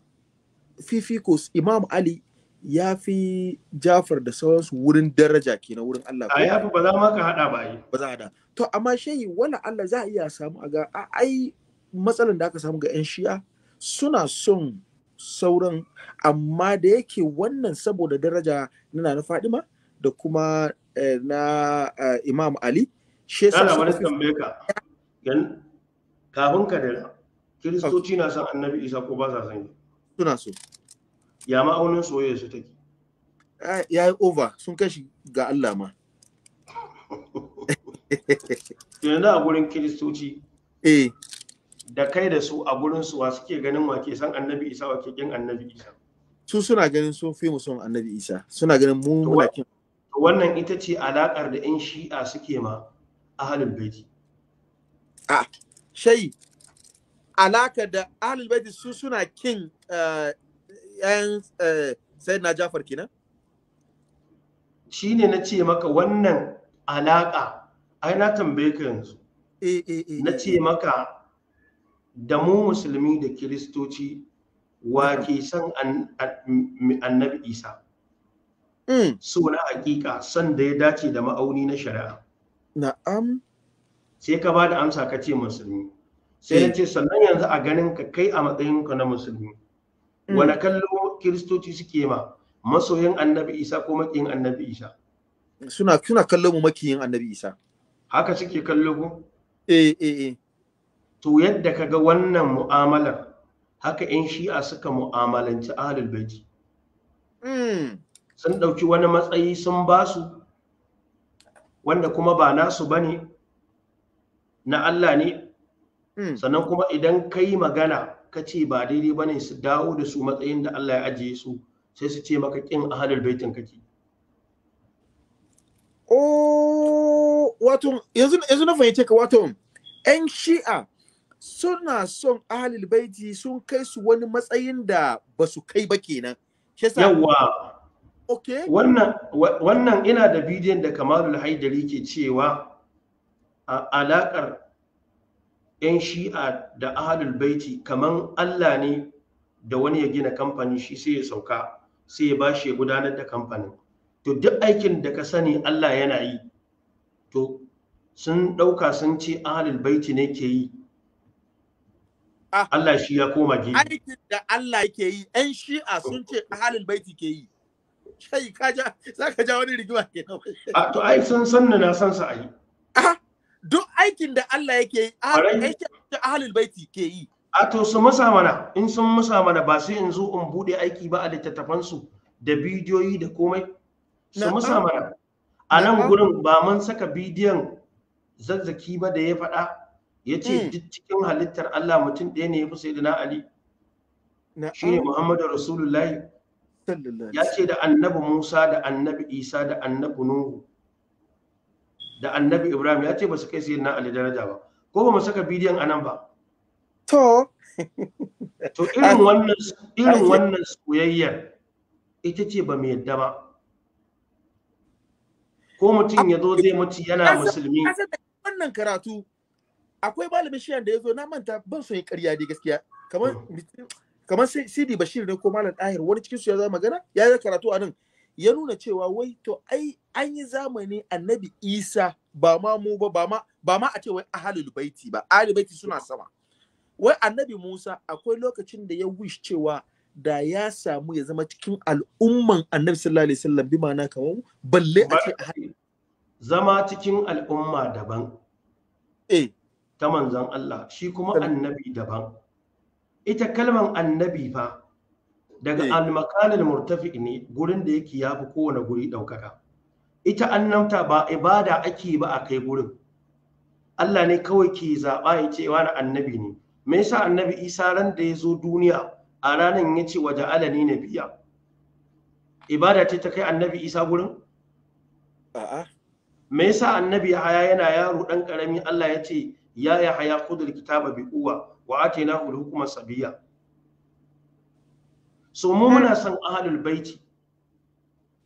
fifiko imam ali ya fi jafar da sauransu wurin daraja kenan wurin Allah a ya fi ba za ma ka hada ba yi ba za a hada to amma shehi wala Allah za a iya samu a ga ai matsalan da aka samu ga yan shi'a suna son sauran amma da yake wannan saboda daraja na na Fadima da kuma eh, na eh, Imam Ali shi wani tambaye yan kafin ka da kiristoci na san annabi isa ko ba sa san yi suna so ya ma'aunin soyayya su take eh, ya yi over sun kashi ga Allah ma <laughs> yanzu a gurin kiristoci eh da kai da su a gurin suwa suke ganin wa ke san annabi isa wa ke kin annabi isa su suna ganin sun fi mu son annabi isa suna ganin mu muna wannan ita ce alakar da yan shi'a suke ma ahalul baiti a shai alaka da ahlul baiti su suna kin yan eh, eh, na jafar kenan shine na ce maka wannan alaka ai na tambaye ka yanzu eh, na ce maka da mu musulmi da kiristoci wa ke san annabi isa mm. so na hakika san da ya dace da ma'auni na shari'a na'am sai ka ba da amsa ka ce musulmi sai na eh. ce sannan yanzu a ganin ka kai a matsayinka na musulmi mm. wani kallo kiristoci suke ma masoyin annabi isa ko makiyin annabi isa suna suna kallon mu makiyin annabi isa haka suke kallo ku? Eh, eh eh to yadda kaga wannan mu'amalar haka yan shi'a suka mu'amalanci ahlul baiti mm. sun ɗauki wani matsayi sun ba su wanda kuma ba nasu ba ne na Allah ne hmm. sannan kuma idan ka yi magana ka ce ba daidai ba ne su dawo da su matsayin da Allah ya ajiye su sai su ce maka ƙin halar baitin kake. Oh, wato yanzu na fahimce ka wato ‘yan shi'a suna son ahalil baiti sun kai su wani matsayin da ba su kai ba kenan. Yawwa. Wannan ina da bidiyon da kamarul Haidari ke cewa alaƙar 'yan shi'a da ahalul baiti kaman Allah ne da wani ya gina kamfani shi sai ya sauka sai ya bashi ya gudanar da kamfanin to duk aikin da ka sani Allah yana yi to sun ɗauka sun ce ahalul baiti ne ke yi ah. Allah shi ya koma gini. aikin da Allah ke yi 'yan shi'a sun ce ahalul baiti ke yi kai ka ja za ka ja wani rigima ke to ai san sanna na san sa yi. Ah. duk aikin da Allah yake yi aikin da ahlul baiti ke yi a to su masa mana in sun masa mana ba sai in zo in bude aiki ba a littattafan su da bidiyoyi da komai su masa mana a nan gurin ba mun saka bidiyon zazzaki ba da ya faɗa ya ce hmm. duk cikin halittar Allah mutum ɗaya ne ya fi na Ali shi ne Muhammadu Rasulullahi ya ce da annabi Musa da annabi Isa da annabi Nuhu da annabi ibrahim ya ce ba su kai su yin na ali daraja ba ko ba mu saka bidiyon a nan ba to <laughs> to irin wannan irin wannan soyayyar ita ce ba mu yadda ba ko mutum ya zo zai mutu yana musulmi wannan karatu akwai malamin shiyan da ya zo na manta ban so yi karya dai gaskiya kamar hmm. kamar sidi bashir ne ko malam ɗahir wani cikin su ya zama magana ya yi karatu a nan ya nuna cewa wai to ai an yi zamani annabi isa ba ma mu ba ba ma a ce wai ahalul baiti ba ahalul baiti suna sama wai annabi musa akwai lokacin da ya wish cewa da ya samu ya zama cikin al'umman annabi sallallahu alaihi wasallam bi ma'ana kamar balle a ce ahalul zama cikin al'umma daban eh ta manzon Allah shi kuma annabi daban ita kalman annabi fa daga eh. almakalil murtafi ne gurin da yake yafi kowane guri ɗaukaka ita annabta ba ibada ake ba a kai gurin Allah ne kawai ke zaɓa ya ce wani annabi ne me yasa annabi isa ran da ya zo duniya a ranar ya ce waje alani na biya ibada ce ta kai annabi isa gurin a'a me yasa annabi haya yana yaro dan karami Allah ya ce ya ya haya khudul kitaba bi uwa wa atainahu hukuma sabiya so mu muna hmm. son ahalul baiti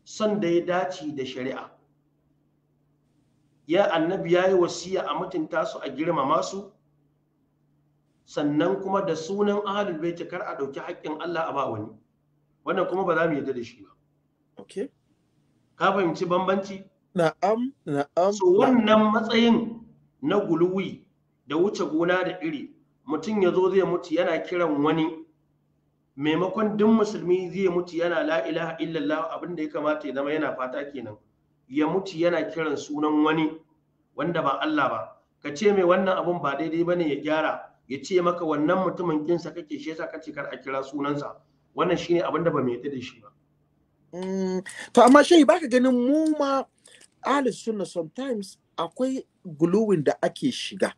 son da ya dace da shari'a ya annabi ya yi wasiya a mutunta su a girmama su sannan kuma da sunan halin baiti kar a ɗauki haƙƙin Allah a ba wani wannan kuma ba za mu yarda da shi ba okay ka fahimci bambanci na'am na'am so wannan matsayin na guluwi da wuce gona da iri mutum ya zo zai mutu yana kiran wani maimakon duk musulmi zai mutu yana la ilaha illallah abinda ya kamata ya zama yana fata kenan ya mutu yana kiran sunan wani wanda ba Allah ba ka ce mai wannan abun ba daidai ne ya gyara ya ce maka wannan mutumin kinsa kake shi yasa kace kar a kira sunansa wannan shine abinda ba mai da shi ba mm, to amma ba baka ganin mu ma ahlus sunna sometimes akwai guluwin da ake shiga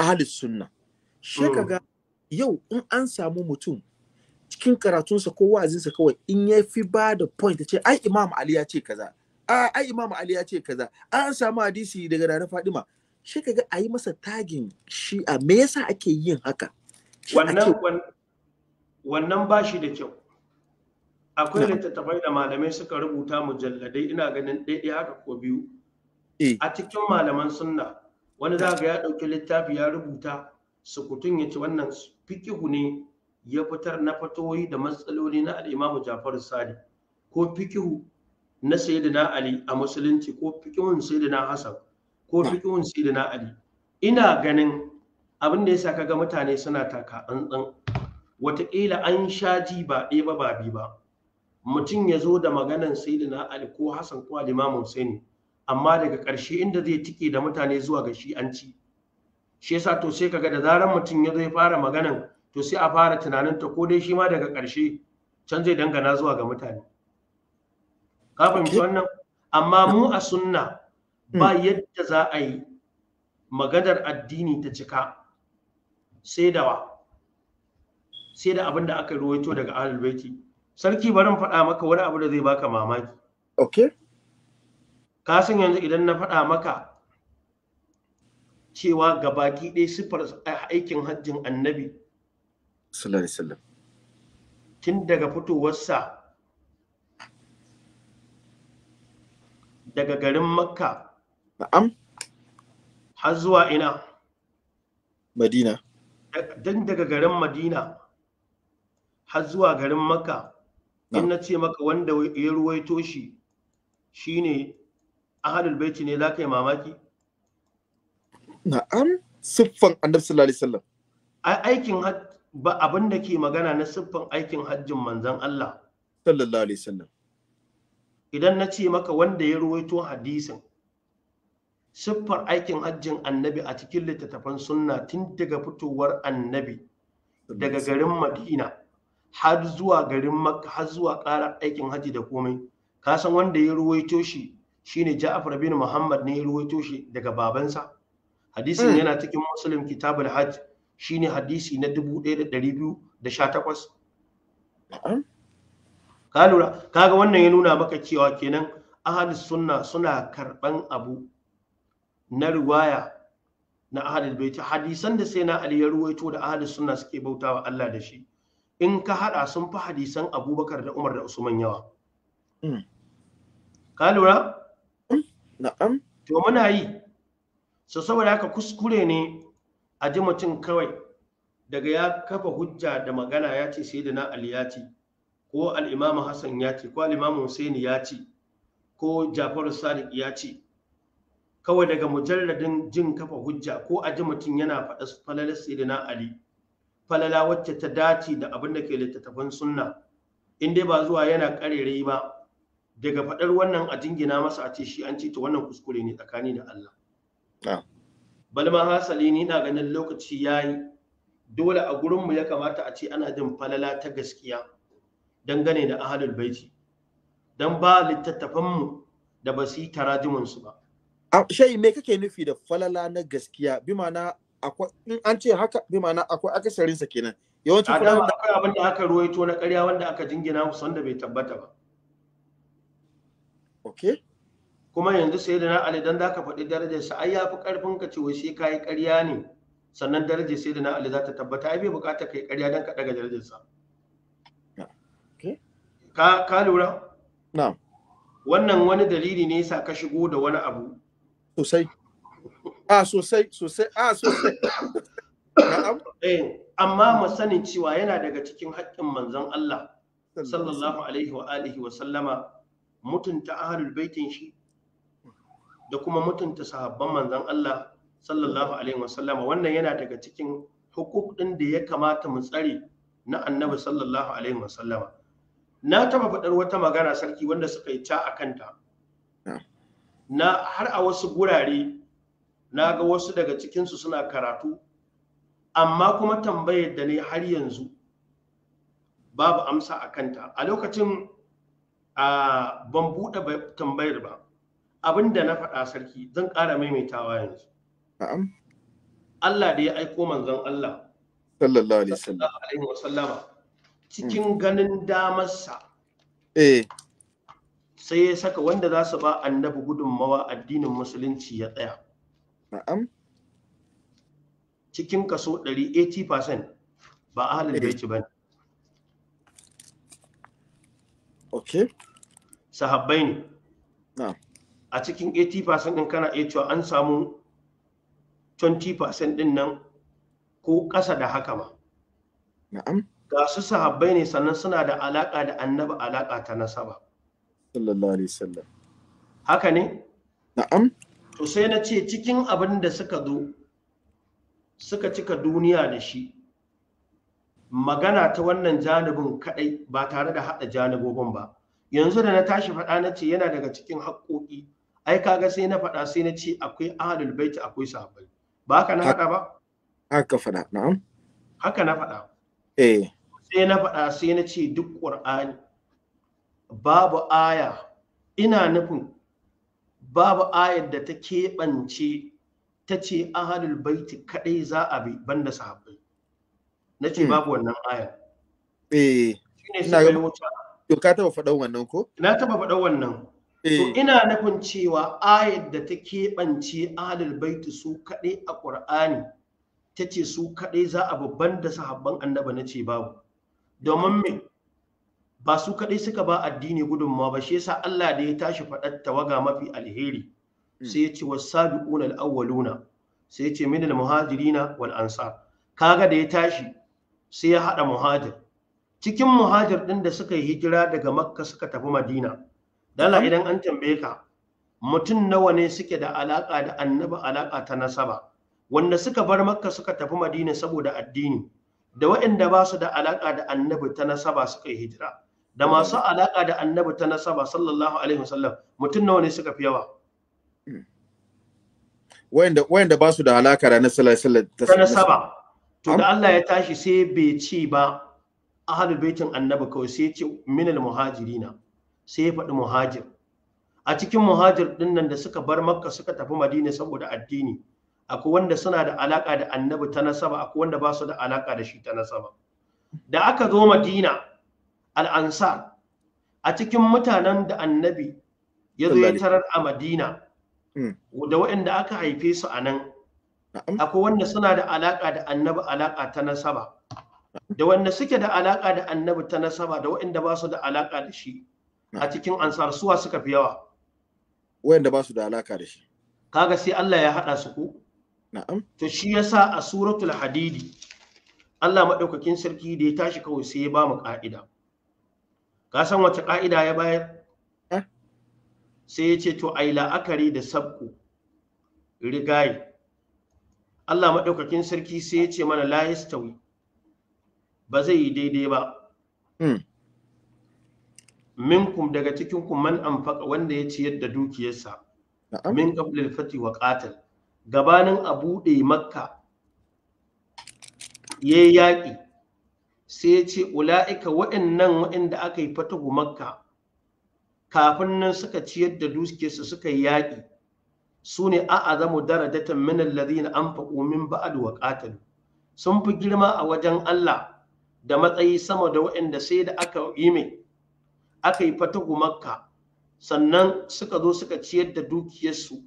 ahlus sunna shi mm. yau in an samu mutum cikin karatunsa ko wa'azinsa kawai in ya fi ba da point ta ce ai imam ali ya ce kaza a ai imam ali ya ce kaza an samu hadisi daga rana fadima shi kaga a yi masa tagin a me yasa ake yin haka wannan wannan ba shi da kyau akwai littattafai da malamai suka rubuta mujalladai ina ganin ɗaiɗai haka ko biyu eh. a cikin malaman sunna wani za ya ɗauki littafi ya rubuta sukutun ya ce wannan fikihu ne ya fitar na fatoyi da matsaloli na al'imamu Jafar Sadi ko fikihu na Sayyidina Ali a musulunci ko fikihun Sayyidina Hassan ko fikihun Sayyidina Ali ina ganin abin da yasa kaga mutane suna taka tsantsan wataƙila an sha ba ɗaya ba ba bi ba mutum ya zo da maganan Sayyidina Ali ko Hassan ko Alimamu Sani, amma daga ƙarshe inda zai tike da mutane zuwa ga shi ci shi yasa to sai kaga da zarar mutum ya zo ya fara maganan to sai a fara tunanin ta ko dai shi ma daga ƙarshe can zai dangana zuwa ga mutane ka fahimci wannan amma mu a sunna ba hmm. yadda za a yi maganar addini ta cika sai da wa sai da abin aka ruwaito daga ahlul sarki barin faɗa maka wani abu da zai baka mamaki okay ka san yanzu idan na faɗa maka cewa gabaki ɗaya siffar aikin hajjin annabi sallallahu alaihi wasallam tun daga fitowarsa daga garin makka na'am har zuwa ina madina don daga garin madina har zuwa garin makka in na ce maka wanda ya ruwaito shi shine ahadul baiti ne za yi mamaki na'am siffan annabi sallallahu alaihi wasallam aikin ba abin da ke magana na siffan aikin hajjin manzon Allah sallallahu alaihi wasallam idan na ce maka wanda ya ruwaito hadisin siffar aikin hajjin annabi a cikin littattafan sunna tun daga fitowar annabi daga garin madina har zuwa garin makka har zuwa ƙarar aikin hajji da komai ka san wanda ya ruwaito shi shine ja'far bin muhammad ne ya ruwaito shi daga babansa hadisin hmm. yana cikin muslim kitabul hajj shine hadisi na 1218 ka lura kaga wannan ya nuna maka cewa kenan ahad sunna suna karban abu na riwaya na ahlul bait hadisan da sai na ali ya ruwaito da ahlus sunna suke bautawa Allah da shi in ka haɗa sun fi hadisan Abubakar da Umar da Usman yawa hmm. ka lura hmm. na'am to muna yi so saboda haka kuskure ne a ji mutum kawai daga ya kafa hujja da magana ya ce sai da na ali ya ce ko al'imamu hassan ya ce ko al'imamu husaini ya ce ko jafaru sadiq ya ce kawai daga mujalladin jin kafa hujja ko a ji mutum yana faɗa falalar sai da na ali falala wacce ta dace da abin da ke littattafan sunna in dai ba zuwa yana ƙarerai ba daga faɗar wannan a jingina masa a ce shi an ce ta wannan kuskure ne tsakani da Allah. balma hasali ni na ganin lokaci yayi dole a gurinmu ya kamata a ce ana jin falala ta gaskiya dangane da ahalul baiti don ba littattafanmu da ba su yi tarajiminsu ba. Shai me kake nufi da falala na gaskiya bi mana akwai an ce haka bi mana akwai akasarinsa kenan yawancin fulani da akwai abin da aka ruwaito na ƙarya wanda aka jingina musan da bai tabbata ba. Okay. kuma yanzu sai da na ali dan zaka faɗi darajar sa ai yafi karfin ka ce wai ka kai ƙarya ne sannan darajar sai da na ali za ta tabbata ai bai buƙatar kai ƙarya dan ka daga darajar sa ka ka lura na'am wannan wani dalili ne yasa ka shigo da wani abu sosai a sosai sosai a sosai eh, amma mu sani cewa yana daga cikin haƙƙin manzon Allah sallallahu alaihi wa alihi wa sallama mutunta ahlul baitin shi da kuma mutunta sahabban manzan Allah sallallahu alaihi wasallama wannan yana daga cikin hukuk ɗin da ya kamata mu tsare na annabi sallallahu alaihi wasallama na taba faɗar wata magana sarki wanda suka yi ca a kanta na har a wasu gurare na ga wasu daga cikinsu suna karatu amma kuma tambayar da ne har yanzu babu amsa a kanta a lokacin ban buɗe tambayar ba abin da na faɗa sarki zan ƙara maimaitawa yanzu Allah da ya aiko manzon Allah sallallahu alaihi wasallama hmm. cikin ganin damarsa eh sai ya saka wanda za su ba annabi gudunmawa addinin musulunci ya tsaya na'am cikin kaso 80% ba ahalin eh. da ci bane okay sahabbai ne na'am a cikin 80% ɗin kana iya cewa an samu 20% ɗin nan ko ƙasa da haka ma. Na'am. Ga su sahabbai ne sannan suna da alaƙa da annaba alaƙa ta nasaba. Sallallahu Alaihi Wasallam. Haka ne? Na'am. To sai na ce cikin abin da suka zo suka cika duniya da shi magana ta wannan janibin kaɗai ba tare da haɗa janibobin ba. Yanzu da na tashi faɗa na ce yana daga cikin haƙƙoƙi ai kaga sai na faɗa sai na ce akwai ahlul bait akwai sahabbai ba haka na faɗa ba haka faɗa na'am haka na faɗa eh sai na faɗa sai na ce duk qur'ani babu aya ina nufin babu ayar da ta keɓance ta ce ahlul baiti kaɗai za a bi banda sahabbai na ce hmm. babu wannan aya. eh ina ga ka taɓa faɗan wannan ko na taɓa faɗan wannan So eh. ina nufin cewa ayar da ta keɓance ahlul baiti su kaɗai a ƙur'ani ta ce su kaɗai za a babban da sahabban annaba na ce babu. Domin me ba su kaɗai suka ba addini gudunmawa ba shi yasa Allah da ya tashi faɗar tawaga mafi alheri hmm. sai ya ce wasabiquna al-awwaluna sai ya ce min al-muhajirina wal ansar kaga da ya tashi sai ya haɗa muhajir cikin muhajir ɗin da suka yi hijira daga Makka suka tafi Madina dala idan an tambaye ka mutum nawa ne suke da alaka da annabi alaka ta nasaba wanda suka bar makka suka tafi madina saboda addini da waɗanda ba su da alaka da annabi ta nasaba suka yi hijira da masu alaka da annabi ta nasaba sallallahu alaihi wasallam mutum nawa ne suka fi yawa wayanda ba su da alaka da nasala ta nasaba to da Allah ya tashi sai bai ci ba ahlul baitin annabi kawai sai ce minal muhajirina sai ya faɗi muhajir a cikin muhajir ɗin nan da suka bar makka suka tafi madina saboda addini akwai wanda suna da alaƙa da annabi ta nasaba akwai wanda ba su da alaƙa da shi ta nasaba da aka zo madina al'ansar a cikin mutanen da annabi ya zo ya tarar a madina hmm. da waɗanda aka haife su a nan akwai wanda suna da alaƙa da annabi alaƙa ta nasaba da wanda suke da alaƙa da annabi ta nasaba da waɗanda ba su da alaƙa da shi a cikin ansar suwa suka fi yawa wayanda ba su da alaka da shi kaga sai Allah ya hada su ku na'am to shi yasa a suratul hadidi Allah madaukakin sarki da ya tashi kawai sai ya ba mu ka'ida ka san wace ka'ida ya bayar eh? sai ya ce to aila la'akari da sabku rigayi Allah maɗaukakin sarki sai ya ce mana la yastawi ba zai yi daidai ba hmm. minkum daga cikin ku man anfaqa wanda ya ciyar da dukiyarsa min qablil fati wa qatal gabanin Abu buɗe makka ya yaƙi sai ya ce ula'ika waɗannan waɗanda aka yi fatahu makka kafin nan suka ciyar da dukiyarsa suka yi yaƙi su ne a azamu darajatan min alladhina anfaqu min ba'd wa qatalu sun fi girma a wajen Allah da matsayi sama da waɗanda sai da aka yi mai aka yi fatahu makka sannan suka zo suka ciyar da dukiyarsu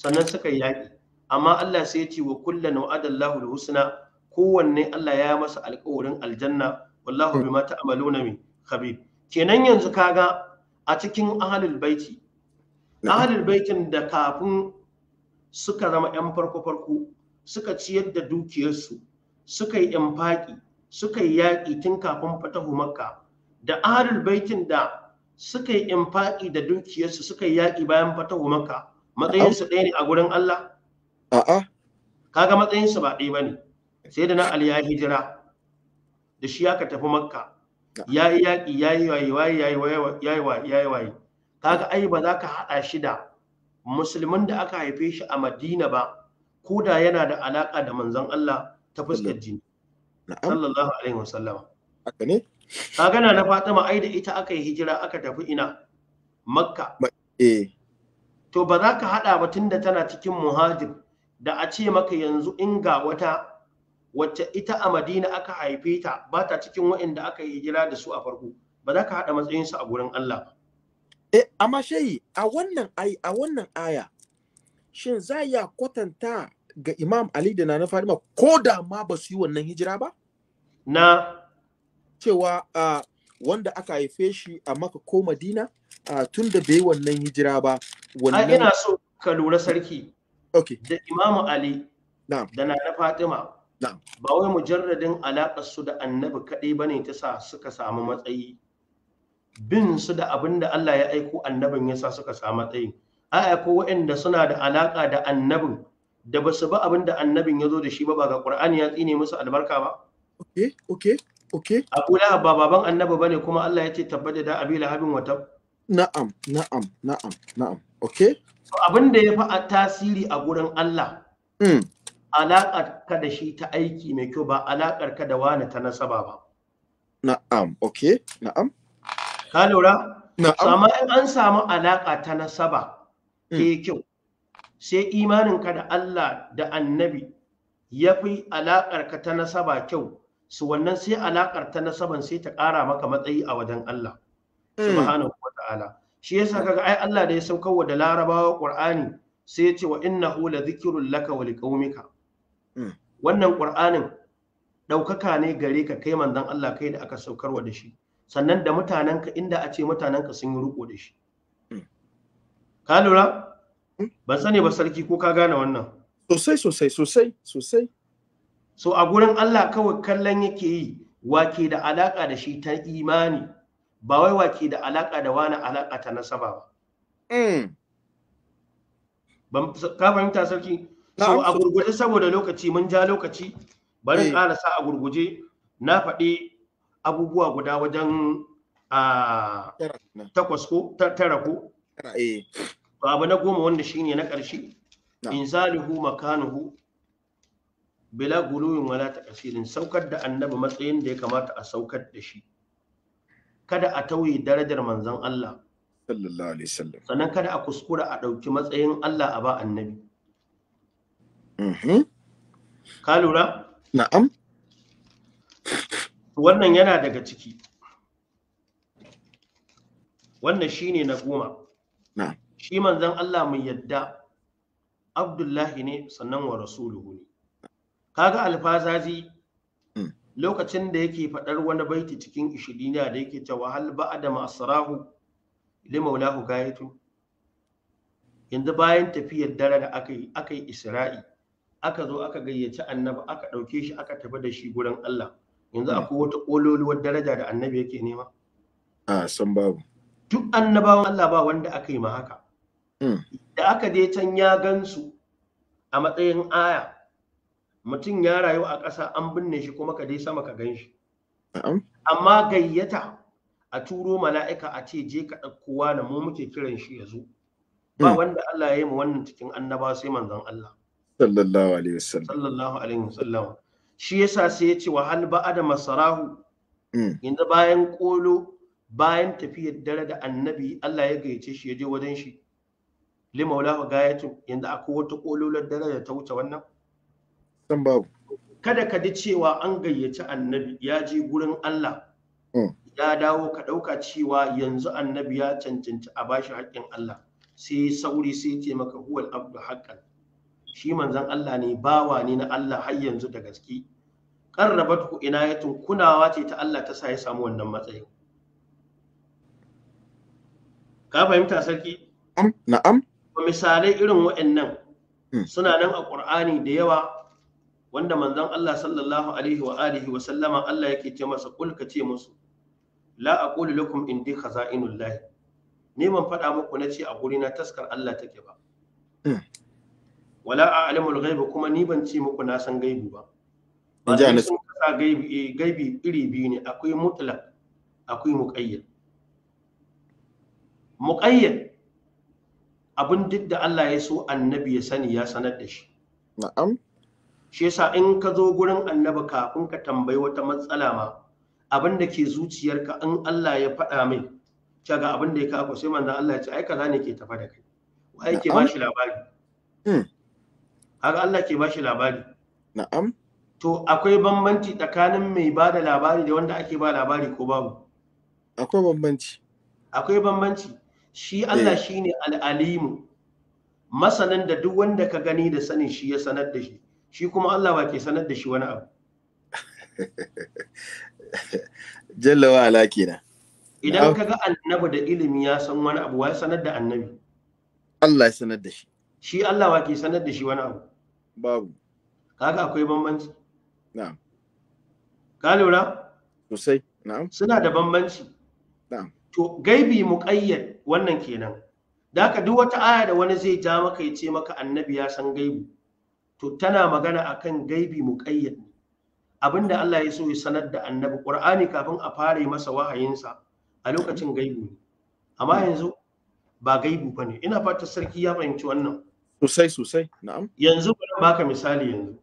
sannan suka yi yaƙi amma Allah sai ya ce wa kullan wa'adallahu alhusna kowanne Allah ya masa alƙawarin aljanna wallahu bima na min khabir kenan yanzu kaga a cikin ahlul baiti ahlul baitin da kafin suka zama yan farko farko suka ciyar da dukiyarsu suka yi faƙi suka yi yaƙi tun kafin fatahu makka da ahlul baitin da suka yi infaki da dukiyarsu suka yi yaƙi bayan fatahu maka matsayinsu ɗaya ne a gurin Allah a'a kaga matsayinsu ba ɗaya bane sai da na ali ya hijira da shi aka tafi makka ya yi yaƙi ya yi waye waye ya yi waye ya yi waye kaga ai ba za ka haɗa shi da musulmin da aka haife shi a madina ba ko da yana da alaƙa da manzon Allah ta fuskar jini sallallahu alaihi wasallama haka ne Kagana gana na fatima ai da ita aka yi hijira aka tafi ina makka eh. to ba za ka haɗa ba tunda tana cikin muhajir da a ce maka yanzu in ga wata wacce ita a madina aka haife ta ba ta cikin wa'inda aka yi hijira da su a farko ba za ka haɗa matsayinsu a gurin Allah Eh, amma shehi a wannan ai a wannan aya shin za ya kwatanta ga Imam Ali da Nana Fatima ko da ma ba su yi wannan hijira ba? Na cewa wanda aka haife shi a maka ko madina tun da bai wannan hijira ba wannan ina so ka lura sarki okay. da imamu ali Naam. da na fatima Naam. ba wai mujarradin alaƙar su da annabi kaɗai ba ne ta sa suka samu matsayi bin su da abin da Allah ya aiko annabin ya sa suka samu matsayi a ko waɗanda suna da alaƙa da annabin da ba su ba abin da annabin ya zo da shi ba ba ga ƙur'ani ya tsine musu albarka ba okay okay okay Abu Lahab ba baban annabi bane kuma Allah ya ce tabbata da Abi Lahabin wata na'am na'am na'am na'am okay so abin da ya fi tasiri a gurin Allah mm. alaƙar ka da shi ta aiki mai kyau ba alaƙar ka da wani ta nasaba ba na'am okay na'am ka lura na'am amma in an samu alaƙa ta nasaba ke hmm. kyau sai imanin ka da Allah da annabi ya fi ka ta nasaba kyau su wannan sai alaƙar ta nasaban sai ta ƙara maka matsayi a wajen Allah hmm. subhanahu wa ta'ala shi yasa kaga ai Allah da ya saukar da larabawa Qur'ani sai ya ce wa innahu la dhikrul laka wa liqaumika hmm. wannan Qur'anin ɗaukaka ne gare ka kai manzon Allah kai da aka saukarwa da shi sannan da mutanenka inda a ce mutanenka sun yi riko da shi hmm. ka lura ban sani ba sarki ko ka gane wannan sosai sosai sosai sosai so a gurin Allah kawai kallon yake yi wake da alaka da shi ta imani ba wai wake da alaka da wani alaka ta nasaba ba mm. ka fahimta sarki so a gurguje saboda lokaci mun ja lokaci bari eh. ƙara sa a gurguje na faɗi abubuwa guda wajen takwas ko tara ko eh. abu na goma wanda shine na ƙarshe zalihu makanuhu bila guluwin wala kasirin saukar da annabi matsayin da ya kamata a saukar da shi kada a tauye darajar manzon Allah sallallahu alaihi wasallam sannan kada a kuskura a ɗauki matsayin Allah a ba annabi mhm. ka lura na'am wannan yana daga ciki wannan shine na goma na'am shi manzon Allah mai yadda Abdullahi ne sannan wa rasuluhu ne kaga alfazazi hmm. lokacin da yake faɗar wani baiti cikin ishirina da yake cewa hal ba'da ma asrahu li maulahu gayatu yanzu bayan tafiyar dare da aka yi aka yi isra'i aka zo aka gayyaci annabi aka ɗauke shi aka tafi da shi gurin Allah yanzu hmm. akwai wata ƙololuwar daraja da annabi yake nema a san babu duk annabawan Allah ba wanda aka yi ma haka hmm. da aka je can ya gansu a matsayin aya mutum ya rayu a ƙasa an binne shi kuma ka dai sama ka gan shi amma gayyata a turo mala'ika a ce je ka ɗauko na mu muke kiran shi ya zo ba hmm. wanda Allah ya yi mu wannan cikin annaba sai manzon Allah sallallahu alaihi wasallam sallallahu alaihi wasallam shi yasa sai ya ce wa hal da masarahu hmm. yanzu bayan kolo bayan tafiyar dare da annabi Allah ya gayyace shi ya je wajen shi li maulahu gayatu yanzu akwai wata kololar dare da ta wuce wannan san babu kada ka ji cewa an gayyaci annabi ya ji gurin Allah mm. ya dawo ka ɗauka cewa yanzu annabi ya cancanci a bashi haƙƙin Allah sai sauri sai ce maka huwal abdu haqqan shi manzon Allah ne bawa ne na Allah har yanzu da gaske qarrabatku inayatun kunawa ce ta Allah ta sa ya samu wannan matsayin ka fahimta sarki na'am misalai irin waɗannan mm. suna nan a Qur'ani da yawa wanda manzon Allah sallallahu alaihi wa alihi wa sallama Allah yake ce masa kul ka ce musu la aqulu lakum indi khaza'inullahi ne man faɗa muku na ce a guri na taskar Allah take ba hmm. wala al'amu al ghaiba kuma ni ban ce muku na san gaibi ba ba sun kasa gaibi eh, gaibi iri biyu ne akwai mutlaq akwai muqayyad muqayyad abin duk da Allah ya so annabi ya sani ya sanar da shi na'am shi yasa in ka zo gurin annabi kafin ka tambayi wata matsala ma abin da ke zuciyarka in Allah ya faɗa mai ka ga abin da ya kafa sai manzon Allah ya ce ai kaza ne ke tafa da kai wa yake ba shi labari haka hmm. Allah ke ba shi labari na'am to akwai bambanci tsakanin mai ba da labari da wanda ake ba labari ko babu akwai bambanci akwai bambanci shi Allah eh. shine al'alimu masanin da duk wanda ka gani da sanin shi ya sanar da shi shi kuma Allah ba ke sanar da shi wani abu <laughs> jallawa ala kenan idan ka ga annabi da ilimi ya san wani abu ya sanar da annabi Allah ya sanar da shi shi Allah ba ke sanar da shi wani abu babu kaga akwai bambanci na'am ka lura sosai na'am suna da bambanci na'am to gaibi muqayyad wannan kenan da haka duk wata aya da wani zai ja maka ya ce maka annabi ya san gaibi to tana magana akan gaibi muqayyad ne abinda Allah ya so ya sanar da annabi Qur'ani kafin a fara masa wahayinsa a lokacin gaibi ne amma yanzu ba gaibu ba ne ina fata sarki ya fahimci wannan sosai sosai na'am yanzu bari baka misali yanzu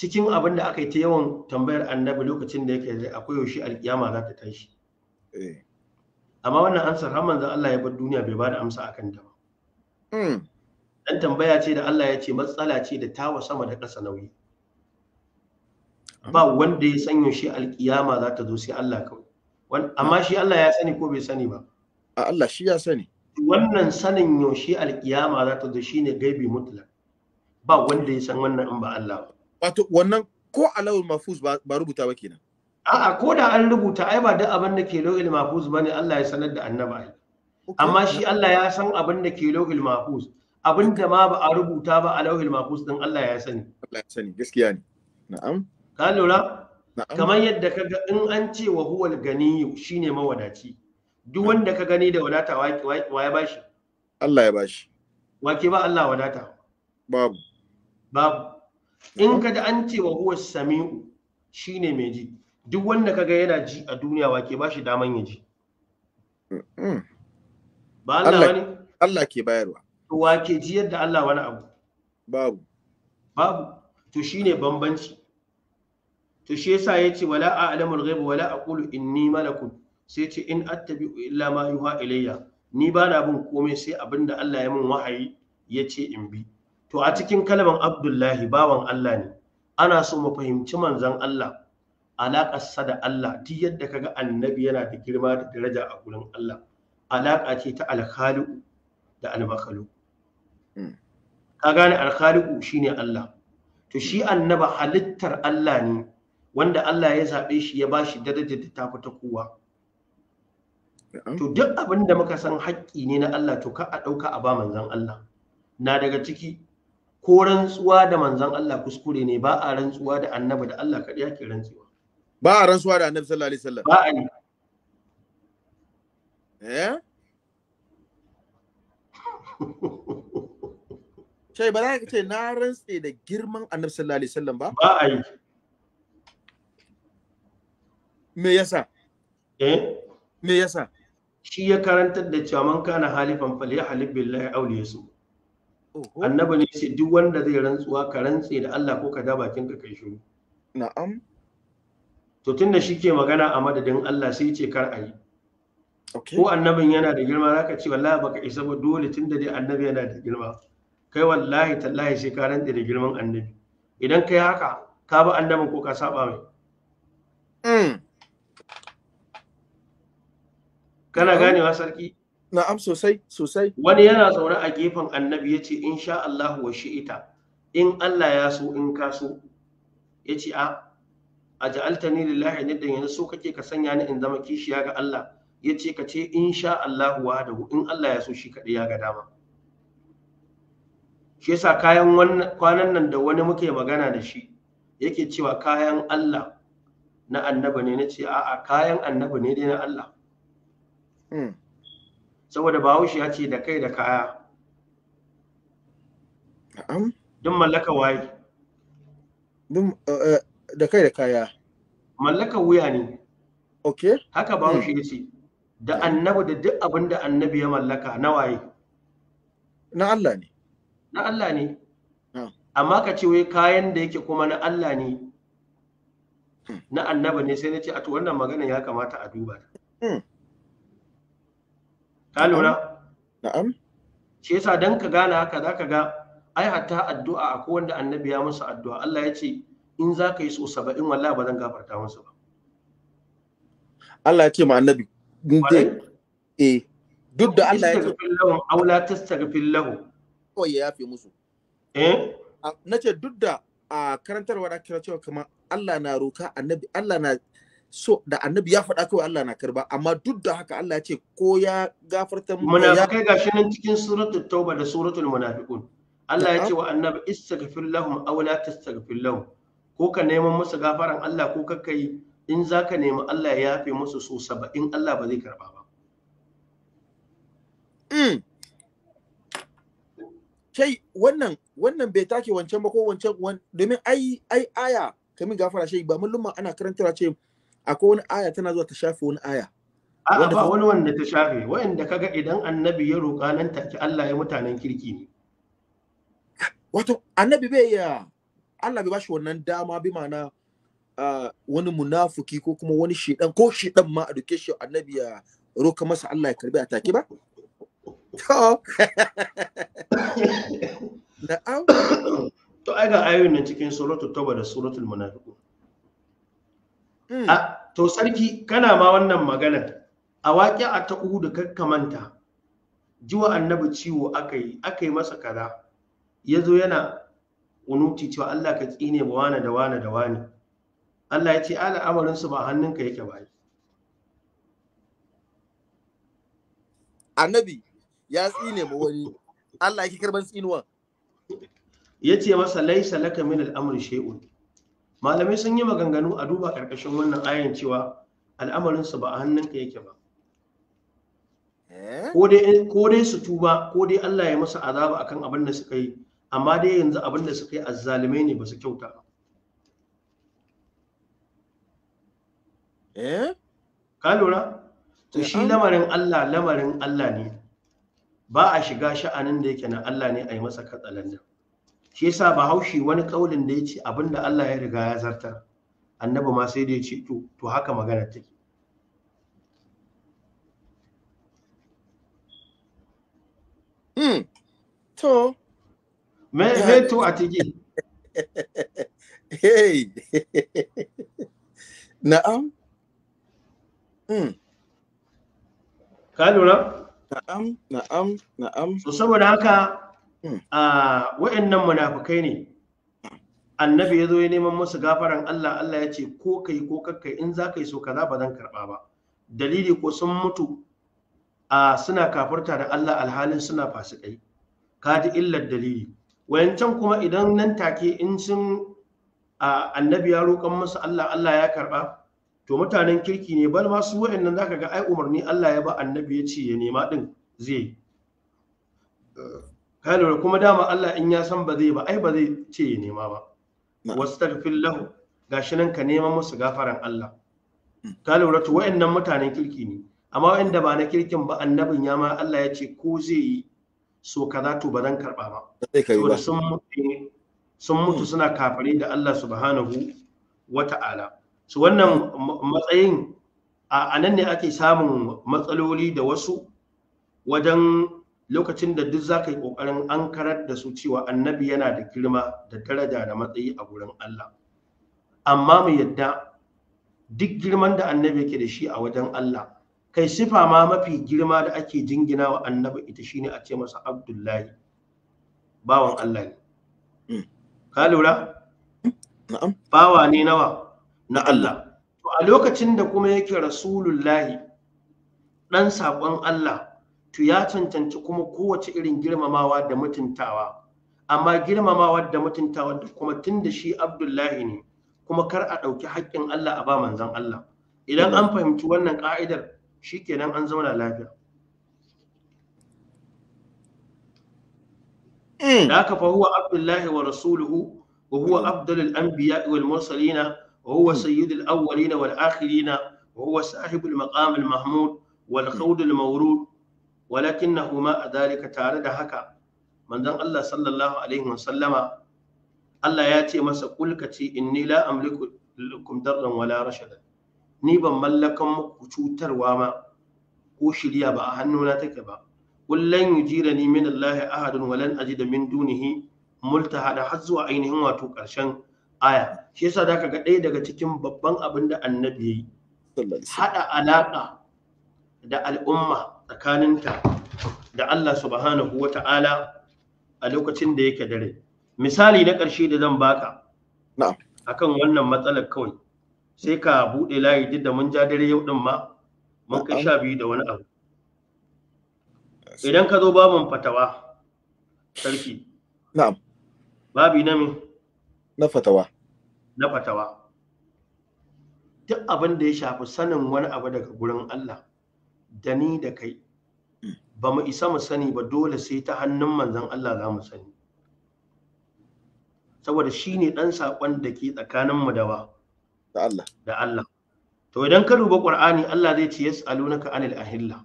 cikin abin da aka yi ta yawan tambayar annabi lokacin da yake akwai yaushe alkiyama za ta tashi eh. amma wannan ansar har manzon Allah ya bar duniya bai ba da amsa akan ta ba hmm. dan tambaya ce da Allah ya ce matsala ce da tawa sama da ƙasa nauyi ba wanda ya sanyo shi alkiyama za ta zo sai Allah kawai amma shi Allah ya sani ko bai sani ba a Allah shi ya sani wannan sanin yaushe alkiyama za ta zo shine gaibi mutlak ba wanda ya san wannan in ba Allah ba wato wannan ko alawul mafuz ba rubuta ba kenan a'a ko da an rubuta ai ba duk abin da ke lawil mafuz bane Allah ya sanar da annabi amma shi Allah ya san abin da ke lawil mafuz abin da ma ba a rubuta ba a lauhil makus din Allah ya sani Allah ya sani gaskiya ne na'am ka lura Na'am. kamar yadda ka ga in an ce wa huwal ganiyu shine mawadaci duk wanda ka gani da wadata wa ya bashi Allah ya bashi wa ke ba Allah wadata babu babu in ka da an ce wa huwa sami'u shine mai ji duk wanda ka ga yana ji a duniya wa ke bashi daman ya ji ba Allah wani Allah ke bayarwa wa ke ji da Allah wani abu babu babu to shine bambanci to shi yasa yace wala a'lamul ghaib wala aqulu inni malakun sai ce in attabi'u illa ma yuha ilayya ni ba na bin komai sai abinda Allah ya min wahayi ya ce in bi to a cikin kalaban abdullahi bawan Allah ne ana so mu fahimci manzan Allah alaƙarsa da Allah duk yadda kaga annabi yana da girma da daraja a gurin Allah alaƙa ce ta alkhalu da almakalu Hmm. ka gane alkhaliqu shine Allah to shi hmm. annaba halittar Allah ne wanda Allah ya zaɓe shi ya bashi darajar da ta fita kowa to duk abin da muka san haƙƙi ne na Allah to ka a ɗauka a ba manzon Allah na daga ciki ko rantsuwa da manzon Allah kuskure ne ba a rantsuwa da annaba da Allah kaɗai yake rantsuwa ba a rantsuwa da annabi sallallahu alaihi wasallam ba a ne. eh <laughs> Shai ba za ka ce na rantse da girman Annabi sallallahu alaihi wasallam ba? Ba a yi. Me yasa? Eh? Me yasa? Shi ya karantar da cewa man kana halifan fal ya halif billahi aw yasu. Annabi ne ce duk wanda zai rantsuwa ka rantse da Allah ko ka da bakin ka kai shiru. Na'am. To tunda shi ke magana a madadin Allah sai ce kar a yi. Ko annabin yana da girma zaka ce wallahi baka isa ba dole tunda dai annabi yana da girma. kai wallahi tallahi sai ka rantse da girman annabi idan kai haka ka bi annabin ko ka saba mai hmm. kana gane wa sarki na'am sosai sosai wani yana zaune a gefen annabi yace insha Allah wa shi'ita in Allah ya so in ka so yace a aj'altani lillahi niddan yanzu so kake ka sanya ni in zama kishiya ga Allah yace ka ce insha Allah wahdahu in Allah ya so shi kadai ya ga dama shi yasa kayan kwanan nan da wani muke magana da shi yake cewa kayan Allah na annaba ne na ce a'a kayan annaba ne dai na Allah hmm. saboda bahaushe ya ce da kai da kaya Dun mallaka waye eh, eh, da kai da kaya mallaka wuya ne okay haka bahaushe hmm. ya ce da annabi da duk abin da annabi ya mallaka na waye na Allah ne na Allah ne amma ka ce wai kayan da yake kuma na Allah ne hmm. na annaba ne sai na ce a to wannan magana ya kamata a duba ta hmm. ka lura na'am shi yasa dan ka gane haka zaka ga ai hatta addu'a akwai wanda annabi ya musu addu'a Allah ya ce in za ka yi so saba'in wallahi ba zan gafarta musu ba Allah ya ce ma annabi eh duk da Allah ya ce aula tastaghfir lahu kawai ya yafe musu eh? na ce duk da a karantarwa da kira cewa kamar Allah na roka annabi Allah na so da annabi ya faɗa kawai Allah na karba amma duk da haka Allah ya ce ko ya gafarta mu munafikai gashi nan cikin suratul tauba da suratul munafiqun Allah ya ce wa annabi istaghfir lahum aw la tastaghfir lahum ko ka neman musu gafaran Allah ko ka kai in zaka nemi Allah ya yafe musu so 70 Allah ba zai karba ba mm. Sai, wannan wannan bai take wancan ba ko wancan domin ai ai aya kamin gafara shai ba lumma ana karanta ce akwai wani aya tana zuwa ta shafe wani aya a'a ba wani wanda ta shafe wanda kaga idan annabi ya roƙa nan take Allah ya mutanen kirki ne wato annabi bai ya Allah bai bashi wannan dama bi ma'ana wani munafuki ko kuma wani shedan ko shedan ma a duke shi annabi ya roka masa Allah ya karbi a take ba <laughs> Oh. to ai ga ayoyin nan cikin suratul tauba da suratul munafiqun hmm. to sarki kana ma wannan magana a waƙi a ta da kakkamanta jiwa annabi ciwo aka yi aka yi masa kaza ya zo yana unuti cewa Allah ka tsine ba wane da wane da wane Allah ya ce al'amarinsu ba hannunka yake ba annabi ya tsine ba wani Allah yake karban tsinuwan yace masa laisa laka min al'amri shay'un malamai sun yi maganganu a duba karkashin wannan ayan cewa al'amarin su ba a hannunka yake ba eh? ko dai su tuba ko dai Allah ya masa azaba akan abin da suka yi amma dai yanzu abin da suka yi azzalumai ne ba su kyauta ba eh ka lura to shi eh, lamarin Allah lamarin Allah ne ba a shiga sha'anin da yake na Allah ne a yi masa katsalandan shi yasa bahaushe wani kaulin da ya ce abinda Allah ya riga ya zartar annabi ma sai da ya ce to haka magana take Hmm. To. Me, me to a tigi. <laughs> hey. <laughs> Na'am. Hmm. Ka lura? Na'am, na'am, na'am. So saboda haka hmm. a wa'annan munafukai ne. Annabi ya zo ya neman musu gafaran Allah, Allah ya ce ko kai ko kakkai in za ka yi so kaza ba zan karɓa ba. Dalili ko sun mutu a suna kafarta da Allah alhalin suna fasikai. Ka ji illar dalili. Wayancan kuma idan nan take in sun annabi ya roƙon musu Allah, Allah ya karɓa. to mutanen kirki ne bal ma su za ka ga ai umarni Allah ya ba annabi ya ce ya nema din zai kalura kuma dama Allah in ya san ba zai ba ai ba zai ce ya nema ba wastaghfir lahu gashi nan ka nema musu gafaran Allah hmm. kalura to wa'annan mutanen kirki ne amma wa'anda ba na kirkin ba annabin ya ma Allah ya ce ko zai yi so kaza to ba zan karba ba sun mutu hmm. suna kafare da Allah subhanahu wa ta'ala su wannan matsayin a nan ne ake samun matsaloli da wasu wajen lokacin da duk za ka yi ƙoƙarin an karar da su cewa annabi yana da girma da daraja da matsayi a wurin Allah amma mu yadda duk girman da annabi yake da shi a wajen Allah kai sifa ma mafi girma da ake jingina wa annabi ita shine a ce masa abdullahi bawan Allah ne hmm. ka lura bawa ne nawa na Allah to a lokacin da kuma yake rasulullahi ɗan saƙon Allah to ya cancanci kuma kowace irin girmamawa da mutuntawa amma girmamawa da mutuntawa da kuma tun da shi abdullahi ne kuma kar a ɗauki haƙƙin Allah a ba manzan Allah idan an fahimci wannan ƙa'idar shi kenan an zauna lafiya hmm. da aka fa abdullahi wa rasuluhu wa huwa afdalul anbiya wal mursalina وهو سيد الأولين والآخرين وهو صاحب المقام المحمود والخود Mahmud ولكنه ما ذلك تعالى هكا من ذن الله صلى الله عليه وسلم الله ياتي مسا قل إني لا أملك لكم درا ولا رشدا ni ban mallaka muku cutarwa ma ko shirya ba a hannuna take ba kullan jira ni min allahi ahadun aji da min dunihi multahada har zuwa ainihin wato ƙarshen. aya shi yasa zaka ga ɗaya daga cikin babban abin da annabi ya yi haɗa alaƙa da al'umma tsakaninta da Allah subhanahu wa ta'ala a lokacin da yake dare misali na ƙarshe da zan baka kan wannan matsalar kawai sai ka buɗe layi duk da mun ja dare yau ɗin ma mun kai sha biyu da wani abu idan ka zo babin fatawa sarki babi na na fatawa na fatawa duk abin da ya shafi sanin wani abu daga gurin Allah da ni da kai mm. ba mu isa mu sani ba dole sai ta hannun manzon Allah za mu sani saboda shi ne ɗan saƙon da ke tsakaninmu da wa da Allah da Allah to idan ka duba ƙur'ani Allah zai ce yas'alunaka anil ahilla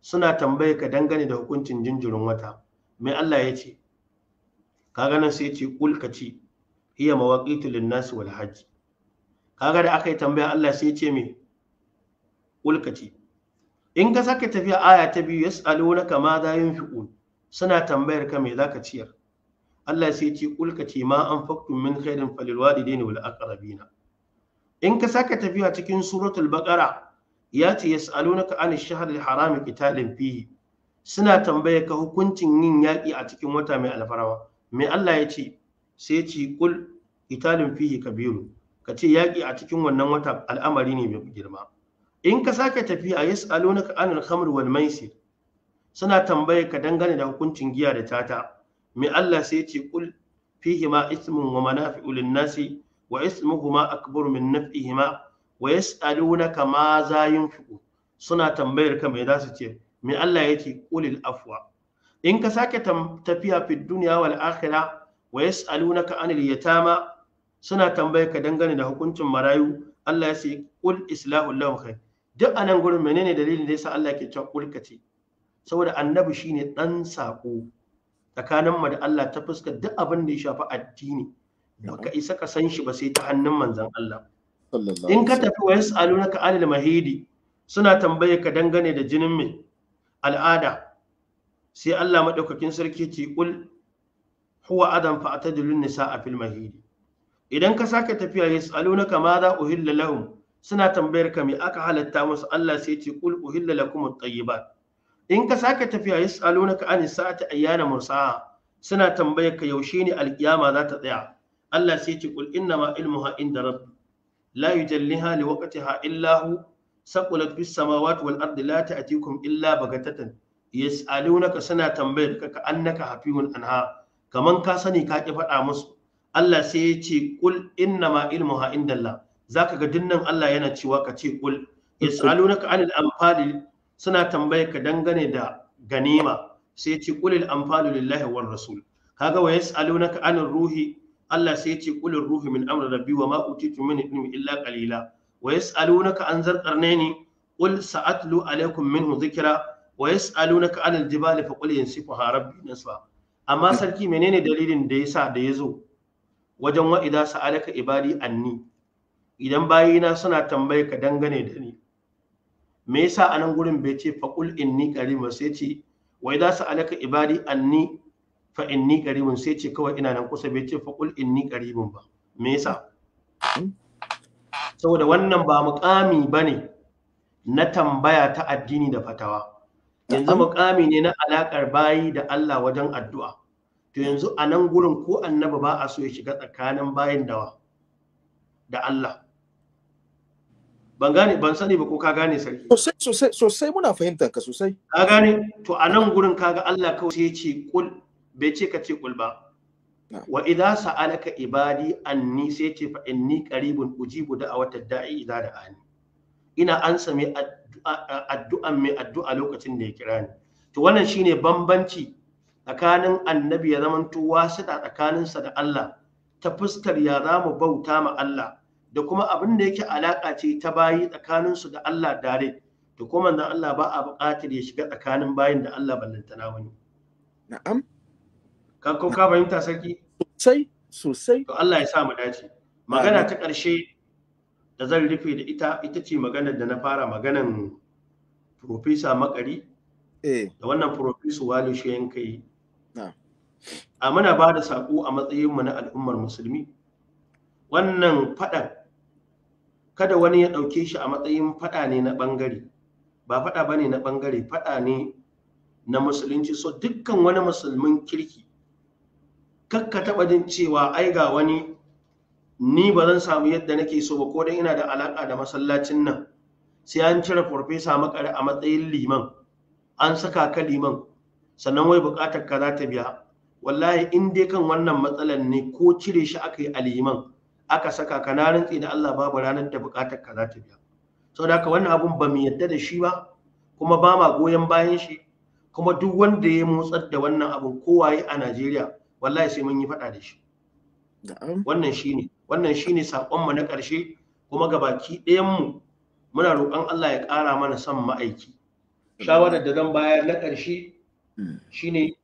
suna tambaye ka dangane da hukuncin jinjirin wata mai Allah ya ce ka ganin sai ce kul ka hiya mawaqitu lin wal hajj kaga da aka yi tambaya Allah sai ya ce me ulkati in ka sake tafiya aya ta biyu yas'alunaka ma za yunfiqun suna tambayar ka me zaka ciyar Allah sai ya ce ulkati ma anfaqtum min khairin falil walidaini wal aqrabina in ka sake tafiya cikin suratul baqara ya ce yas'alunaka ani shahril harami qitalin fihi suna tambayar ka hukuncin yin yaƙi a cikin wata mai alfarawa Me Allah ya ce sai ci kul italin fihi kabiru ka ce yaƙi a cikin wannan wata al'amari ne mai girma in ka sake tafiya yas'alunaka anil khamr wal maisir suna tambaye ka dangane da hukuncin giya da tata mai Allah sai ce kul fihi ma ismin wa manafi'u lin nasi wa ismuhuma akbaru min naf'ihima wa ka ma za suna tambayar ka mai za su ce mai Allah ce kulil afwa in ka sake tafiya fi duniya wal akhirah wa yas'alunaka anil yatama suna tambayarka dangane da hukuncin marayu Allah ya ce qul islahu lahum khair duk anan gurin menene dalilin da yasa Allah ke cewa ulkace? kace saboda annabi shine dan sako tsakanin mu da Allah ta fuska duk abin da ya shafi addini baka isa ka san shi ba sai ta hannun manzon Allah in ka tafi wa yas'alunaka anil mahidi suna tambaye ka dangane da jinin mai al'ada sai Allah madaukakin sarki ce qul huwa adam fa atadilun nisaa fil mahidi idan ka sake tafiya yasalunaka ma za uhilla lahum suna tambayar ka me aka halatta musu Allah sai ce qul uhilla lakum at-tayyibat in ka sake tafiya yasalunaka an sa'ati ayyana mursaha suna tambayar ka yaushe ne alkiyama za ta tsaya Allah sai ce qul inna ma ilmuha inda rabbi la yujalliha liwaqtiha illa hu saqulat fis samawati wal ardi la ta'tikum illa bagatatan yas'alunaka suna tambayar ka ka annaka anha kaman ka sani ka ki faɗa musu Allah sai ya ce kul inda ilmuha Za zaka ga dinnan Allah yana cewa ka ce kul yasalunaka anil anfali suna tambaye ka dangane da ganima sai ya ce kulil anfalu lillahi wa rasul kaga wa yasalunaka anil ruhi Allah sai ya ce kulir ruhi min amri rabbi wa ma utitu min ilmi illa qalila wa yasalunaka an zarqarnaini qul sa'atlu alaikum minhu zikira wa yasalunaka anil jibali faqul yansifuha rabbi nasfa amma sarki menene dalilin da yasa da ya zo wajen wa'ida sa'adaka ibadi anni idan bayina suna tambaye ka dangane da ni me yasa anan gurin bai ce faqul inni qarib sai ce wa idza sa'alaka ibadi anni fa inni qaribun sai ce kawai ina nan kusa bai ce faqul inni qaribun ba me yasa saboda wannan ba muƙami bane na tambaya ta addini da fatawa yanzu mukami ne na alaƙar bayi da Allah wajen addu'a to yanzu a nan gurin ko annabi ba a so ya shiga tsakanin bayin dawa da Allah ban gane ban sani ba ko ka gane sarki sosai sosai sosai muna fahimtar ka sosai ka gane to a nan gurin kaga Allah kawai sai ce kul bai ce ka ce kul ba wa idza sa'alaka ibadi anni sai ce fa inni qaribun ujibu da'awatad da'i idza da'ani ina ansa mai addu'an mai addu'a lokacin da ya kira ni to wannan shine bambanci tsakanin annabi ya zamanto wasita tsakaninsa da Allah ta fuskar ya za mu bauta ma Allah da kuma abin da yake alaƙa ce ta bayi tsakaninsu da Allah dare to kuma manzon Allah ba a buƙatar ya shiga tsakanin bayin da Allah na wani na'am ka ko ka fahimta sarki sosai sosai to Allah ya sa mu dace magana ta ƙarshe da zan rufe da ita ita ce maganar da na fara maganan Profesa Makari eh. da wannan Profesa Wali Shayen kai. A muna ba da saƙo a matsayinmu na al'ummar musulmi. Wannan fada kada wani ya ɗauke shi a matsayin faɗa ne na ɓangare. Ba faɗa ba ne na ɓangare faɗa ne na musulunci so dukkan wani musulmin kirki. Kakka taɓa jin cewa ai ga wani ni ba zan samu yadda nake so ba ko dan ina da alaka da masallacin nan sai an cire farfesa makare a matsayin liman an saka ka liman sannan wai bukatar ka za ta biya wallahi in dai kan wannan matsalar ne ko cire shi aka yi a liman aka saka ka na rantsi da Allah babu ranar da bukatar ka za ta biya saboda haka wannan abun ba mu yadda da shi ba kuma ba ma goyon bayan shi kuma duk wanda ya motsar da wannan abun kowaye a Najeriya wallahi sai mun yi faɗa da shi wannan shine wannan shine sakon mu na ƙarshe kuma ga baki ɗayan mu muna roƙon Allah ya ƙara mana son ma'aiki shawarar da zan bayar na ƙarshe hmm. shine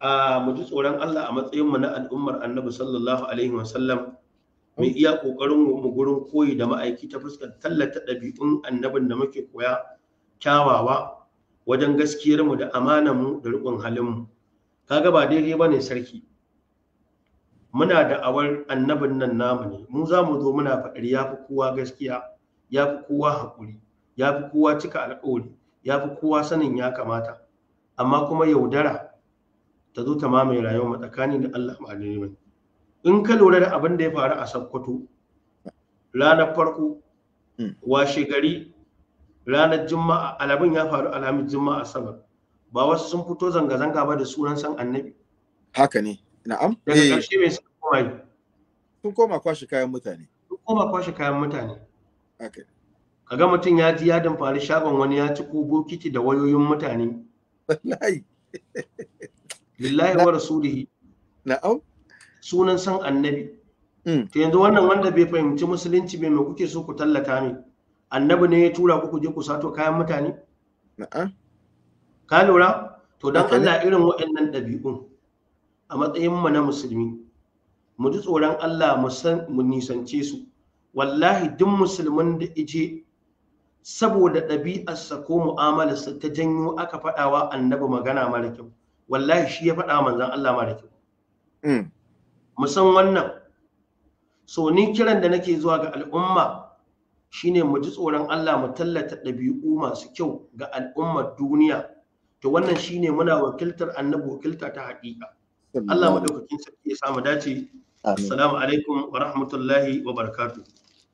a mu ji tsoron Allah a matsayin mu na al'ummar Annabi sallallahu alaihi wasallam mu iya kokarin mu gurin koyi da ma'aiki ta fuskar tallata ɗabi'un annabin da muke koya kyawawa wajen gaskiyarmu da amanar mu da riƙon halin mu kaga ba daidai bane sarki muna da awar annabin nan namu ne mu za mu zo muna faɗar ya fi kowa gaskiya ya fi kowa haƙuri ya fi kowa cika alƙawari ya fi kowa sanin ya kamata amma kuma yaudara ta zo ta mamaye rayuwar mu tsakani da Allah ma'adani in ka lura da abin da ya faru a Sokoto ranar farko hmm. washe gari ranar juma'a alabin ya faru alhamis juma'a sabar ba wasu sun fito zanga-zanga ba da sunan san annabi haka ne na'am daga eh. ƙarshe mai sun koma ne. sun koma kwashe kayan mutane sun koma kwashe kayan mutane Ok. kaga mutum ya ji ya damfari shagon wani ya ci ko bokiti da wayoyin mutane wallahi lillahi wa rasulihi na'am sunan san annabi mm. to yanzu wannan wanda bai fahimci musulunci bai mai kuke so ku tallata ne annabi ne ya tura ku je ku sato kayan mutane na'am ka lura to dan Allah irin waɗannan ɗabi'un a matsayinmu na musulmi mu ji tsoron Allah mu nisance su wallahi duk musulmin da ije saboda ɗabi'arsa ko mu'amalarsa ta janyo aka faɗawa annabi magana mara kyau wallahi shi ya faɗa manzan Allah mara kyau mm. mu san wannan so ni kiran da nake zuwa ga al'umma shine mu ji tsoron Allah mu tallata ɗabi'u masu kyau ga al'ummar duniya to wannan shine muna wakiltar annabi wakilta ta haƙiƙa Allah madaukakin sarki ya samu dace assalamu alaikum wa rahmatullahi wa barakatuh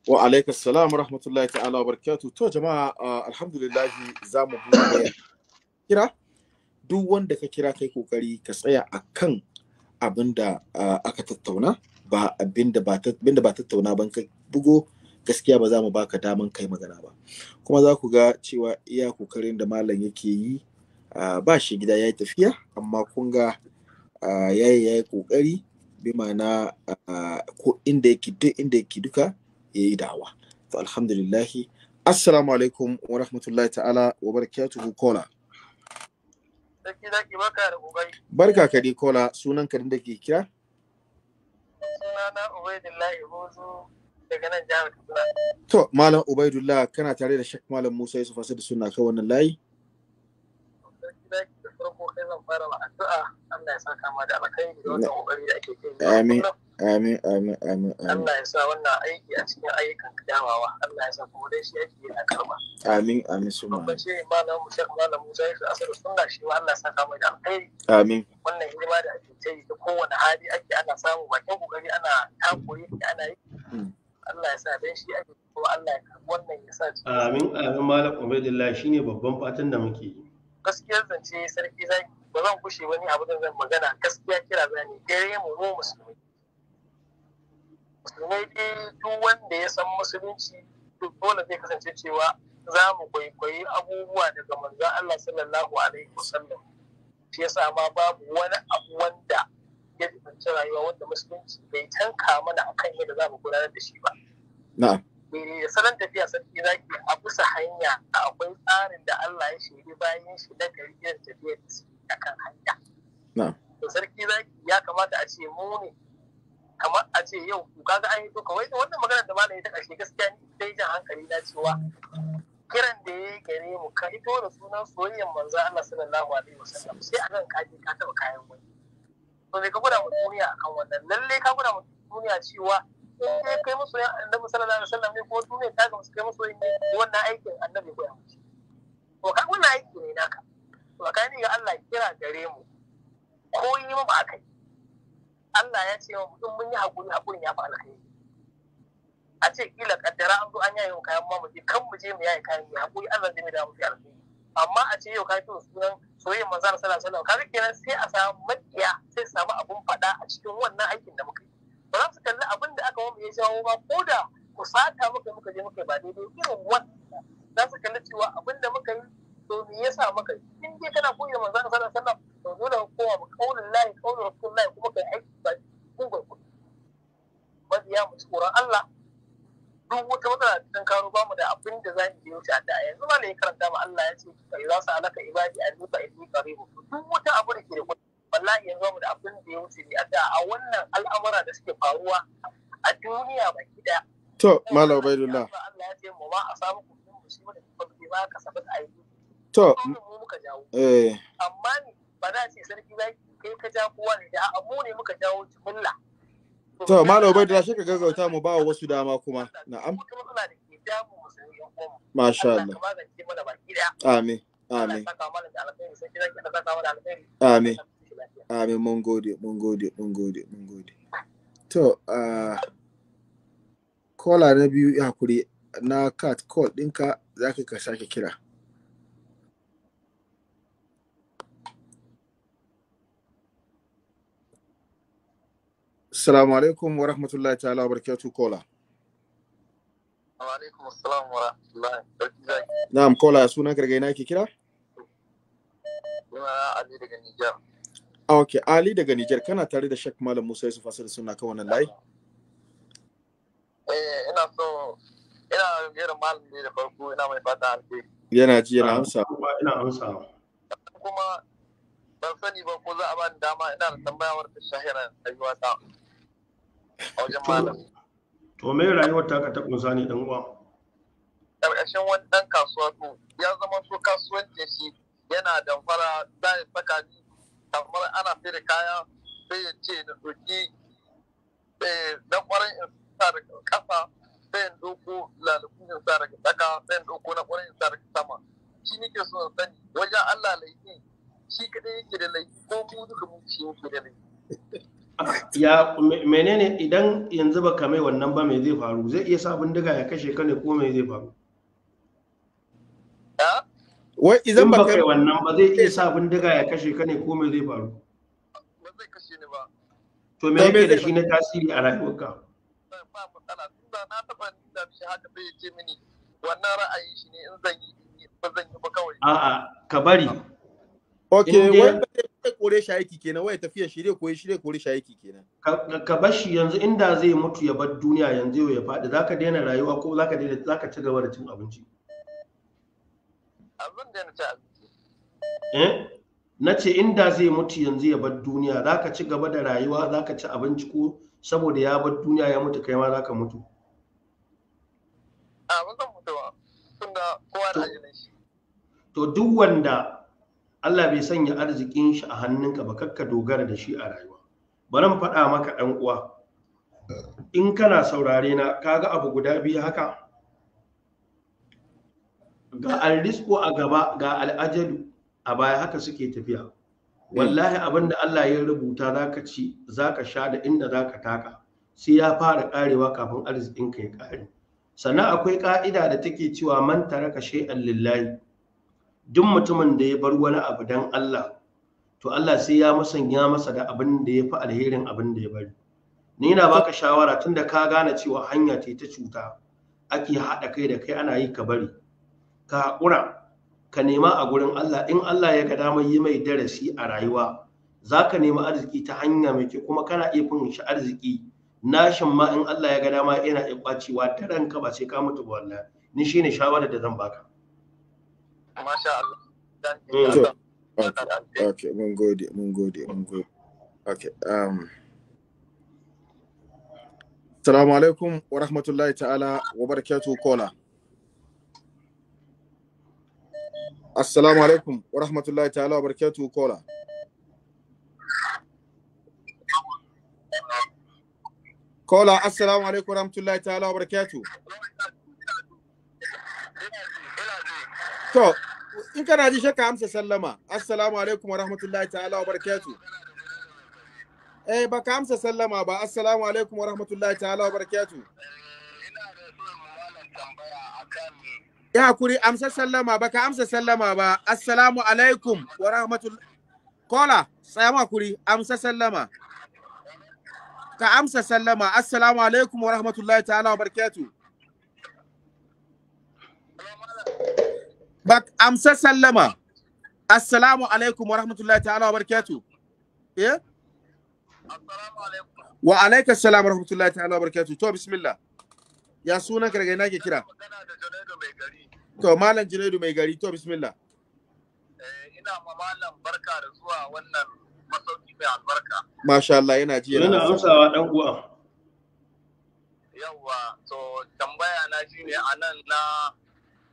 wa alaikum salam wa rahmatullahi ta'ala wa barakatuh to jama'a alhamdulillah za mu buɗe kira duk wanda ka kira kai kokari ka tsaya akan abin da aka tattauna ba abin da ba tattauna ban ka bugo gaskiya ba za mu baka daman kai magana ba kuma za ku ga cewa iya kokarin da malam yake yi ba shi gida ya yi tafiya amma kun ga ya yi ya yi ƙoƙari bi ma'ana ko inda yake duk inda yake duka ya yi dawa to alhamdulillahi assalamu alaikum wa rahmatullahi ta'ala wa barakatuhu kola barka ka dai kola sunan ka da ke kira to malam ubaidullah kana tare da shek malam musa yusuf asadu suna kai wannan layi farko kai zan fara ma addu'a Allah ya saka ma da alkhairi da wannan kokari da ake kai amin amin amin amin Allah ya sa wannan aiki a cikin ayyukan Amin. Allah ya sa kuma dai shi yake yana karba amin amin su ma bace malam Musa malam Musa ya asar sunna shi ma Allah ya saka mai da alkhairi amin wannan hidima da ake kai ta Amin. hali ake ana samu bakin kokari ana ana yi hmm. Allah ya sa dan shi ake kuma Allah ya karbi wannan ya sa amin amin malam Ubaidillah shine babban fatan da muke yi gaskiyar zance sarki zai ba zan kushe wani abu da zan magana gaskiya kira zani dare mu mu musulmi musulmai dai duk wanda ya san musulunci to dole zai kasance cewa za mu kwaikwayi abubuwa daga manzon Allah sallallahu alaihi wasallam shi yasa ma babu wani abu wanda ya jibanci rayuwa wanda musulunci bai tanka mana akan yadda za mu gudanar da shi ba na'am Eh, salon tafiya sarki zaki a kusa hanya akwai tsarin da Allah ya shiri bayan shi na gari irin tafiyar da suke a kan hanya. To sarki zaki ya kamata a ce mu ne kamar a ce yau ku kaga an yi to kawai wannan maganar da malami ta ƙarshe gaskiya ni sai jan hankali na cewa kiran da ya gare mu ka hito da sunan soyayyar manzo Allah sallallahu alaihi wasallam sai a nan kaji ka taba kayan wani. To ne ka gwada mu duniya akan wannan lalle ka gwada mu duniya cewa in dai kai musu annabi sallallahu alaihi wasallam ne ko duniya ta ga gamsu kai musu wannan aikin annabi koya musu to ka wannan aiki ne naka to ka ni ga Allah kira gare mu ko yi mu ba kai Allah ya ce mutum mun yi hakuri hakurin ya fa alkhairi a ce kila kaddara an zo an yaye kayan ma mu je kan mu je mu yaye kayan mu hakuri Allah zai mu da mu fi alkhairi amma a ce yau ka fito sunan soyayyar manzon sallallahu alaihi wasallam kaga kenan sai a samu makiya sai samu abun fada a cikin wannan aikin da muka yi ba za su kalli abin da aka wani ya shawo ba ko da ku sata muka muka je muka ba daidai irin wannan za su kalli cewa abin da muka yi to me yasa muka yi in dai kana koyi manzo Allah sallallahu alaihi wasallam to dole ku kowa ba kaulin lahi kaulin rasulullahi kuma kai aiki ba mun Ba wanda ya mu tsoron Allah duk wata matsala da kan karo mu da abin da za mu je wuce da yanzu ma ne karanta ma Allah ya ce kai za su alaka ibadi annuka inni qaribu duk wata abu da ke da wallahi yanzu mu da abin da ya wuce ne a wannan al'amura da suke faruwa a duniya baki da. to malam ubaidullah Allah ya ce mu ma a samu kudin musulmi da kuma ba ka saba da aiki to eh amma ni ba za ce sarki ba kai ka ja kowa ne da a mu ne muka jawo jumla to malam ubaidullah shi ka gaggauta mu ba wasu dama kuma na'am Masha Allah. Amin. Amin. Amin. Amin mun gode, mun gode, mun gode, mun gode. To, kola na biyu ya kuri na cat call ɗinka za ka ka sake kira. Assalamu alaikum wa rahmatullahi ta'ala wa barakatu kola. alaikum wa rahmatullahi Na'am kola suna gargaina ke kira? Suna Ali daga Nijar. Ok, Ali daga Nijar, kana tare da Sheikh Malam Musa Yusuf Asir suna kawo wannan layi? Eh, ina so ina gira malam ne da farko ina mai fata alheri. Yana ji yana amsa. Ina amsa. Kuma ban sani ba ko za a bani dama ina da tambaya wata shahira rayuwa ta a wajen malam. To me rayuwar ta ka ta kunsa ne uwa? Ƙarƙashin wani ɗan kasuwa to ya zama so kasuwancin shi yana damfara zai tsakani kamar ana sai da kaya sai ya ce na doki da eh, kwarin in sa daga kasa sai in doko lalukun in sa daga tsaka sai in doko na kwarin in sa daga sama shi ne ke son sani wajen Allah laifin shi kadai yake da laifi ko mu duka mu shi yake da laifi ya menene idan yanzu baka mai wannan ba me zai faru zai iya sa bindiga ya kashe ka ne ko me zai faru wai idan ba kai wannan ba zai iya sa bindiga ya kashe ka ne ko me zai faru ba zai kashe ni ba to me yake da shi na tasiri a rayuwarka ba matsala tunda na taba da shi haka bai ce mini wannan ra'ayin shi ne in zan yi ba zan yi ba kawai a'a ka bari Okay, wanda zai kore shi aiki kenan, wai tafiya shi zai koyi shi zai kore shi aiki kenan. Ka bar shi yanzu inda zai mutu ya bar duniya yanzu ya faɗi, zaka daina rayuwa ko zaka daina zaka ci gaba da cin abinci. abin na ta eh na inda zai mutu yanzu ya bar duniya za ka ci gaba da rayuwa za ka ci abinci ko saboda ya bar duniya ya mutu kai ma za ka mutu a ba zan mutu ba tunda kowa da shi to duk wanda Allah bai sanya arzikin shi a hannunka ba kakka dogara da shi a rayuwa bari faɗa maka ɗan uwa in kana saurare na kaga abu guda biyu haka ga alrisko a gaba ga al'ajalu a baya haka suke tafiya wallahi abin da Allah ya rubuta zaka ci zaka sha da inda zaka taka sai ya fara karewa kafin arzikin ka ya kare sannan akwai ka'ida da take cewa man taraka shay'an lillahi duk mutumin da ya bar wani abu dan Allah to Allah sai ya musanya masa da abin da ya fi alherin abin da ya bari ni na baka shawara tunda ka gane cewa hanya ce ta cuta ake haɗa kai da kai ana yi ka bari ka haƙura ka nema a gurin Allah in Allah ya ga damar yi mai darasi a rayuwa za ka nemi arziki ta hanya mai kyau kuma kana iya fin shi arziki nashin ma in Allah ya ga dama yana iya kwacewa ta ranka ba sai ka mutu ba wallahi ni shine shawarar da zan baka masha Allah mm. okay mun gode mun gode mun gode okay um, alaikum wa rahmatullahi ta'ala wa barakatuh kola. Assalamu alaikum wa rahmatullahi ta'ala wa barakatuhu kola. Kola, assalamu alaikum wa rahmatullahi ta'ala wa barakatuhu. To, in kana ji shaka amsa sallama, assalamu alaikum wa rahmatullahi ta'ala wa barakatuhu. Eh, baka amsa sallama ba, assalamu alaikum wa rahmatullahi ta'ala wa barakatuhu. Ya hakuri amsa sallama ba ka amsa sallama ba. Assalamu alaikum wa rahmatul Kola, tsaya hakuri amsa sallama. Ka amsa sallama. Assalamu alaikum wa rahmatullahi ta'ala wa barakatuh. Bak amsa sallama. Assalamu alaikum wa rahmatullahi ta'ala wa barakatuh. Eh? alaikum. Wa alaikas salam wa rahmatullahi ta'ala wa barakatuh. To bismillah. Ya sunan ka daga ina ke kira? Magana da To Malam Junaidu mai gari to bismillah. Eh, ina ma Malam barka da zuwa wannan masauki mai albarka. Masha Allah yana ji yana amsawa dan uwa. Yawwa to tambaya na shine anan na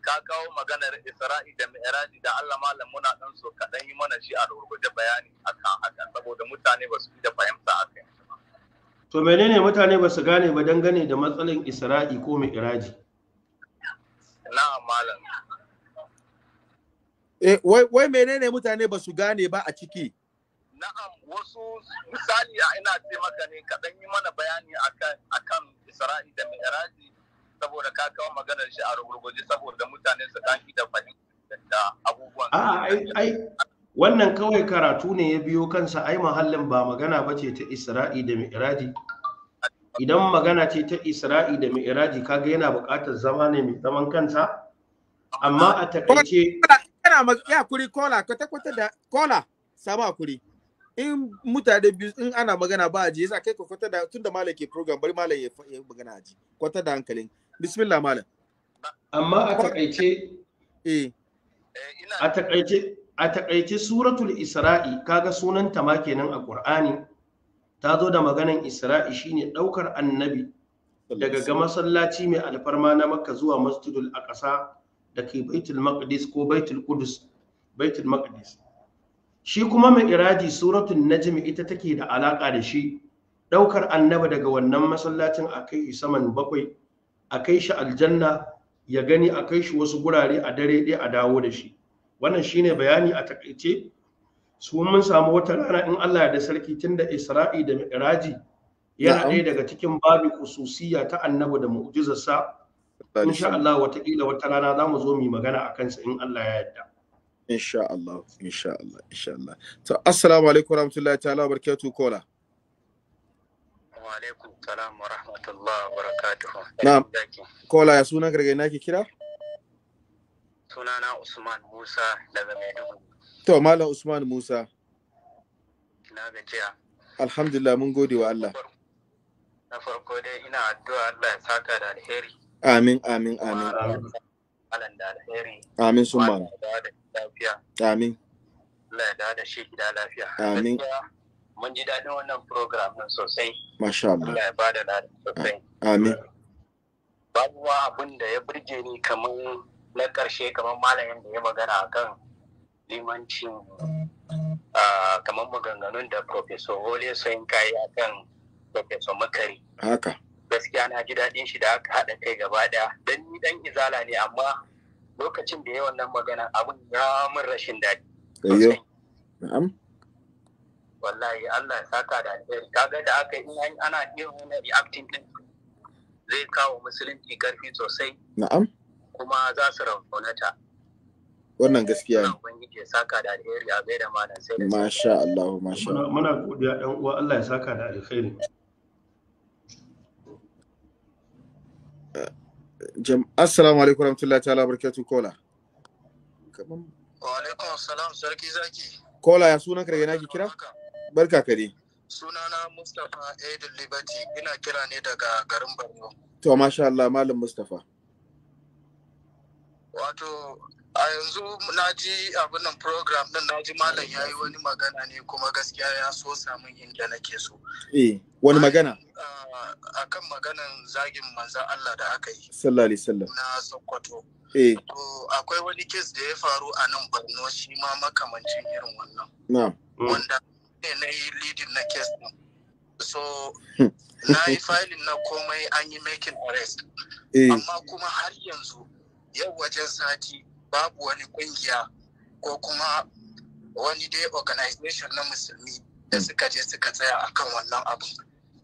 ka kawo maganar Isra'i da Mi'raji da Allah Malam muna dan so kadan, yi mana shi a rubuce bayani akan haka saboda mutane ba su da fahimta akan. To menene mutane ba su gane ba dangane da matsalan Isra'i ko Mi'raji? na'am malam eh wai wai menene mutane ba su gane ba a ciki na'am wasu misali a ina ce maka ne kaɗan yi mana bayani akan akan isra'i da mi'raji saboda ka kawo maganar shi a rugurguje saboda mutane su kan da fahimta da abubuwan ai ai wannan kawai karatu ne ya biyo kansa ai mahallin ba magana bace ta isra'i da mi'raji idan magana ce ta isra'i da mi'raji kaga yana buƙatar zama ne mai zaman kanta amma a takaice yana ya kuri kola ka takwata da kola sama kuri in mutane biyu in ana magana ba a ji yasa kai ka kwata da tunda malam ke program bari malam ya magana a ji kwata da hankalin bismillah malam amma a takaice eh a takaice a takaice suratul isra'i kaga sunanta ma kenan a qur'ani ta zo da maganan isra'i shine ɗaukar annabi daga ga masallaci mai alfarma na makka zuwa masjidul aqsa da ke baitul maqdis ko baitul qudus baitul maqdis shi kuma mai iradi suratul najm ita take da alaka da shi ɗaukar annabi daga wannan masallacin a kai saman bakwai a kai shi aljanna ya gani a kai shi wasu gurare a dare ɗaya a dawo da shi wannan shine bayani a takaice su mun samu wata rana in Allah ya da sarki tunda Isra'i da Mi'raji yana ɗaya daga cikin babu kususiya ta annabi da mu'jizarsa insha Allah watakila wata rana za mu zo mu magana a kansa in Allah ya yarda insha Allah insha Allah insha Allah to assalamu alaikum warahmatullahi ta'ala barakatuh kola wa alaikum salam wa rahmatullahi wa barakatuh na'am kola ya sunan gargaɗi nake kira sunana Usman Musa daga Maiduguri To, Malam Usman Musa. Na gajiya. Alhamdulillah mun gode wa Allah. Na farko dai ina addu'a Allah ya saka da alheri. Amin, amin, amin. Malam da alheri. Amin sun ma. Amin. Allah ya dawo da shi gida lafiya. Amin. Mun ji daɗin wannan program nan sosai. Masha Allah. Allah ya ba da ladan sosai. Amin. Babu abin da ya burge ni kamar na ƙarshe kamar malamin da ya magana akan limancin kamar maganganun da Professor Ole Soyinka ya kan Professor Makari. Haka. Gaskiya na ji daɗin shi da aka haɗa kai gaba ɗaya. Dan ni ɗan izala ne amma lokacin da ya wannan magana abun ya mun rashin daɗi. Ayyo. Na'am. Wallahi Allah saka da alheri. Kaga da aka yi ana iya wani reacting din zai kawo musulunci karfi sosai. Na'am. Kuma za su raunata. wannan gaskiya ne masha Allah masha Allah muna godiya ɗan uwa Allah ya saka da alheri assalamu alaikum warahmatullahi ta'ala barakatuh kola kaman wa alaikum assalam sarki zaki kola ya suna ka daga naki kira barka kare. dai sunana Mustapha Aidul Liberty ina kira ne daga garin Borno to masha Allah malam Mustapha wato a yanzu na ji abin nan program din na ji malam ya yi wani magana ne kuma gaskiya ya so samun inda nake so eh, wani magana a kan maganan zagin manzan Allah da aka yi sallallahu alaihi na sokoto eh. to akwai wani kes da ya faru a nan Borno shi ma makamancin irin wannan wanda ne na yi leading na kes din so hmm. na yi filin na komai an yi making arrest eh. amma kuma har yanzu yau wajen sati babu wani kungiya ko kuma wani dai organization na musulmi da hmm. suka je suka tsaya akan wannan abu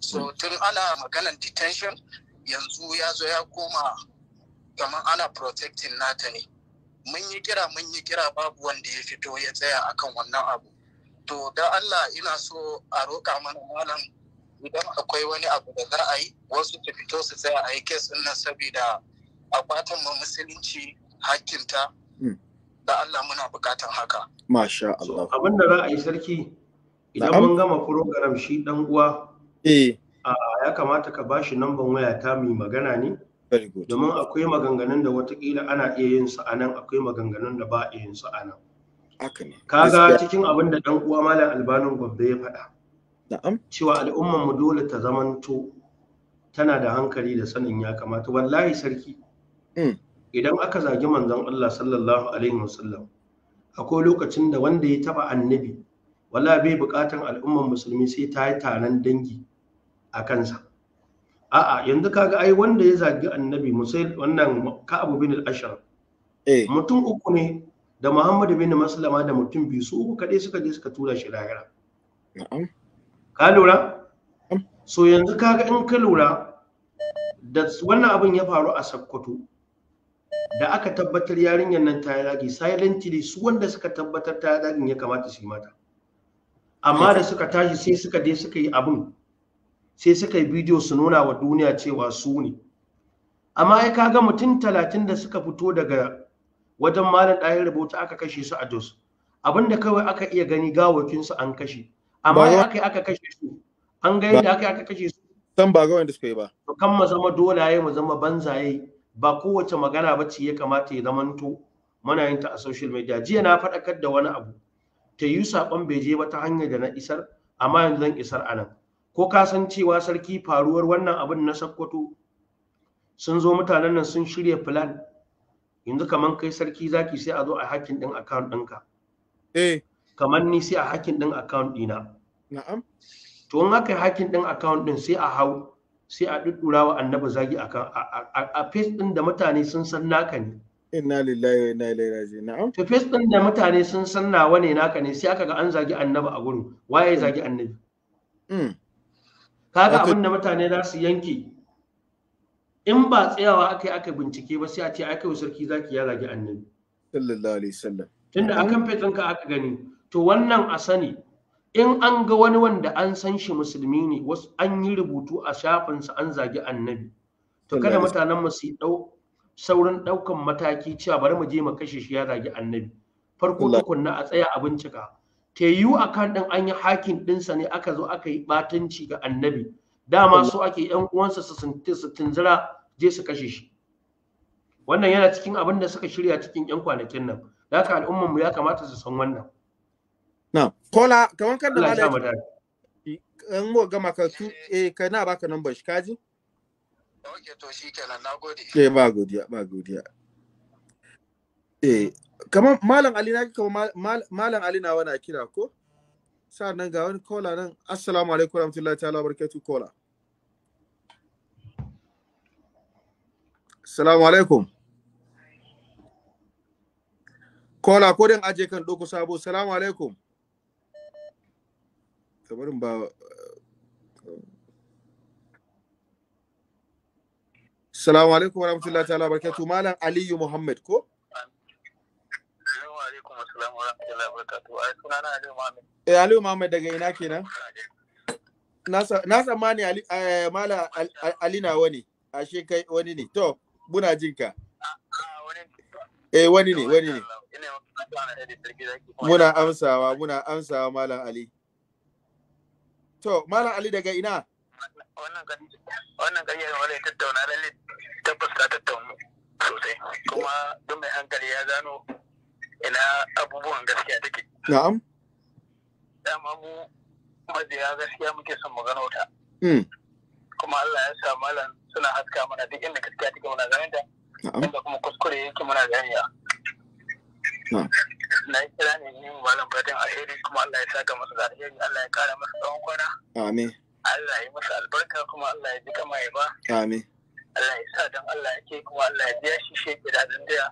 so hmm. tun ana maganan detention yanzu ya zo ya koma kamar ana protecting nata ne mun yi kira mun yi kira babu wanda ya fito ya tsaya akan wannan abu to da Allah ina so a roƙa mana malam idan akwai wani abu da za a yi wasu ta fito su tsaya a yi kes nan saboda a mu musulunci hakinta hmm. da Allah muna bukatan haka masha Allah abin da za a yi sarki idan mun gama program shi dan uwa eh ya kamata ka bashi namban waya ta mai magana ne domin akwai maganganun da watakila ana iya yin su anan akwai maganganun da ba a yin su anan kaga cikin abin da dan uwa malam albanin gombe ya faɗa na'am cewa al'ummar mu dole ta zamanto tana da hankali da sanin ya kamata wallahi sarki hmm. idan aka zagi manzon Allah sallallahu alaihi wasallam akwai lokacin da wanda ya taba annabi wala bai bukatan al'umman musulmi sai ta yi taron dangi a kansa a'a yanzu kaga ai wanda ya zagi annabi musayil wannan ka'abu bin al-ashr eh. mutum uku ne da muhammad bin maslama da mutum biyu su uku kadai suka je suka tura shi lahira ka lura so yanzu kaga in ka lura da wannan abin ya faru a sakkwato da aka tabbatar yarinyar nan ta yi zagi silently su wanda suka tabbatar ta yi zagin ya kamata su yi mata amma da suka tashi sai suka dai suka yi abin sai suka yi bidiyo su nuna wa duniya cewa su ne amma ya kaga mutum talatin da suka fito daga wajen malam ɗayan rubuta aka kashe su a jos abinda kawai aka iya gani su an kashe amma ya aka aka kashe su an ga yadda aka aka kashe su san ba ga wanda suka yi ba to kan mu zama dolaye mu zama banzaye ba kowace magana ba ce ya kamata ya zamanto mana yin ta a social media jiya na faɗakar da wani abu ta yi saƙon bai je ba ta hanyar da na isar amma yanzu zan isar a nan ko ka san cewa sarki faruwar wannan abin na sakkwato sun zo mutanen nan sun shirya plan yanzu kaman kai sarki zaki sai a zo a hakin ɗin account ɗinka eh kamar ni sai a hakin ɗin account ɗina na'am to in aka yi hakin ɗin account ɗin sai a hau sai a ɗuɗɗura wa annabi zagi a kan. a face ɗin da mutane sun san naka ne inna lillahi wa inna ilaihi raji'un na'am to face ɗin da mutane sun san nawa ne naka ne sai aka ga an zagi annabi a gurin waye zagi annabi mm. kaga abin da mutane za su yanke in ba tsayawa aka yi aka bincike ba sai a ce aka yi sarki zaki ya zagi annabi sallallahu alaihi wasallam tunda akan fetinka aka gani to wannan a sani in an ga wani wanda an san shi musulmi ne wasu an yi rubutu a shafinsa an zagi annabi to kada mutanen mu su dau saurin daukan mataki cewa bari mu je mu kashe shi ya zagi annabi farko tukunna a tsaya a bincika te yiwu akan din an yi hakin dinsa ne aka zo aka yi batanci ga annabi dama so ake yan uwansa su tunzira je su kashe shi wannan yana cikin abin da suka shirya cikin yan kwanakin nan da haka al'ummar mu ya kamata su san wannan na kola kamar kan da malai in mu gama ka tu eh kai na baka number shi kaji okay to shi kenan nagode eh ba godiya ba godiya eh kamar malam ali na kamar malam ali na wani kira ko nan ga wani kola nan assalamu alaikum warahmatullahi ta'ala barakatuh kola assalamu alaikum kola ko din aje kan doko sabo assalamu alaikum kamar ba eh, Salamu alaikum wa rahmatullahi ta'ala barkatu Malam Aliyu Muhammad ko? Aliyu Muhammad. Eh Aliyu Muhammad daga ina kenan? Na tsammani Mala Ali eh, na wani, ashe kai wani ne. To, buna jin ka. Ah, eh wani ne, wani ne. Muna amsawa, muna amsawa Malam Ali. To, Malam Ali daga ina? Wannan gari ya wani tattauna lalle tabbas ta tattauna sosai. Kuma don mai hankali ya gano ina abubuwan gaskiya take. Na'am. Dama mu majiya gaskiya muke son magana wuta. Hmm. Kuma Allah ya sa malam suna haska mana duk inda gaskiya take muna ganin ta. Inda kuma kuskure yake muna ganiya. na yi kira ne ni malam fatan alheri kuma Allah ya saka masa da alheri Allah ya kara masa tsawon kwana amin Allah ya masa albarka kuma Allah ya ji kama ya ba amin Allah ya sa don Allah ya ke kuma Allah ya biya shi sheke da daya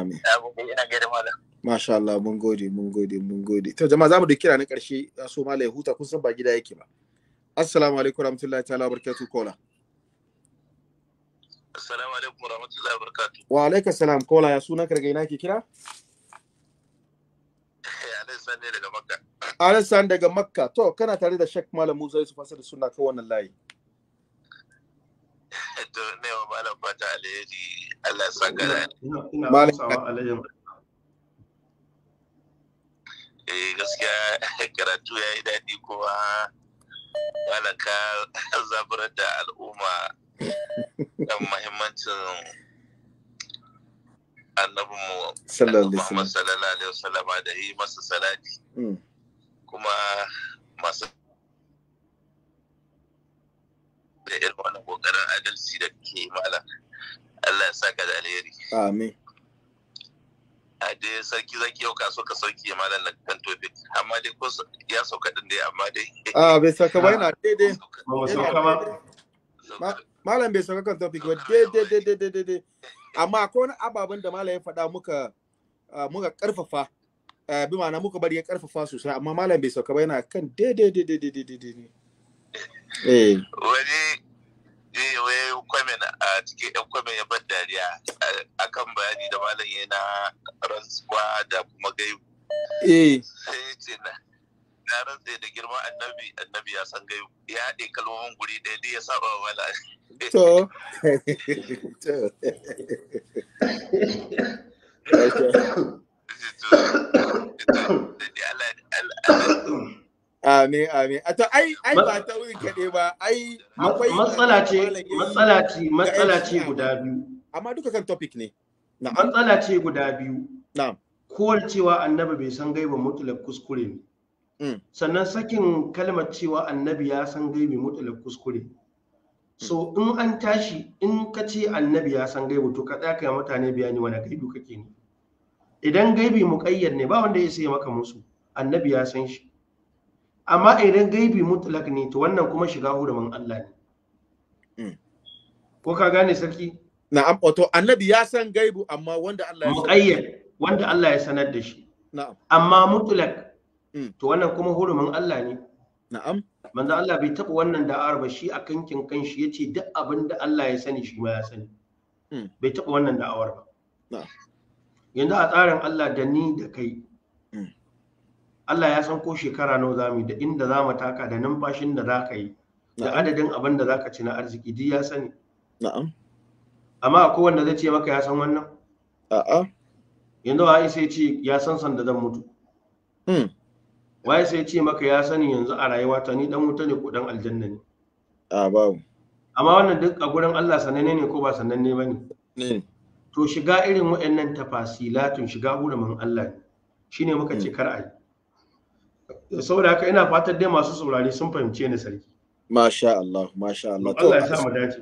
amin abu bai ina gaida malam Masha Allah, mun gode, mun gode, mun gode. To jama'a za mu da kira na ƙarshe a so mala ya huta kun san ba gida yake ba. Assalamu alaikum warahmatullahi ta'ala barkatu kola. Assalamu alaikum warahmatullahi wabarakatuh. Wa alaikum salam kola ya suna karga ina ke kira? Alisan ne daga Makka. Alisan daga Makka. To, kana tare da Sheikh Malam Musa Yusuf Asad suna kan wannan layi. <laughs> To, ne wa Malam Fata Alheri Allah sa gara. Malam Eh gaskiya <laughs> karatu ya yi daɗi kuma malaka <laughs> zaburar da al'umma kan mahimmancin annabinmu Muhammad sallallahu alaihi wasallama da yi masa salati mm. kuma masu da irin wani kokarin adalci da ke mala Allah ya saka da alheri amin a dai sarki zaki yau ka so ka sauke malam na kan topic amma dai ko ya sauka din dai amma dai a <laughs> ah, bai sauka ba yana daidai ba sauka ba malam bai sauka kan topic ba daidai daidai daidai amma akwai wani ababen da malam ya faɗa muka ah, muka karfafa eh, bi ma'ana muka bari ya karfafa sosai amma malam bai sauka ba yana kan daidai daidai daidai daidai ne. Eh. wani eh wai kwamen a cikin yan kwamen ya bar dariya akan bayani da malam yana ransuwa da kuma gaibu eh. sai ce na na rantse da girma annabi annabi ya san gayu ya haɗe kalmomin guri ɗaya dai ya saba wa mala to <laughs> Amin, amin. A ta ai, ai ba ta wuri kaɗe ba, ai akwai matsala ce, matsala ce, matsala ce guda biyu. Amma duka kan topic ne. Matsala ce guda biyu. Na'am. Kowar cewa annabi bai san gaiba mutlak kuskure ne. Mm. sannan sakin kalmar cewa annabi ya san gaibi mutala kuskure so in an tashi in ka ce annabi ya san gaibi to ka tsaka ya mutane bayani wani gaibi kake ne idan gaibi muƙayyar ne ba wanda ya sai maka musu annabi ya san shi amma idan gaibi mutlaq ne to wannan kuma shiga hurumin Allah ne mm. ko ka gane sarki na'am wato annabi ya san gaibu amma wanda Allah ya san wanda Allah ya sanar da shi na'am amma mutlaq Mm. to wannan kuma hurumin Allah ne na'am manzo Allah bai taba wannan da'awar ba shi a kankin kanshi yace duk abin da Allah ya sani shi ma ya sani mm. bai taba wannan da'awar ba yanzu a tsarin Allah da ni da kai mm. Allah ya san ko shekara nawa zamu da inda zamu taka da numfashin da zaka yi da adadin abin da zaka ci na arziki duk ya sani na'am amma akwai wanda zai ce maka ya san wannan a'a yanzu a sai ce ya san san da zan mutu waye sai ce maka ya sani yanzu a rayuwa ta ni dan wuta ne ko dan aljanna ne a babu amma wannan duk a gurin Allah sananne ne ko ba sananne ba ne to shiga irin waɗannan tafasilatun shiga hurumin Allah ne shine muka ce kar a yi saboda haka ina fatan dai masu saurari sun fahimce ni sarki masha Allah masha Allah to Allah ya sa mu dace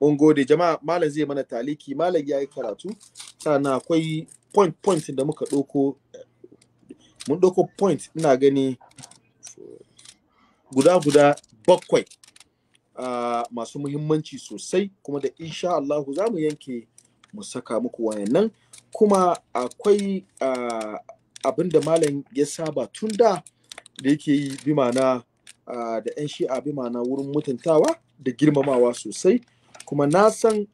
mun gode jama'a malam zai mana taliki malam ya yi karatu sannan akwai point point da muka ɗauko mun ɗauko point ina gani guda guda bakwai a masu muhimmanci sosai kuma da insha Allah za mu yanke mu saka muku wayannan kuma akwai abinda abin da malam ya saba tun da da yake yi bi mana da 'yan shi'a bi wurin mutuntawa da girmamawa sosai kuma na san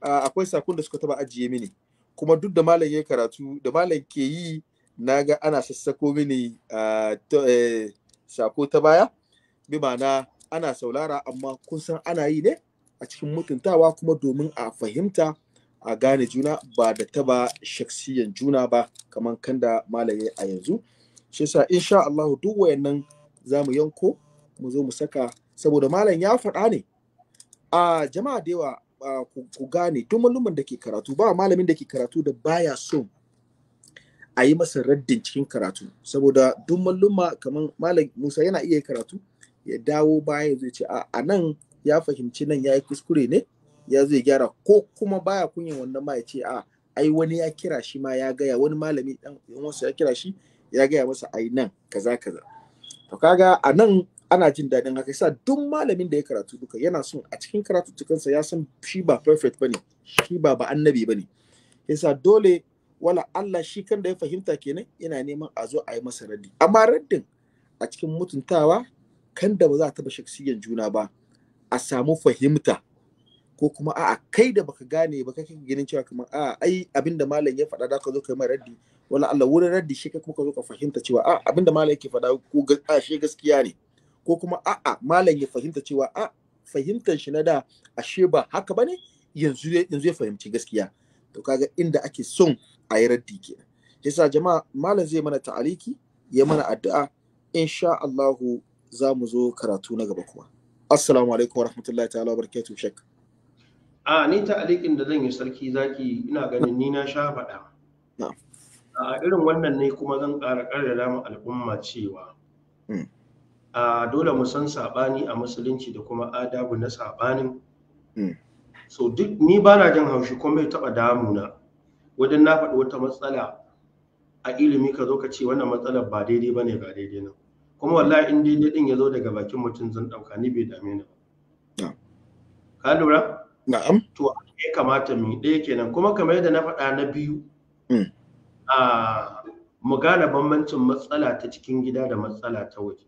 akwai sakon da suka taba ajiye mini kuma duk da malam ya karatu da malam ke yi na ga ana sassako mini e, sako ta baya bi ma'ana ana saulara amma kun san ana yi ne a cikin mutuntawa kuma domin a fahimta a gane juna ba da taba shaksiyan juna ba kamar kanda malaye a yanzu shi yasa insha Allah duk wayannan za mu yanko mu zo mu saka saboda malam ya faɗa ne a jama'a da yawa ku gane duk malumin da ke karatu ba malamin da ke karatu da baya son a yi masa raddin cikin karatu saboda duk malluma kamar malam Musa yana iya karatu ya dawo baya zai ce a nan ya fahimci nan ya yi kuskure ne ya zai gyara ko kuma baya kunyin wannan ma ya ce a ai wani ya kira shi ma ya gaya wani malami dan wasu ya kira shi ya gaya masa ai nan kaza kaza to kaga a nan ana jin daɗin haka yasa duk malamin da ya karatu duka yana son a cikin cikinsa ya san shi ba perfect bane shi ba ba annabi bane yasa dole wala Allah shi kan da ya fahimta kenan yana neman a zo a yi masa raddi amma raddin a cikin mutuntawa kan da ba za ta ba shaksiyan juna ba a samu fahimta ko kuma a'a kai da baka gane ba kake ganin cewa kamar a'a ai abinda malam ya faɗa da ka zo kai mai raddi wala Allah wurin raddi shi kai kuma ka zo ka fahimta cewa a'a abinda malam yake faɗa ko a shi gaskiya ne ko kuma a'a malam ya fahimta cewa a fahimtar shi na da ashe ba haka bane yanzu yanzu ya fahimci gaskiya to kaga inda ake son a yi raddi kenan yasa jama'a malam zai mana ta'aliki ya mana addu'a insha Allahu za mu zo karatu na gaba kuma assalamu alaikum warahmatullahi ta'ala barakatuh shek a ni ta'alikin da zan yi sarki zaki ina ganin ni na sha faɗa a irin wannan ne kuma zan ƙara ƙarfafa mu al'umma cewa hmm. a dole mu san saɓani a musulunci da kuma adabu na saɓanin hmm. so duk ni ba na jin haushi kuma bai taɓa na. wajen na faɗi wata matsala a ilimi ka zo ka ce wannan matsalar ba daidai ba ne ba daidai nan kuma wallahi in daidai din ya zo daga bakin mutum zan ɗauka ni bai dame ni ba ka lura na'am to ya kamata mu ɗaya kenan kuma kamar yadda na faɗa na biyu hmm. a mu gane bambancin matsala ta cikin gida da matsala ta waje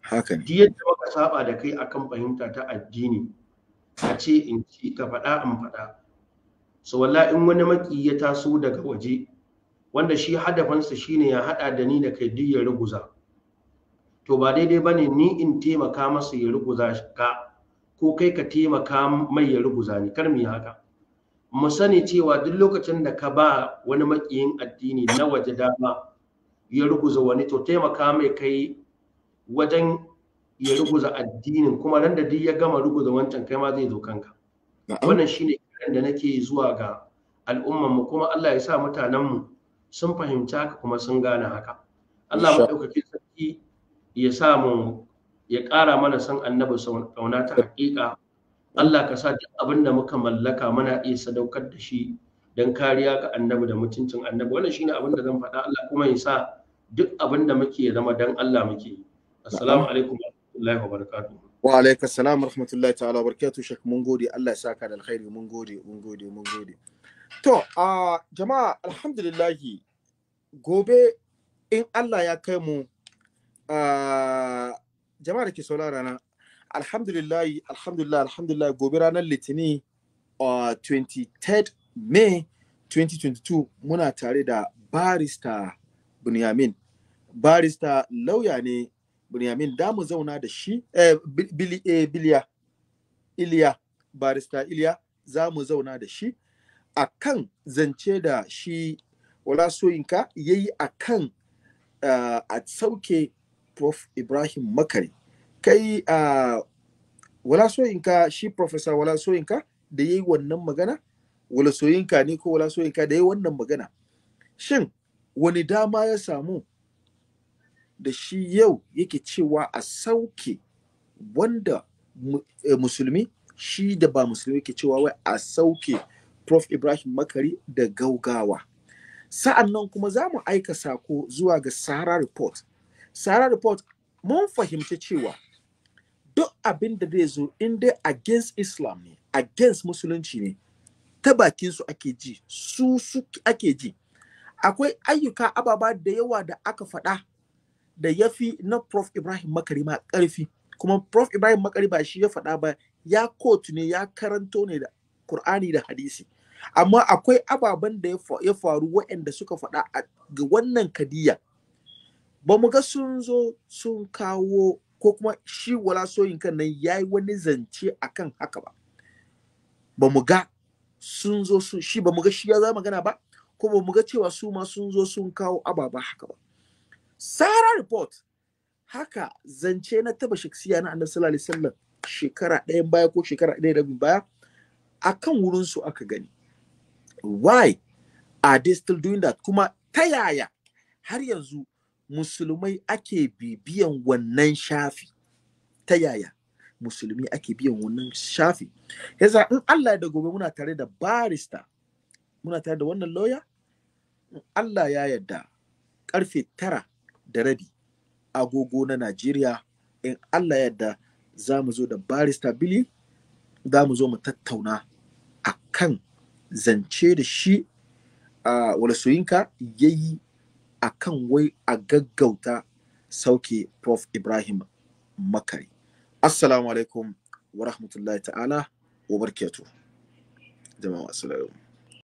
haka ne yadda muka saba da kai akan fahimta ta addini a ce in ci ka faɗa in faɗa so wallahi in wani maki ya taso daga waje wanda shi hadafansa shine ya hada da ni da kai duk ya ruguza to ba daidai bane ni in taimaka masa ya ruguza ka ko kai ka taimaka mai ya ruguza ni kar mu yi haka mu sani cewa duk lokacin da ka ba wani makiyin addini na waje dama ya ruguza wani to taimaka mai kai wajen ya ruguza addinin kuma nan da duk ya gama ruguza wancan kai ma zai zo kanka wannan shine da nake zuwa ga al'ummar mu kuma Allah ya sa mutanenmu sun fahimci haka kuma sun gane haka Allah maɗaukakin sarki ya sa mu ya ƙara mana san annabi ƙauna ta haƙiƙa Allah ka sa duk abin da muka mallaka muna iya sadaukar da shi don kariya ga annabi da mutuncin annabi wannan shine abin da zan faɗa Allah kuma ya sa duk abin da muke zama don Allah muke assalamu alaikum wa rahmatullahi wa barakatuh Wa alaika salam wa rahmatullahi ta'ala wa barakatu Sheikh mun gode Allah ya saka da alkhairi mun gode mun gode mun gode. To a jama'a alhamdulillahi gobe in Allah ya kai mu jama'a da ke saurara na alhamdulillahi alhamdulillah alhamdulillah gobe ranar litini uh, 23 may 2022 muna tare da barista bunyamin barista lauya ne Bunyamin da mu zauna da shi eh, bili, eh, biliya Iliya barista Iliya za mu zauna da shi a kan zance da shi Olasoyinka ya yi a kan uh, a sauke Prof Ibrahim Makari. Kai uh, eh, soyinka shi Professor soyinka da ya yi wannan magana? soyinka ne ko soyinka da ya yi wannan magana? Shin wani dama ya samu da shi yau yake cewa a sauke wanda eh, musulmi shi da ba musulmi yake cewa wai a sauke prof ibrahim makari da gaugawa sa'an nan kuma za mu aika sako zuwa ga sahara report sahara report mun fahimci cewa duk abin da zai zo in dai against islam ne against musulunci ne ta bakin su ake ji su su ake ji akwai ayyuka ababa da yawa da aka faɗa da ya fi na prof ibrahim makari ma ƙarfi kuma prof ibrahim makari ba shi ya faɗa ba ya kotu ne ya karanto ne da Kur'ani da hadisi amma akwai ababen da ya faru waɗanda suka faɗa ga wannan kadiya ba mu ga sun zo sun kawo ko kuma shi wala soyin kan nan ya yi wani zance akan haka ba ba mu ga sun zo shi ba mu ga shi ya za magana ba ko ba mu ga cewa su ma sun zo sun kawo ababa haka ba sahara report haka zance na taba shaksiya na annabi sallallahu alaihi wasallam shekara ɗaya baya ko shekara ɗaya rabin baya akan wurin su aka gani why are they still doing that kuma ta yaya har yanzu musulmai ake bibiyan wannan shafi ta yaya musulmi ake biyan wannan shafi yasa in Allah da gobe muna tare da barista muna tare da wannan lawyer in Allah ya yarda karfe tara da rabi agogo na Najeriya in Allah yadda za mu zo da barista bili, za mu zo mu tattauna a kan zance da shi a walasoyinka ya yi a kan wai a gaggauta sauke Prof Ibrahim Makari. Assalamu alaikum wa rahmatullahi ta'ala wa barkatu. Jama'a assalamu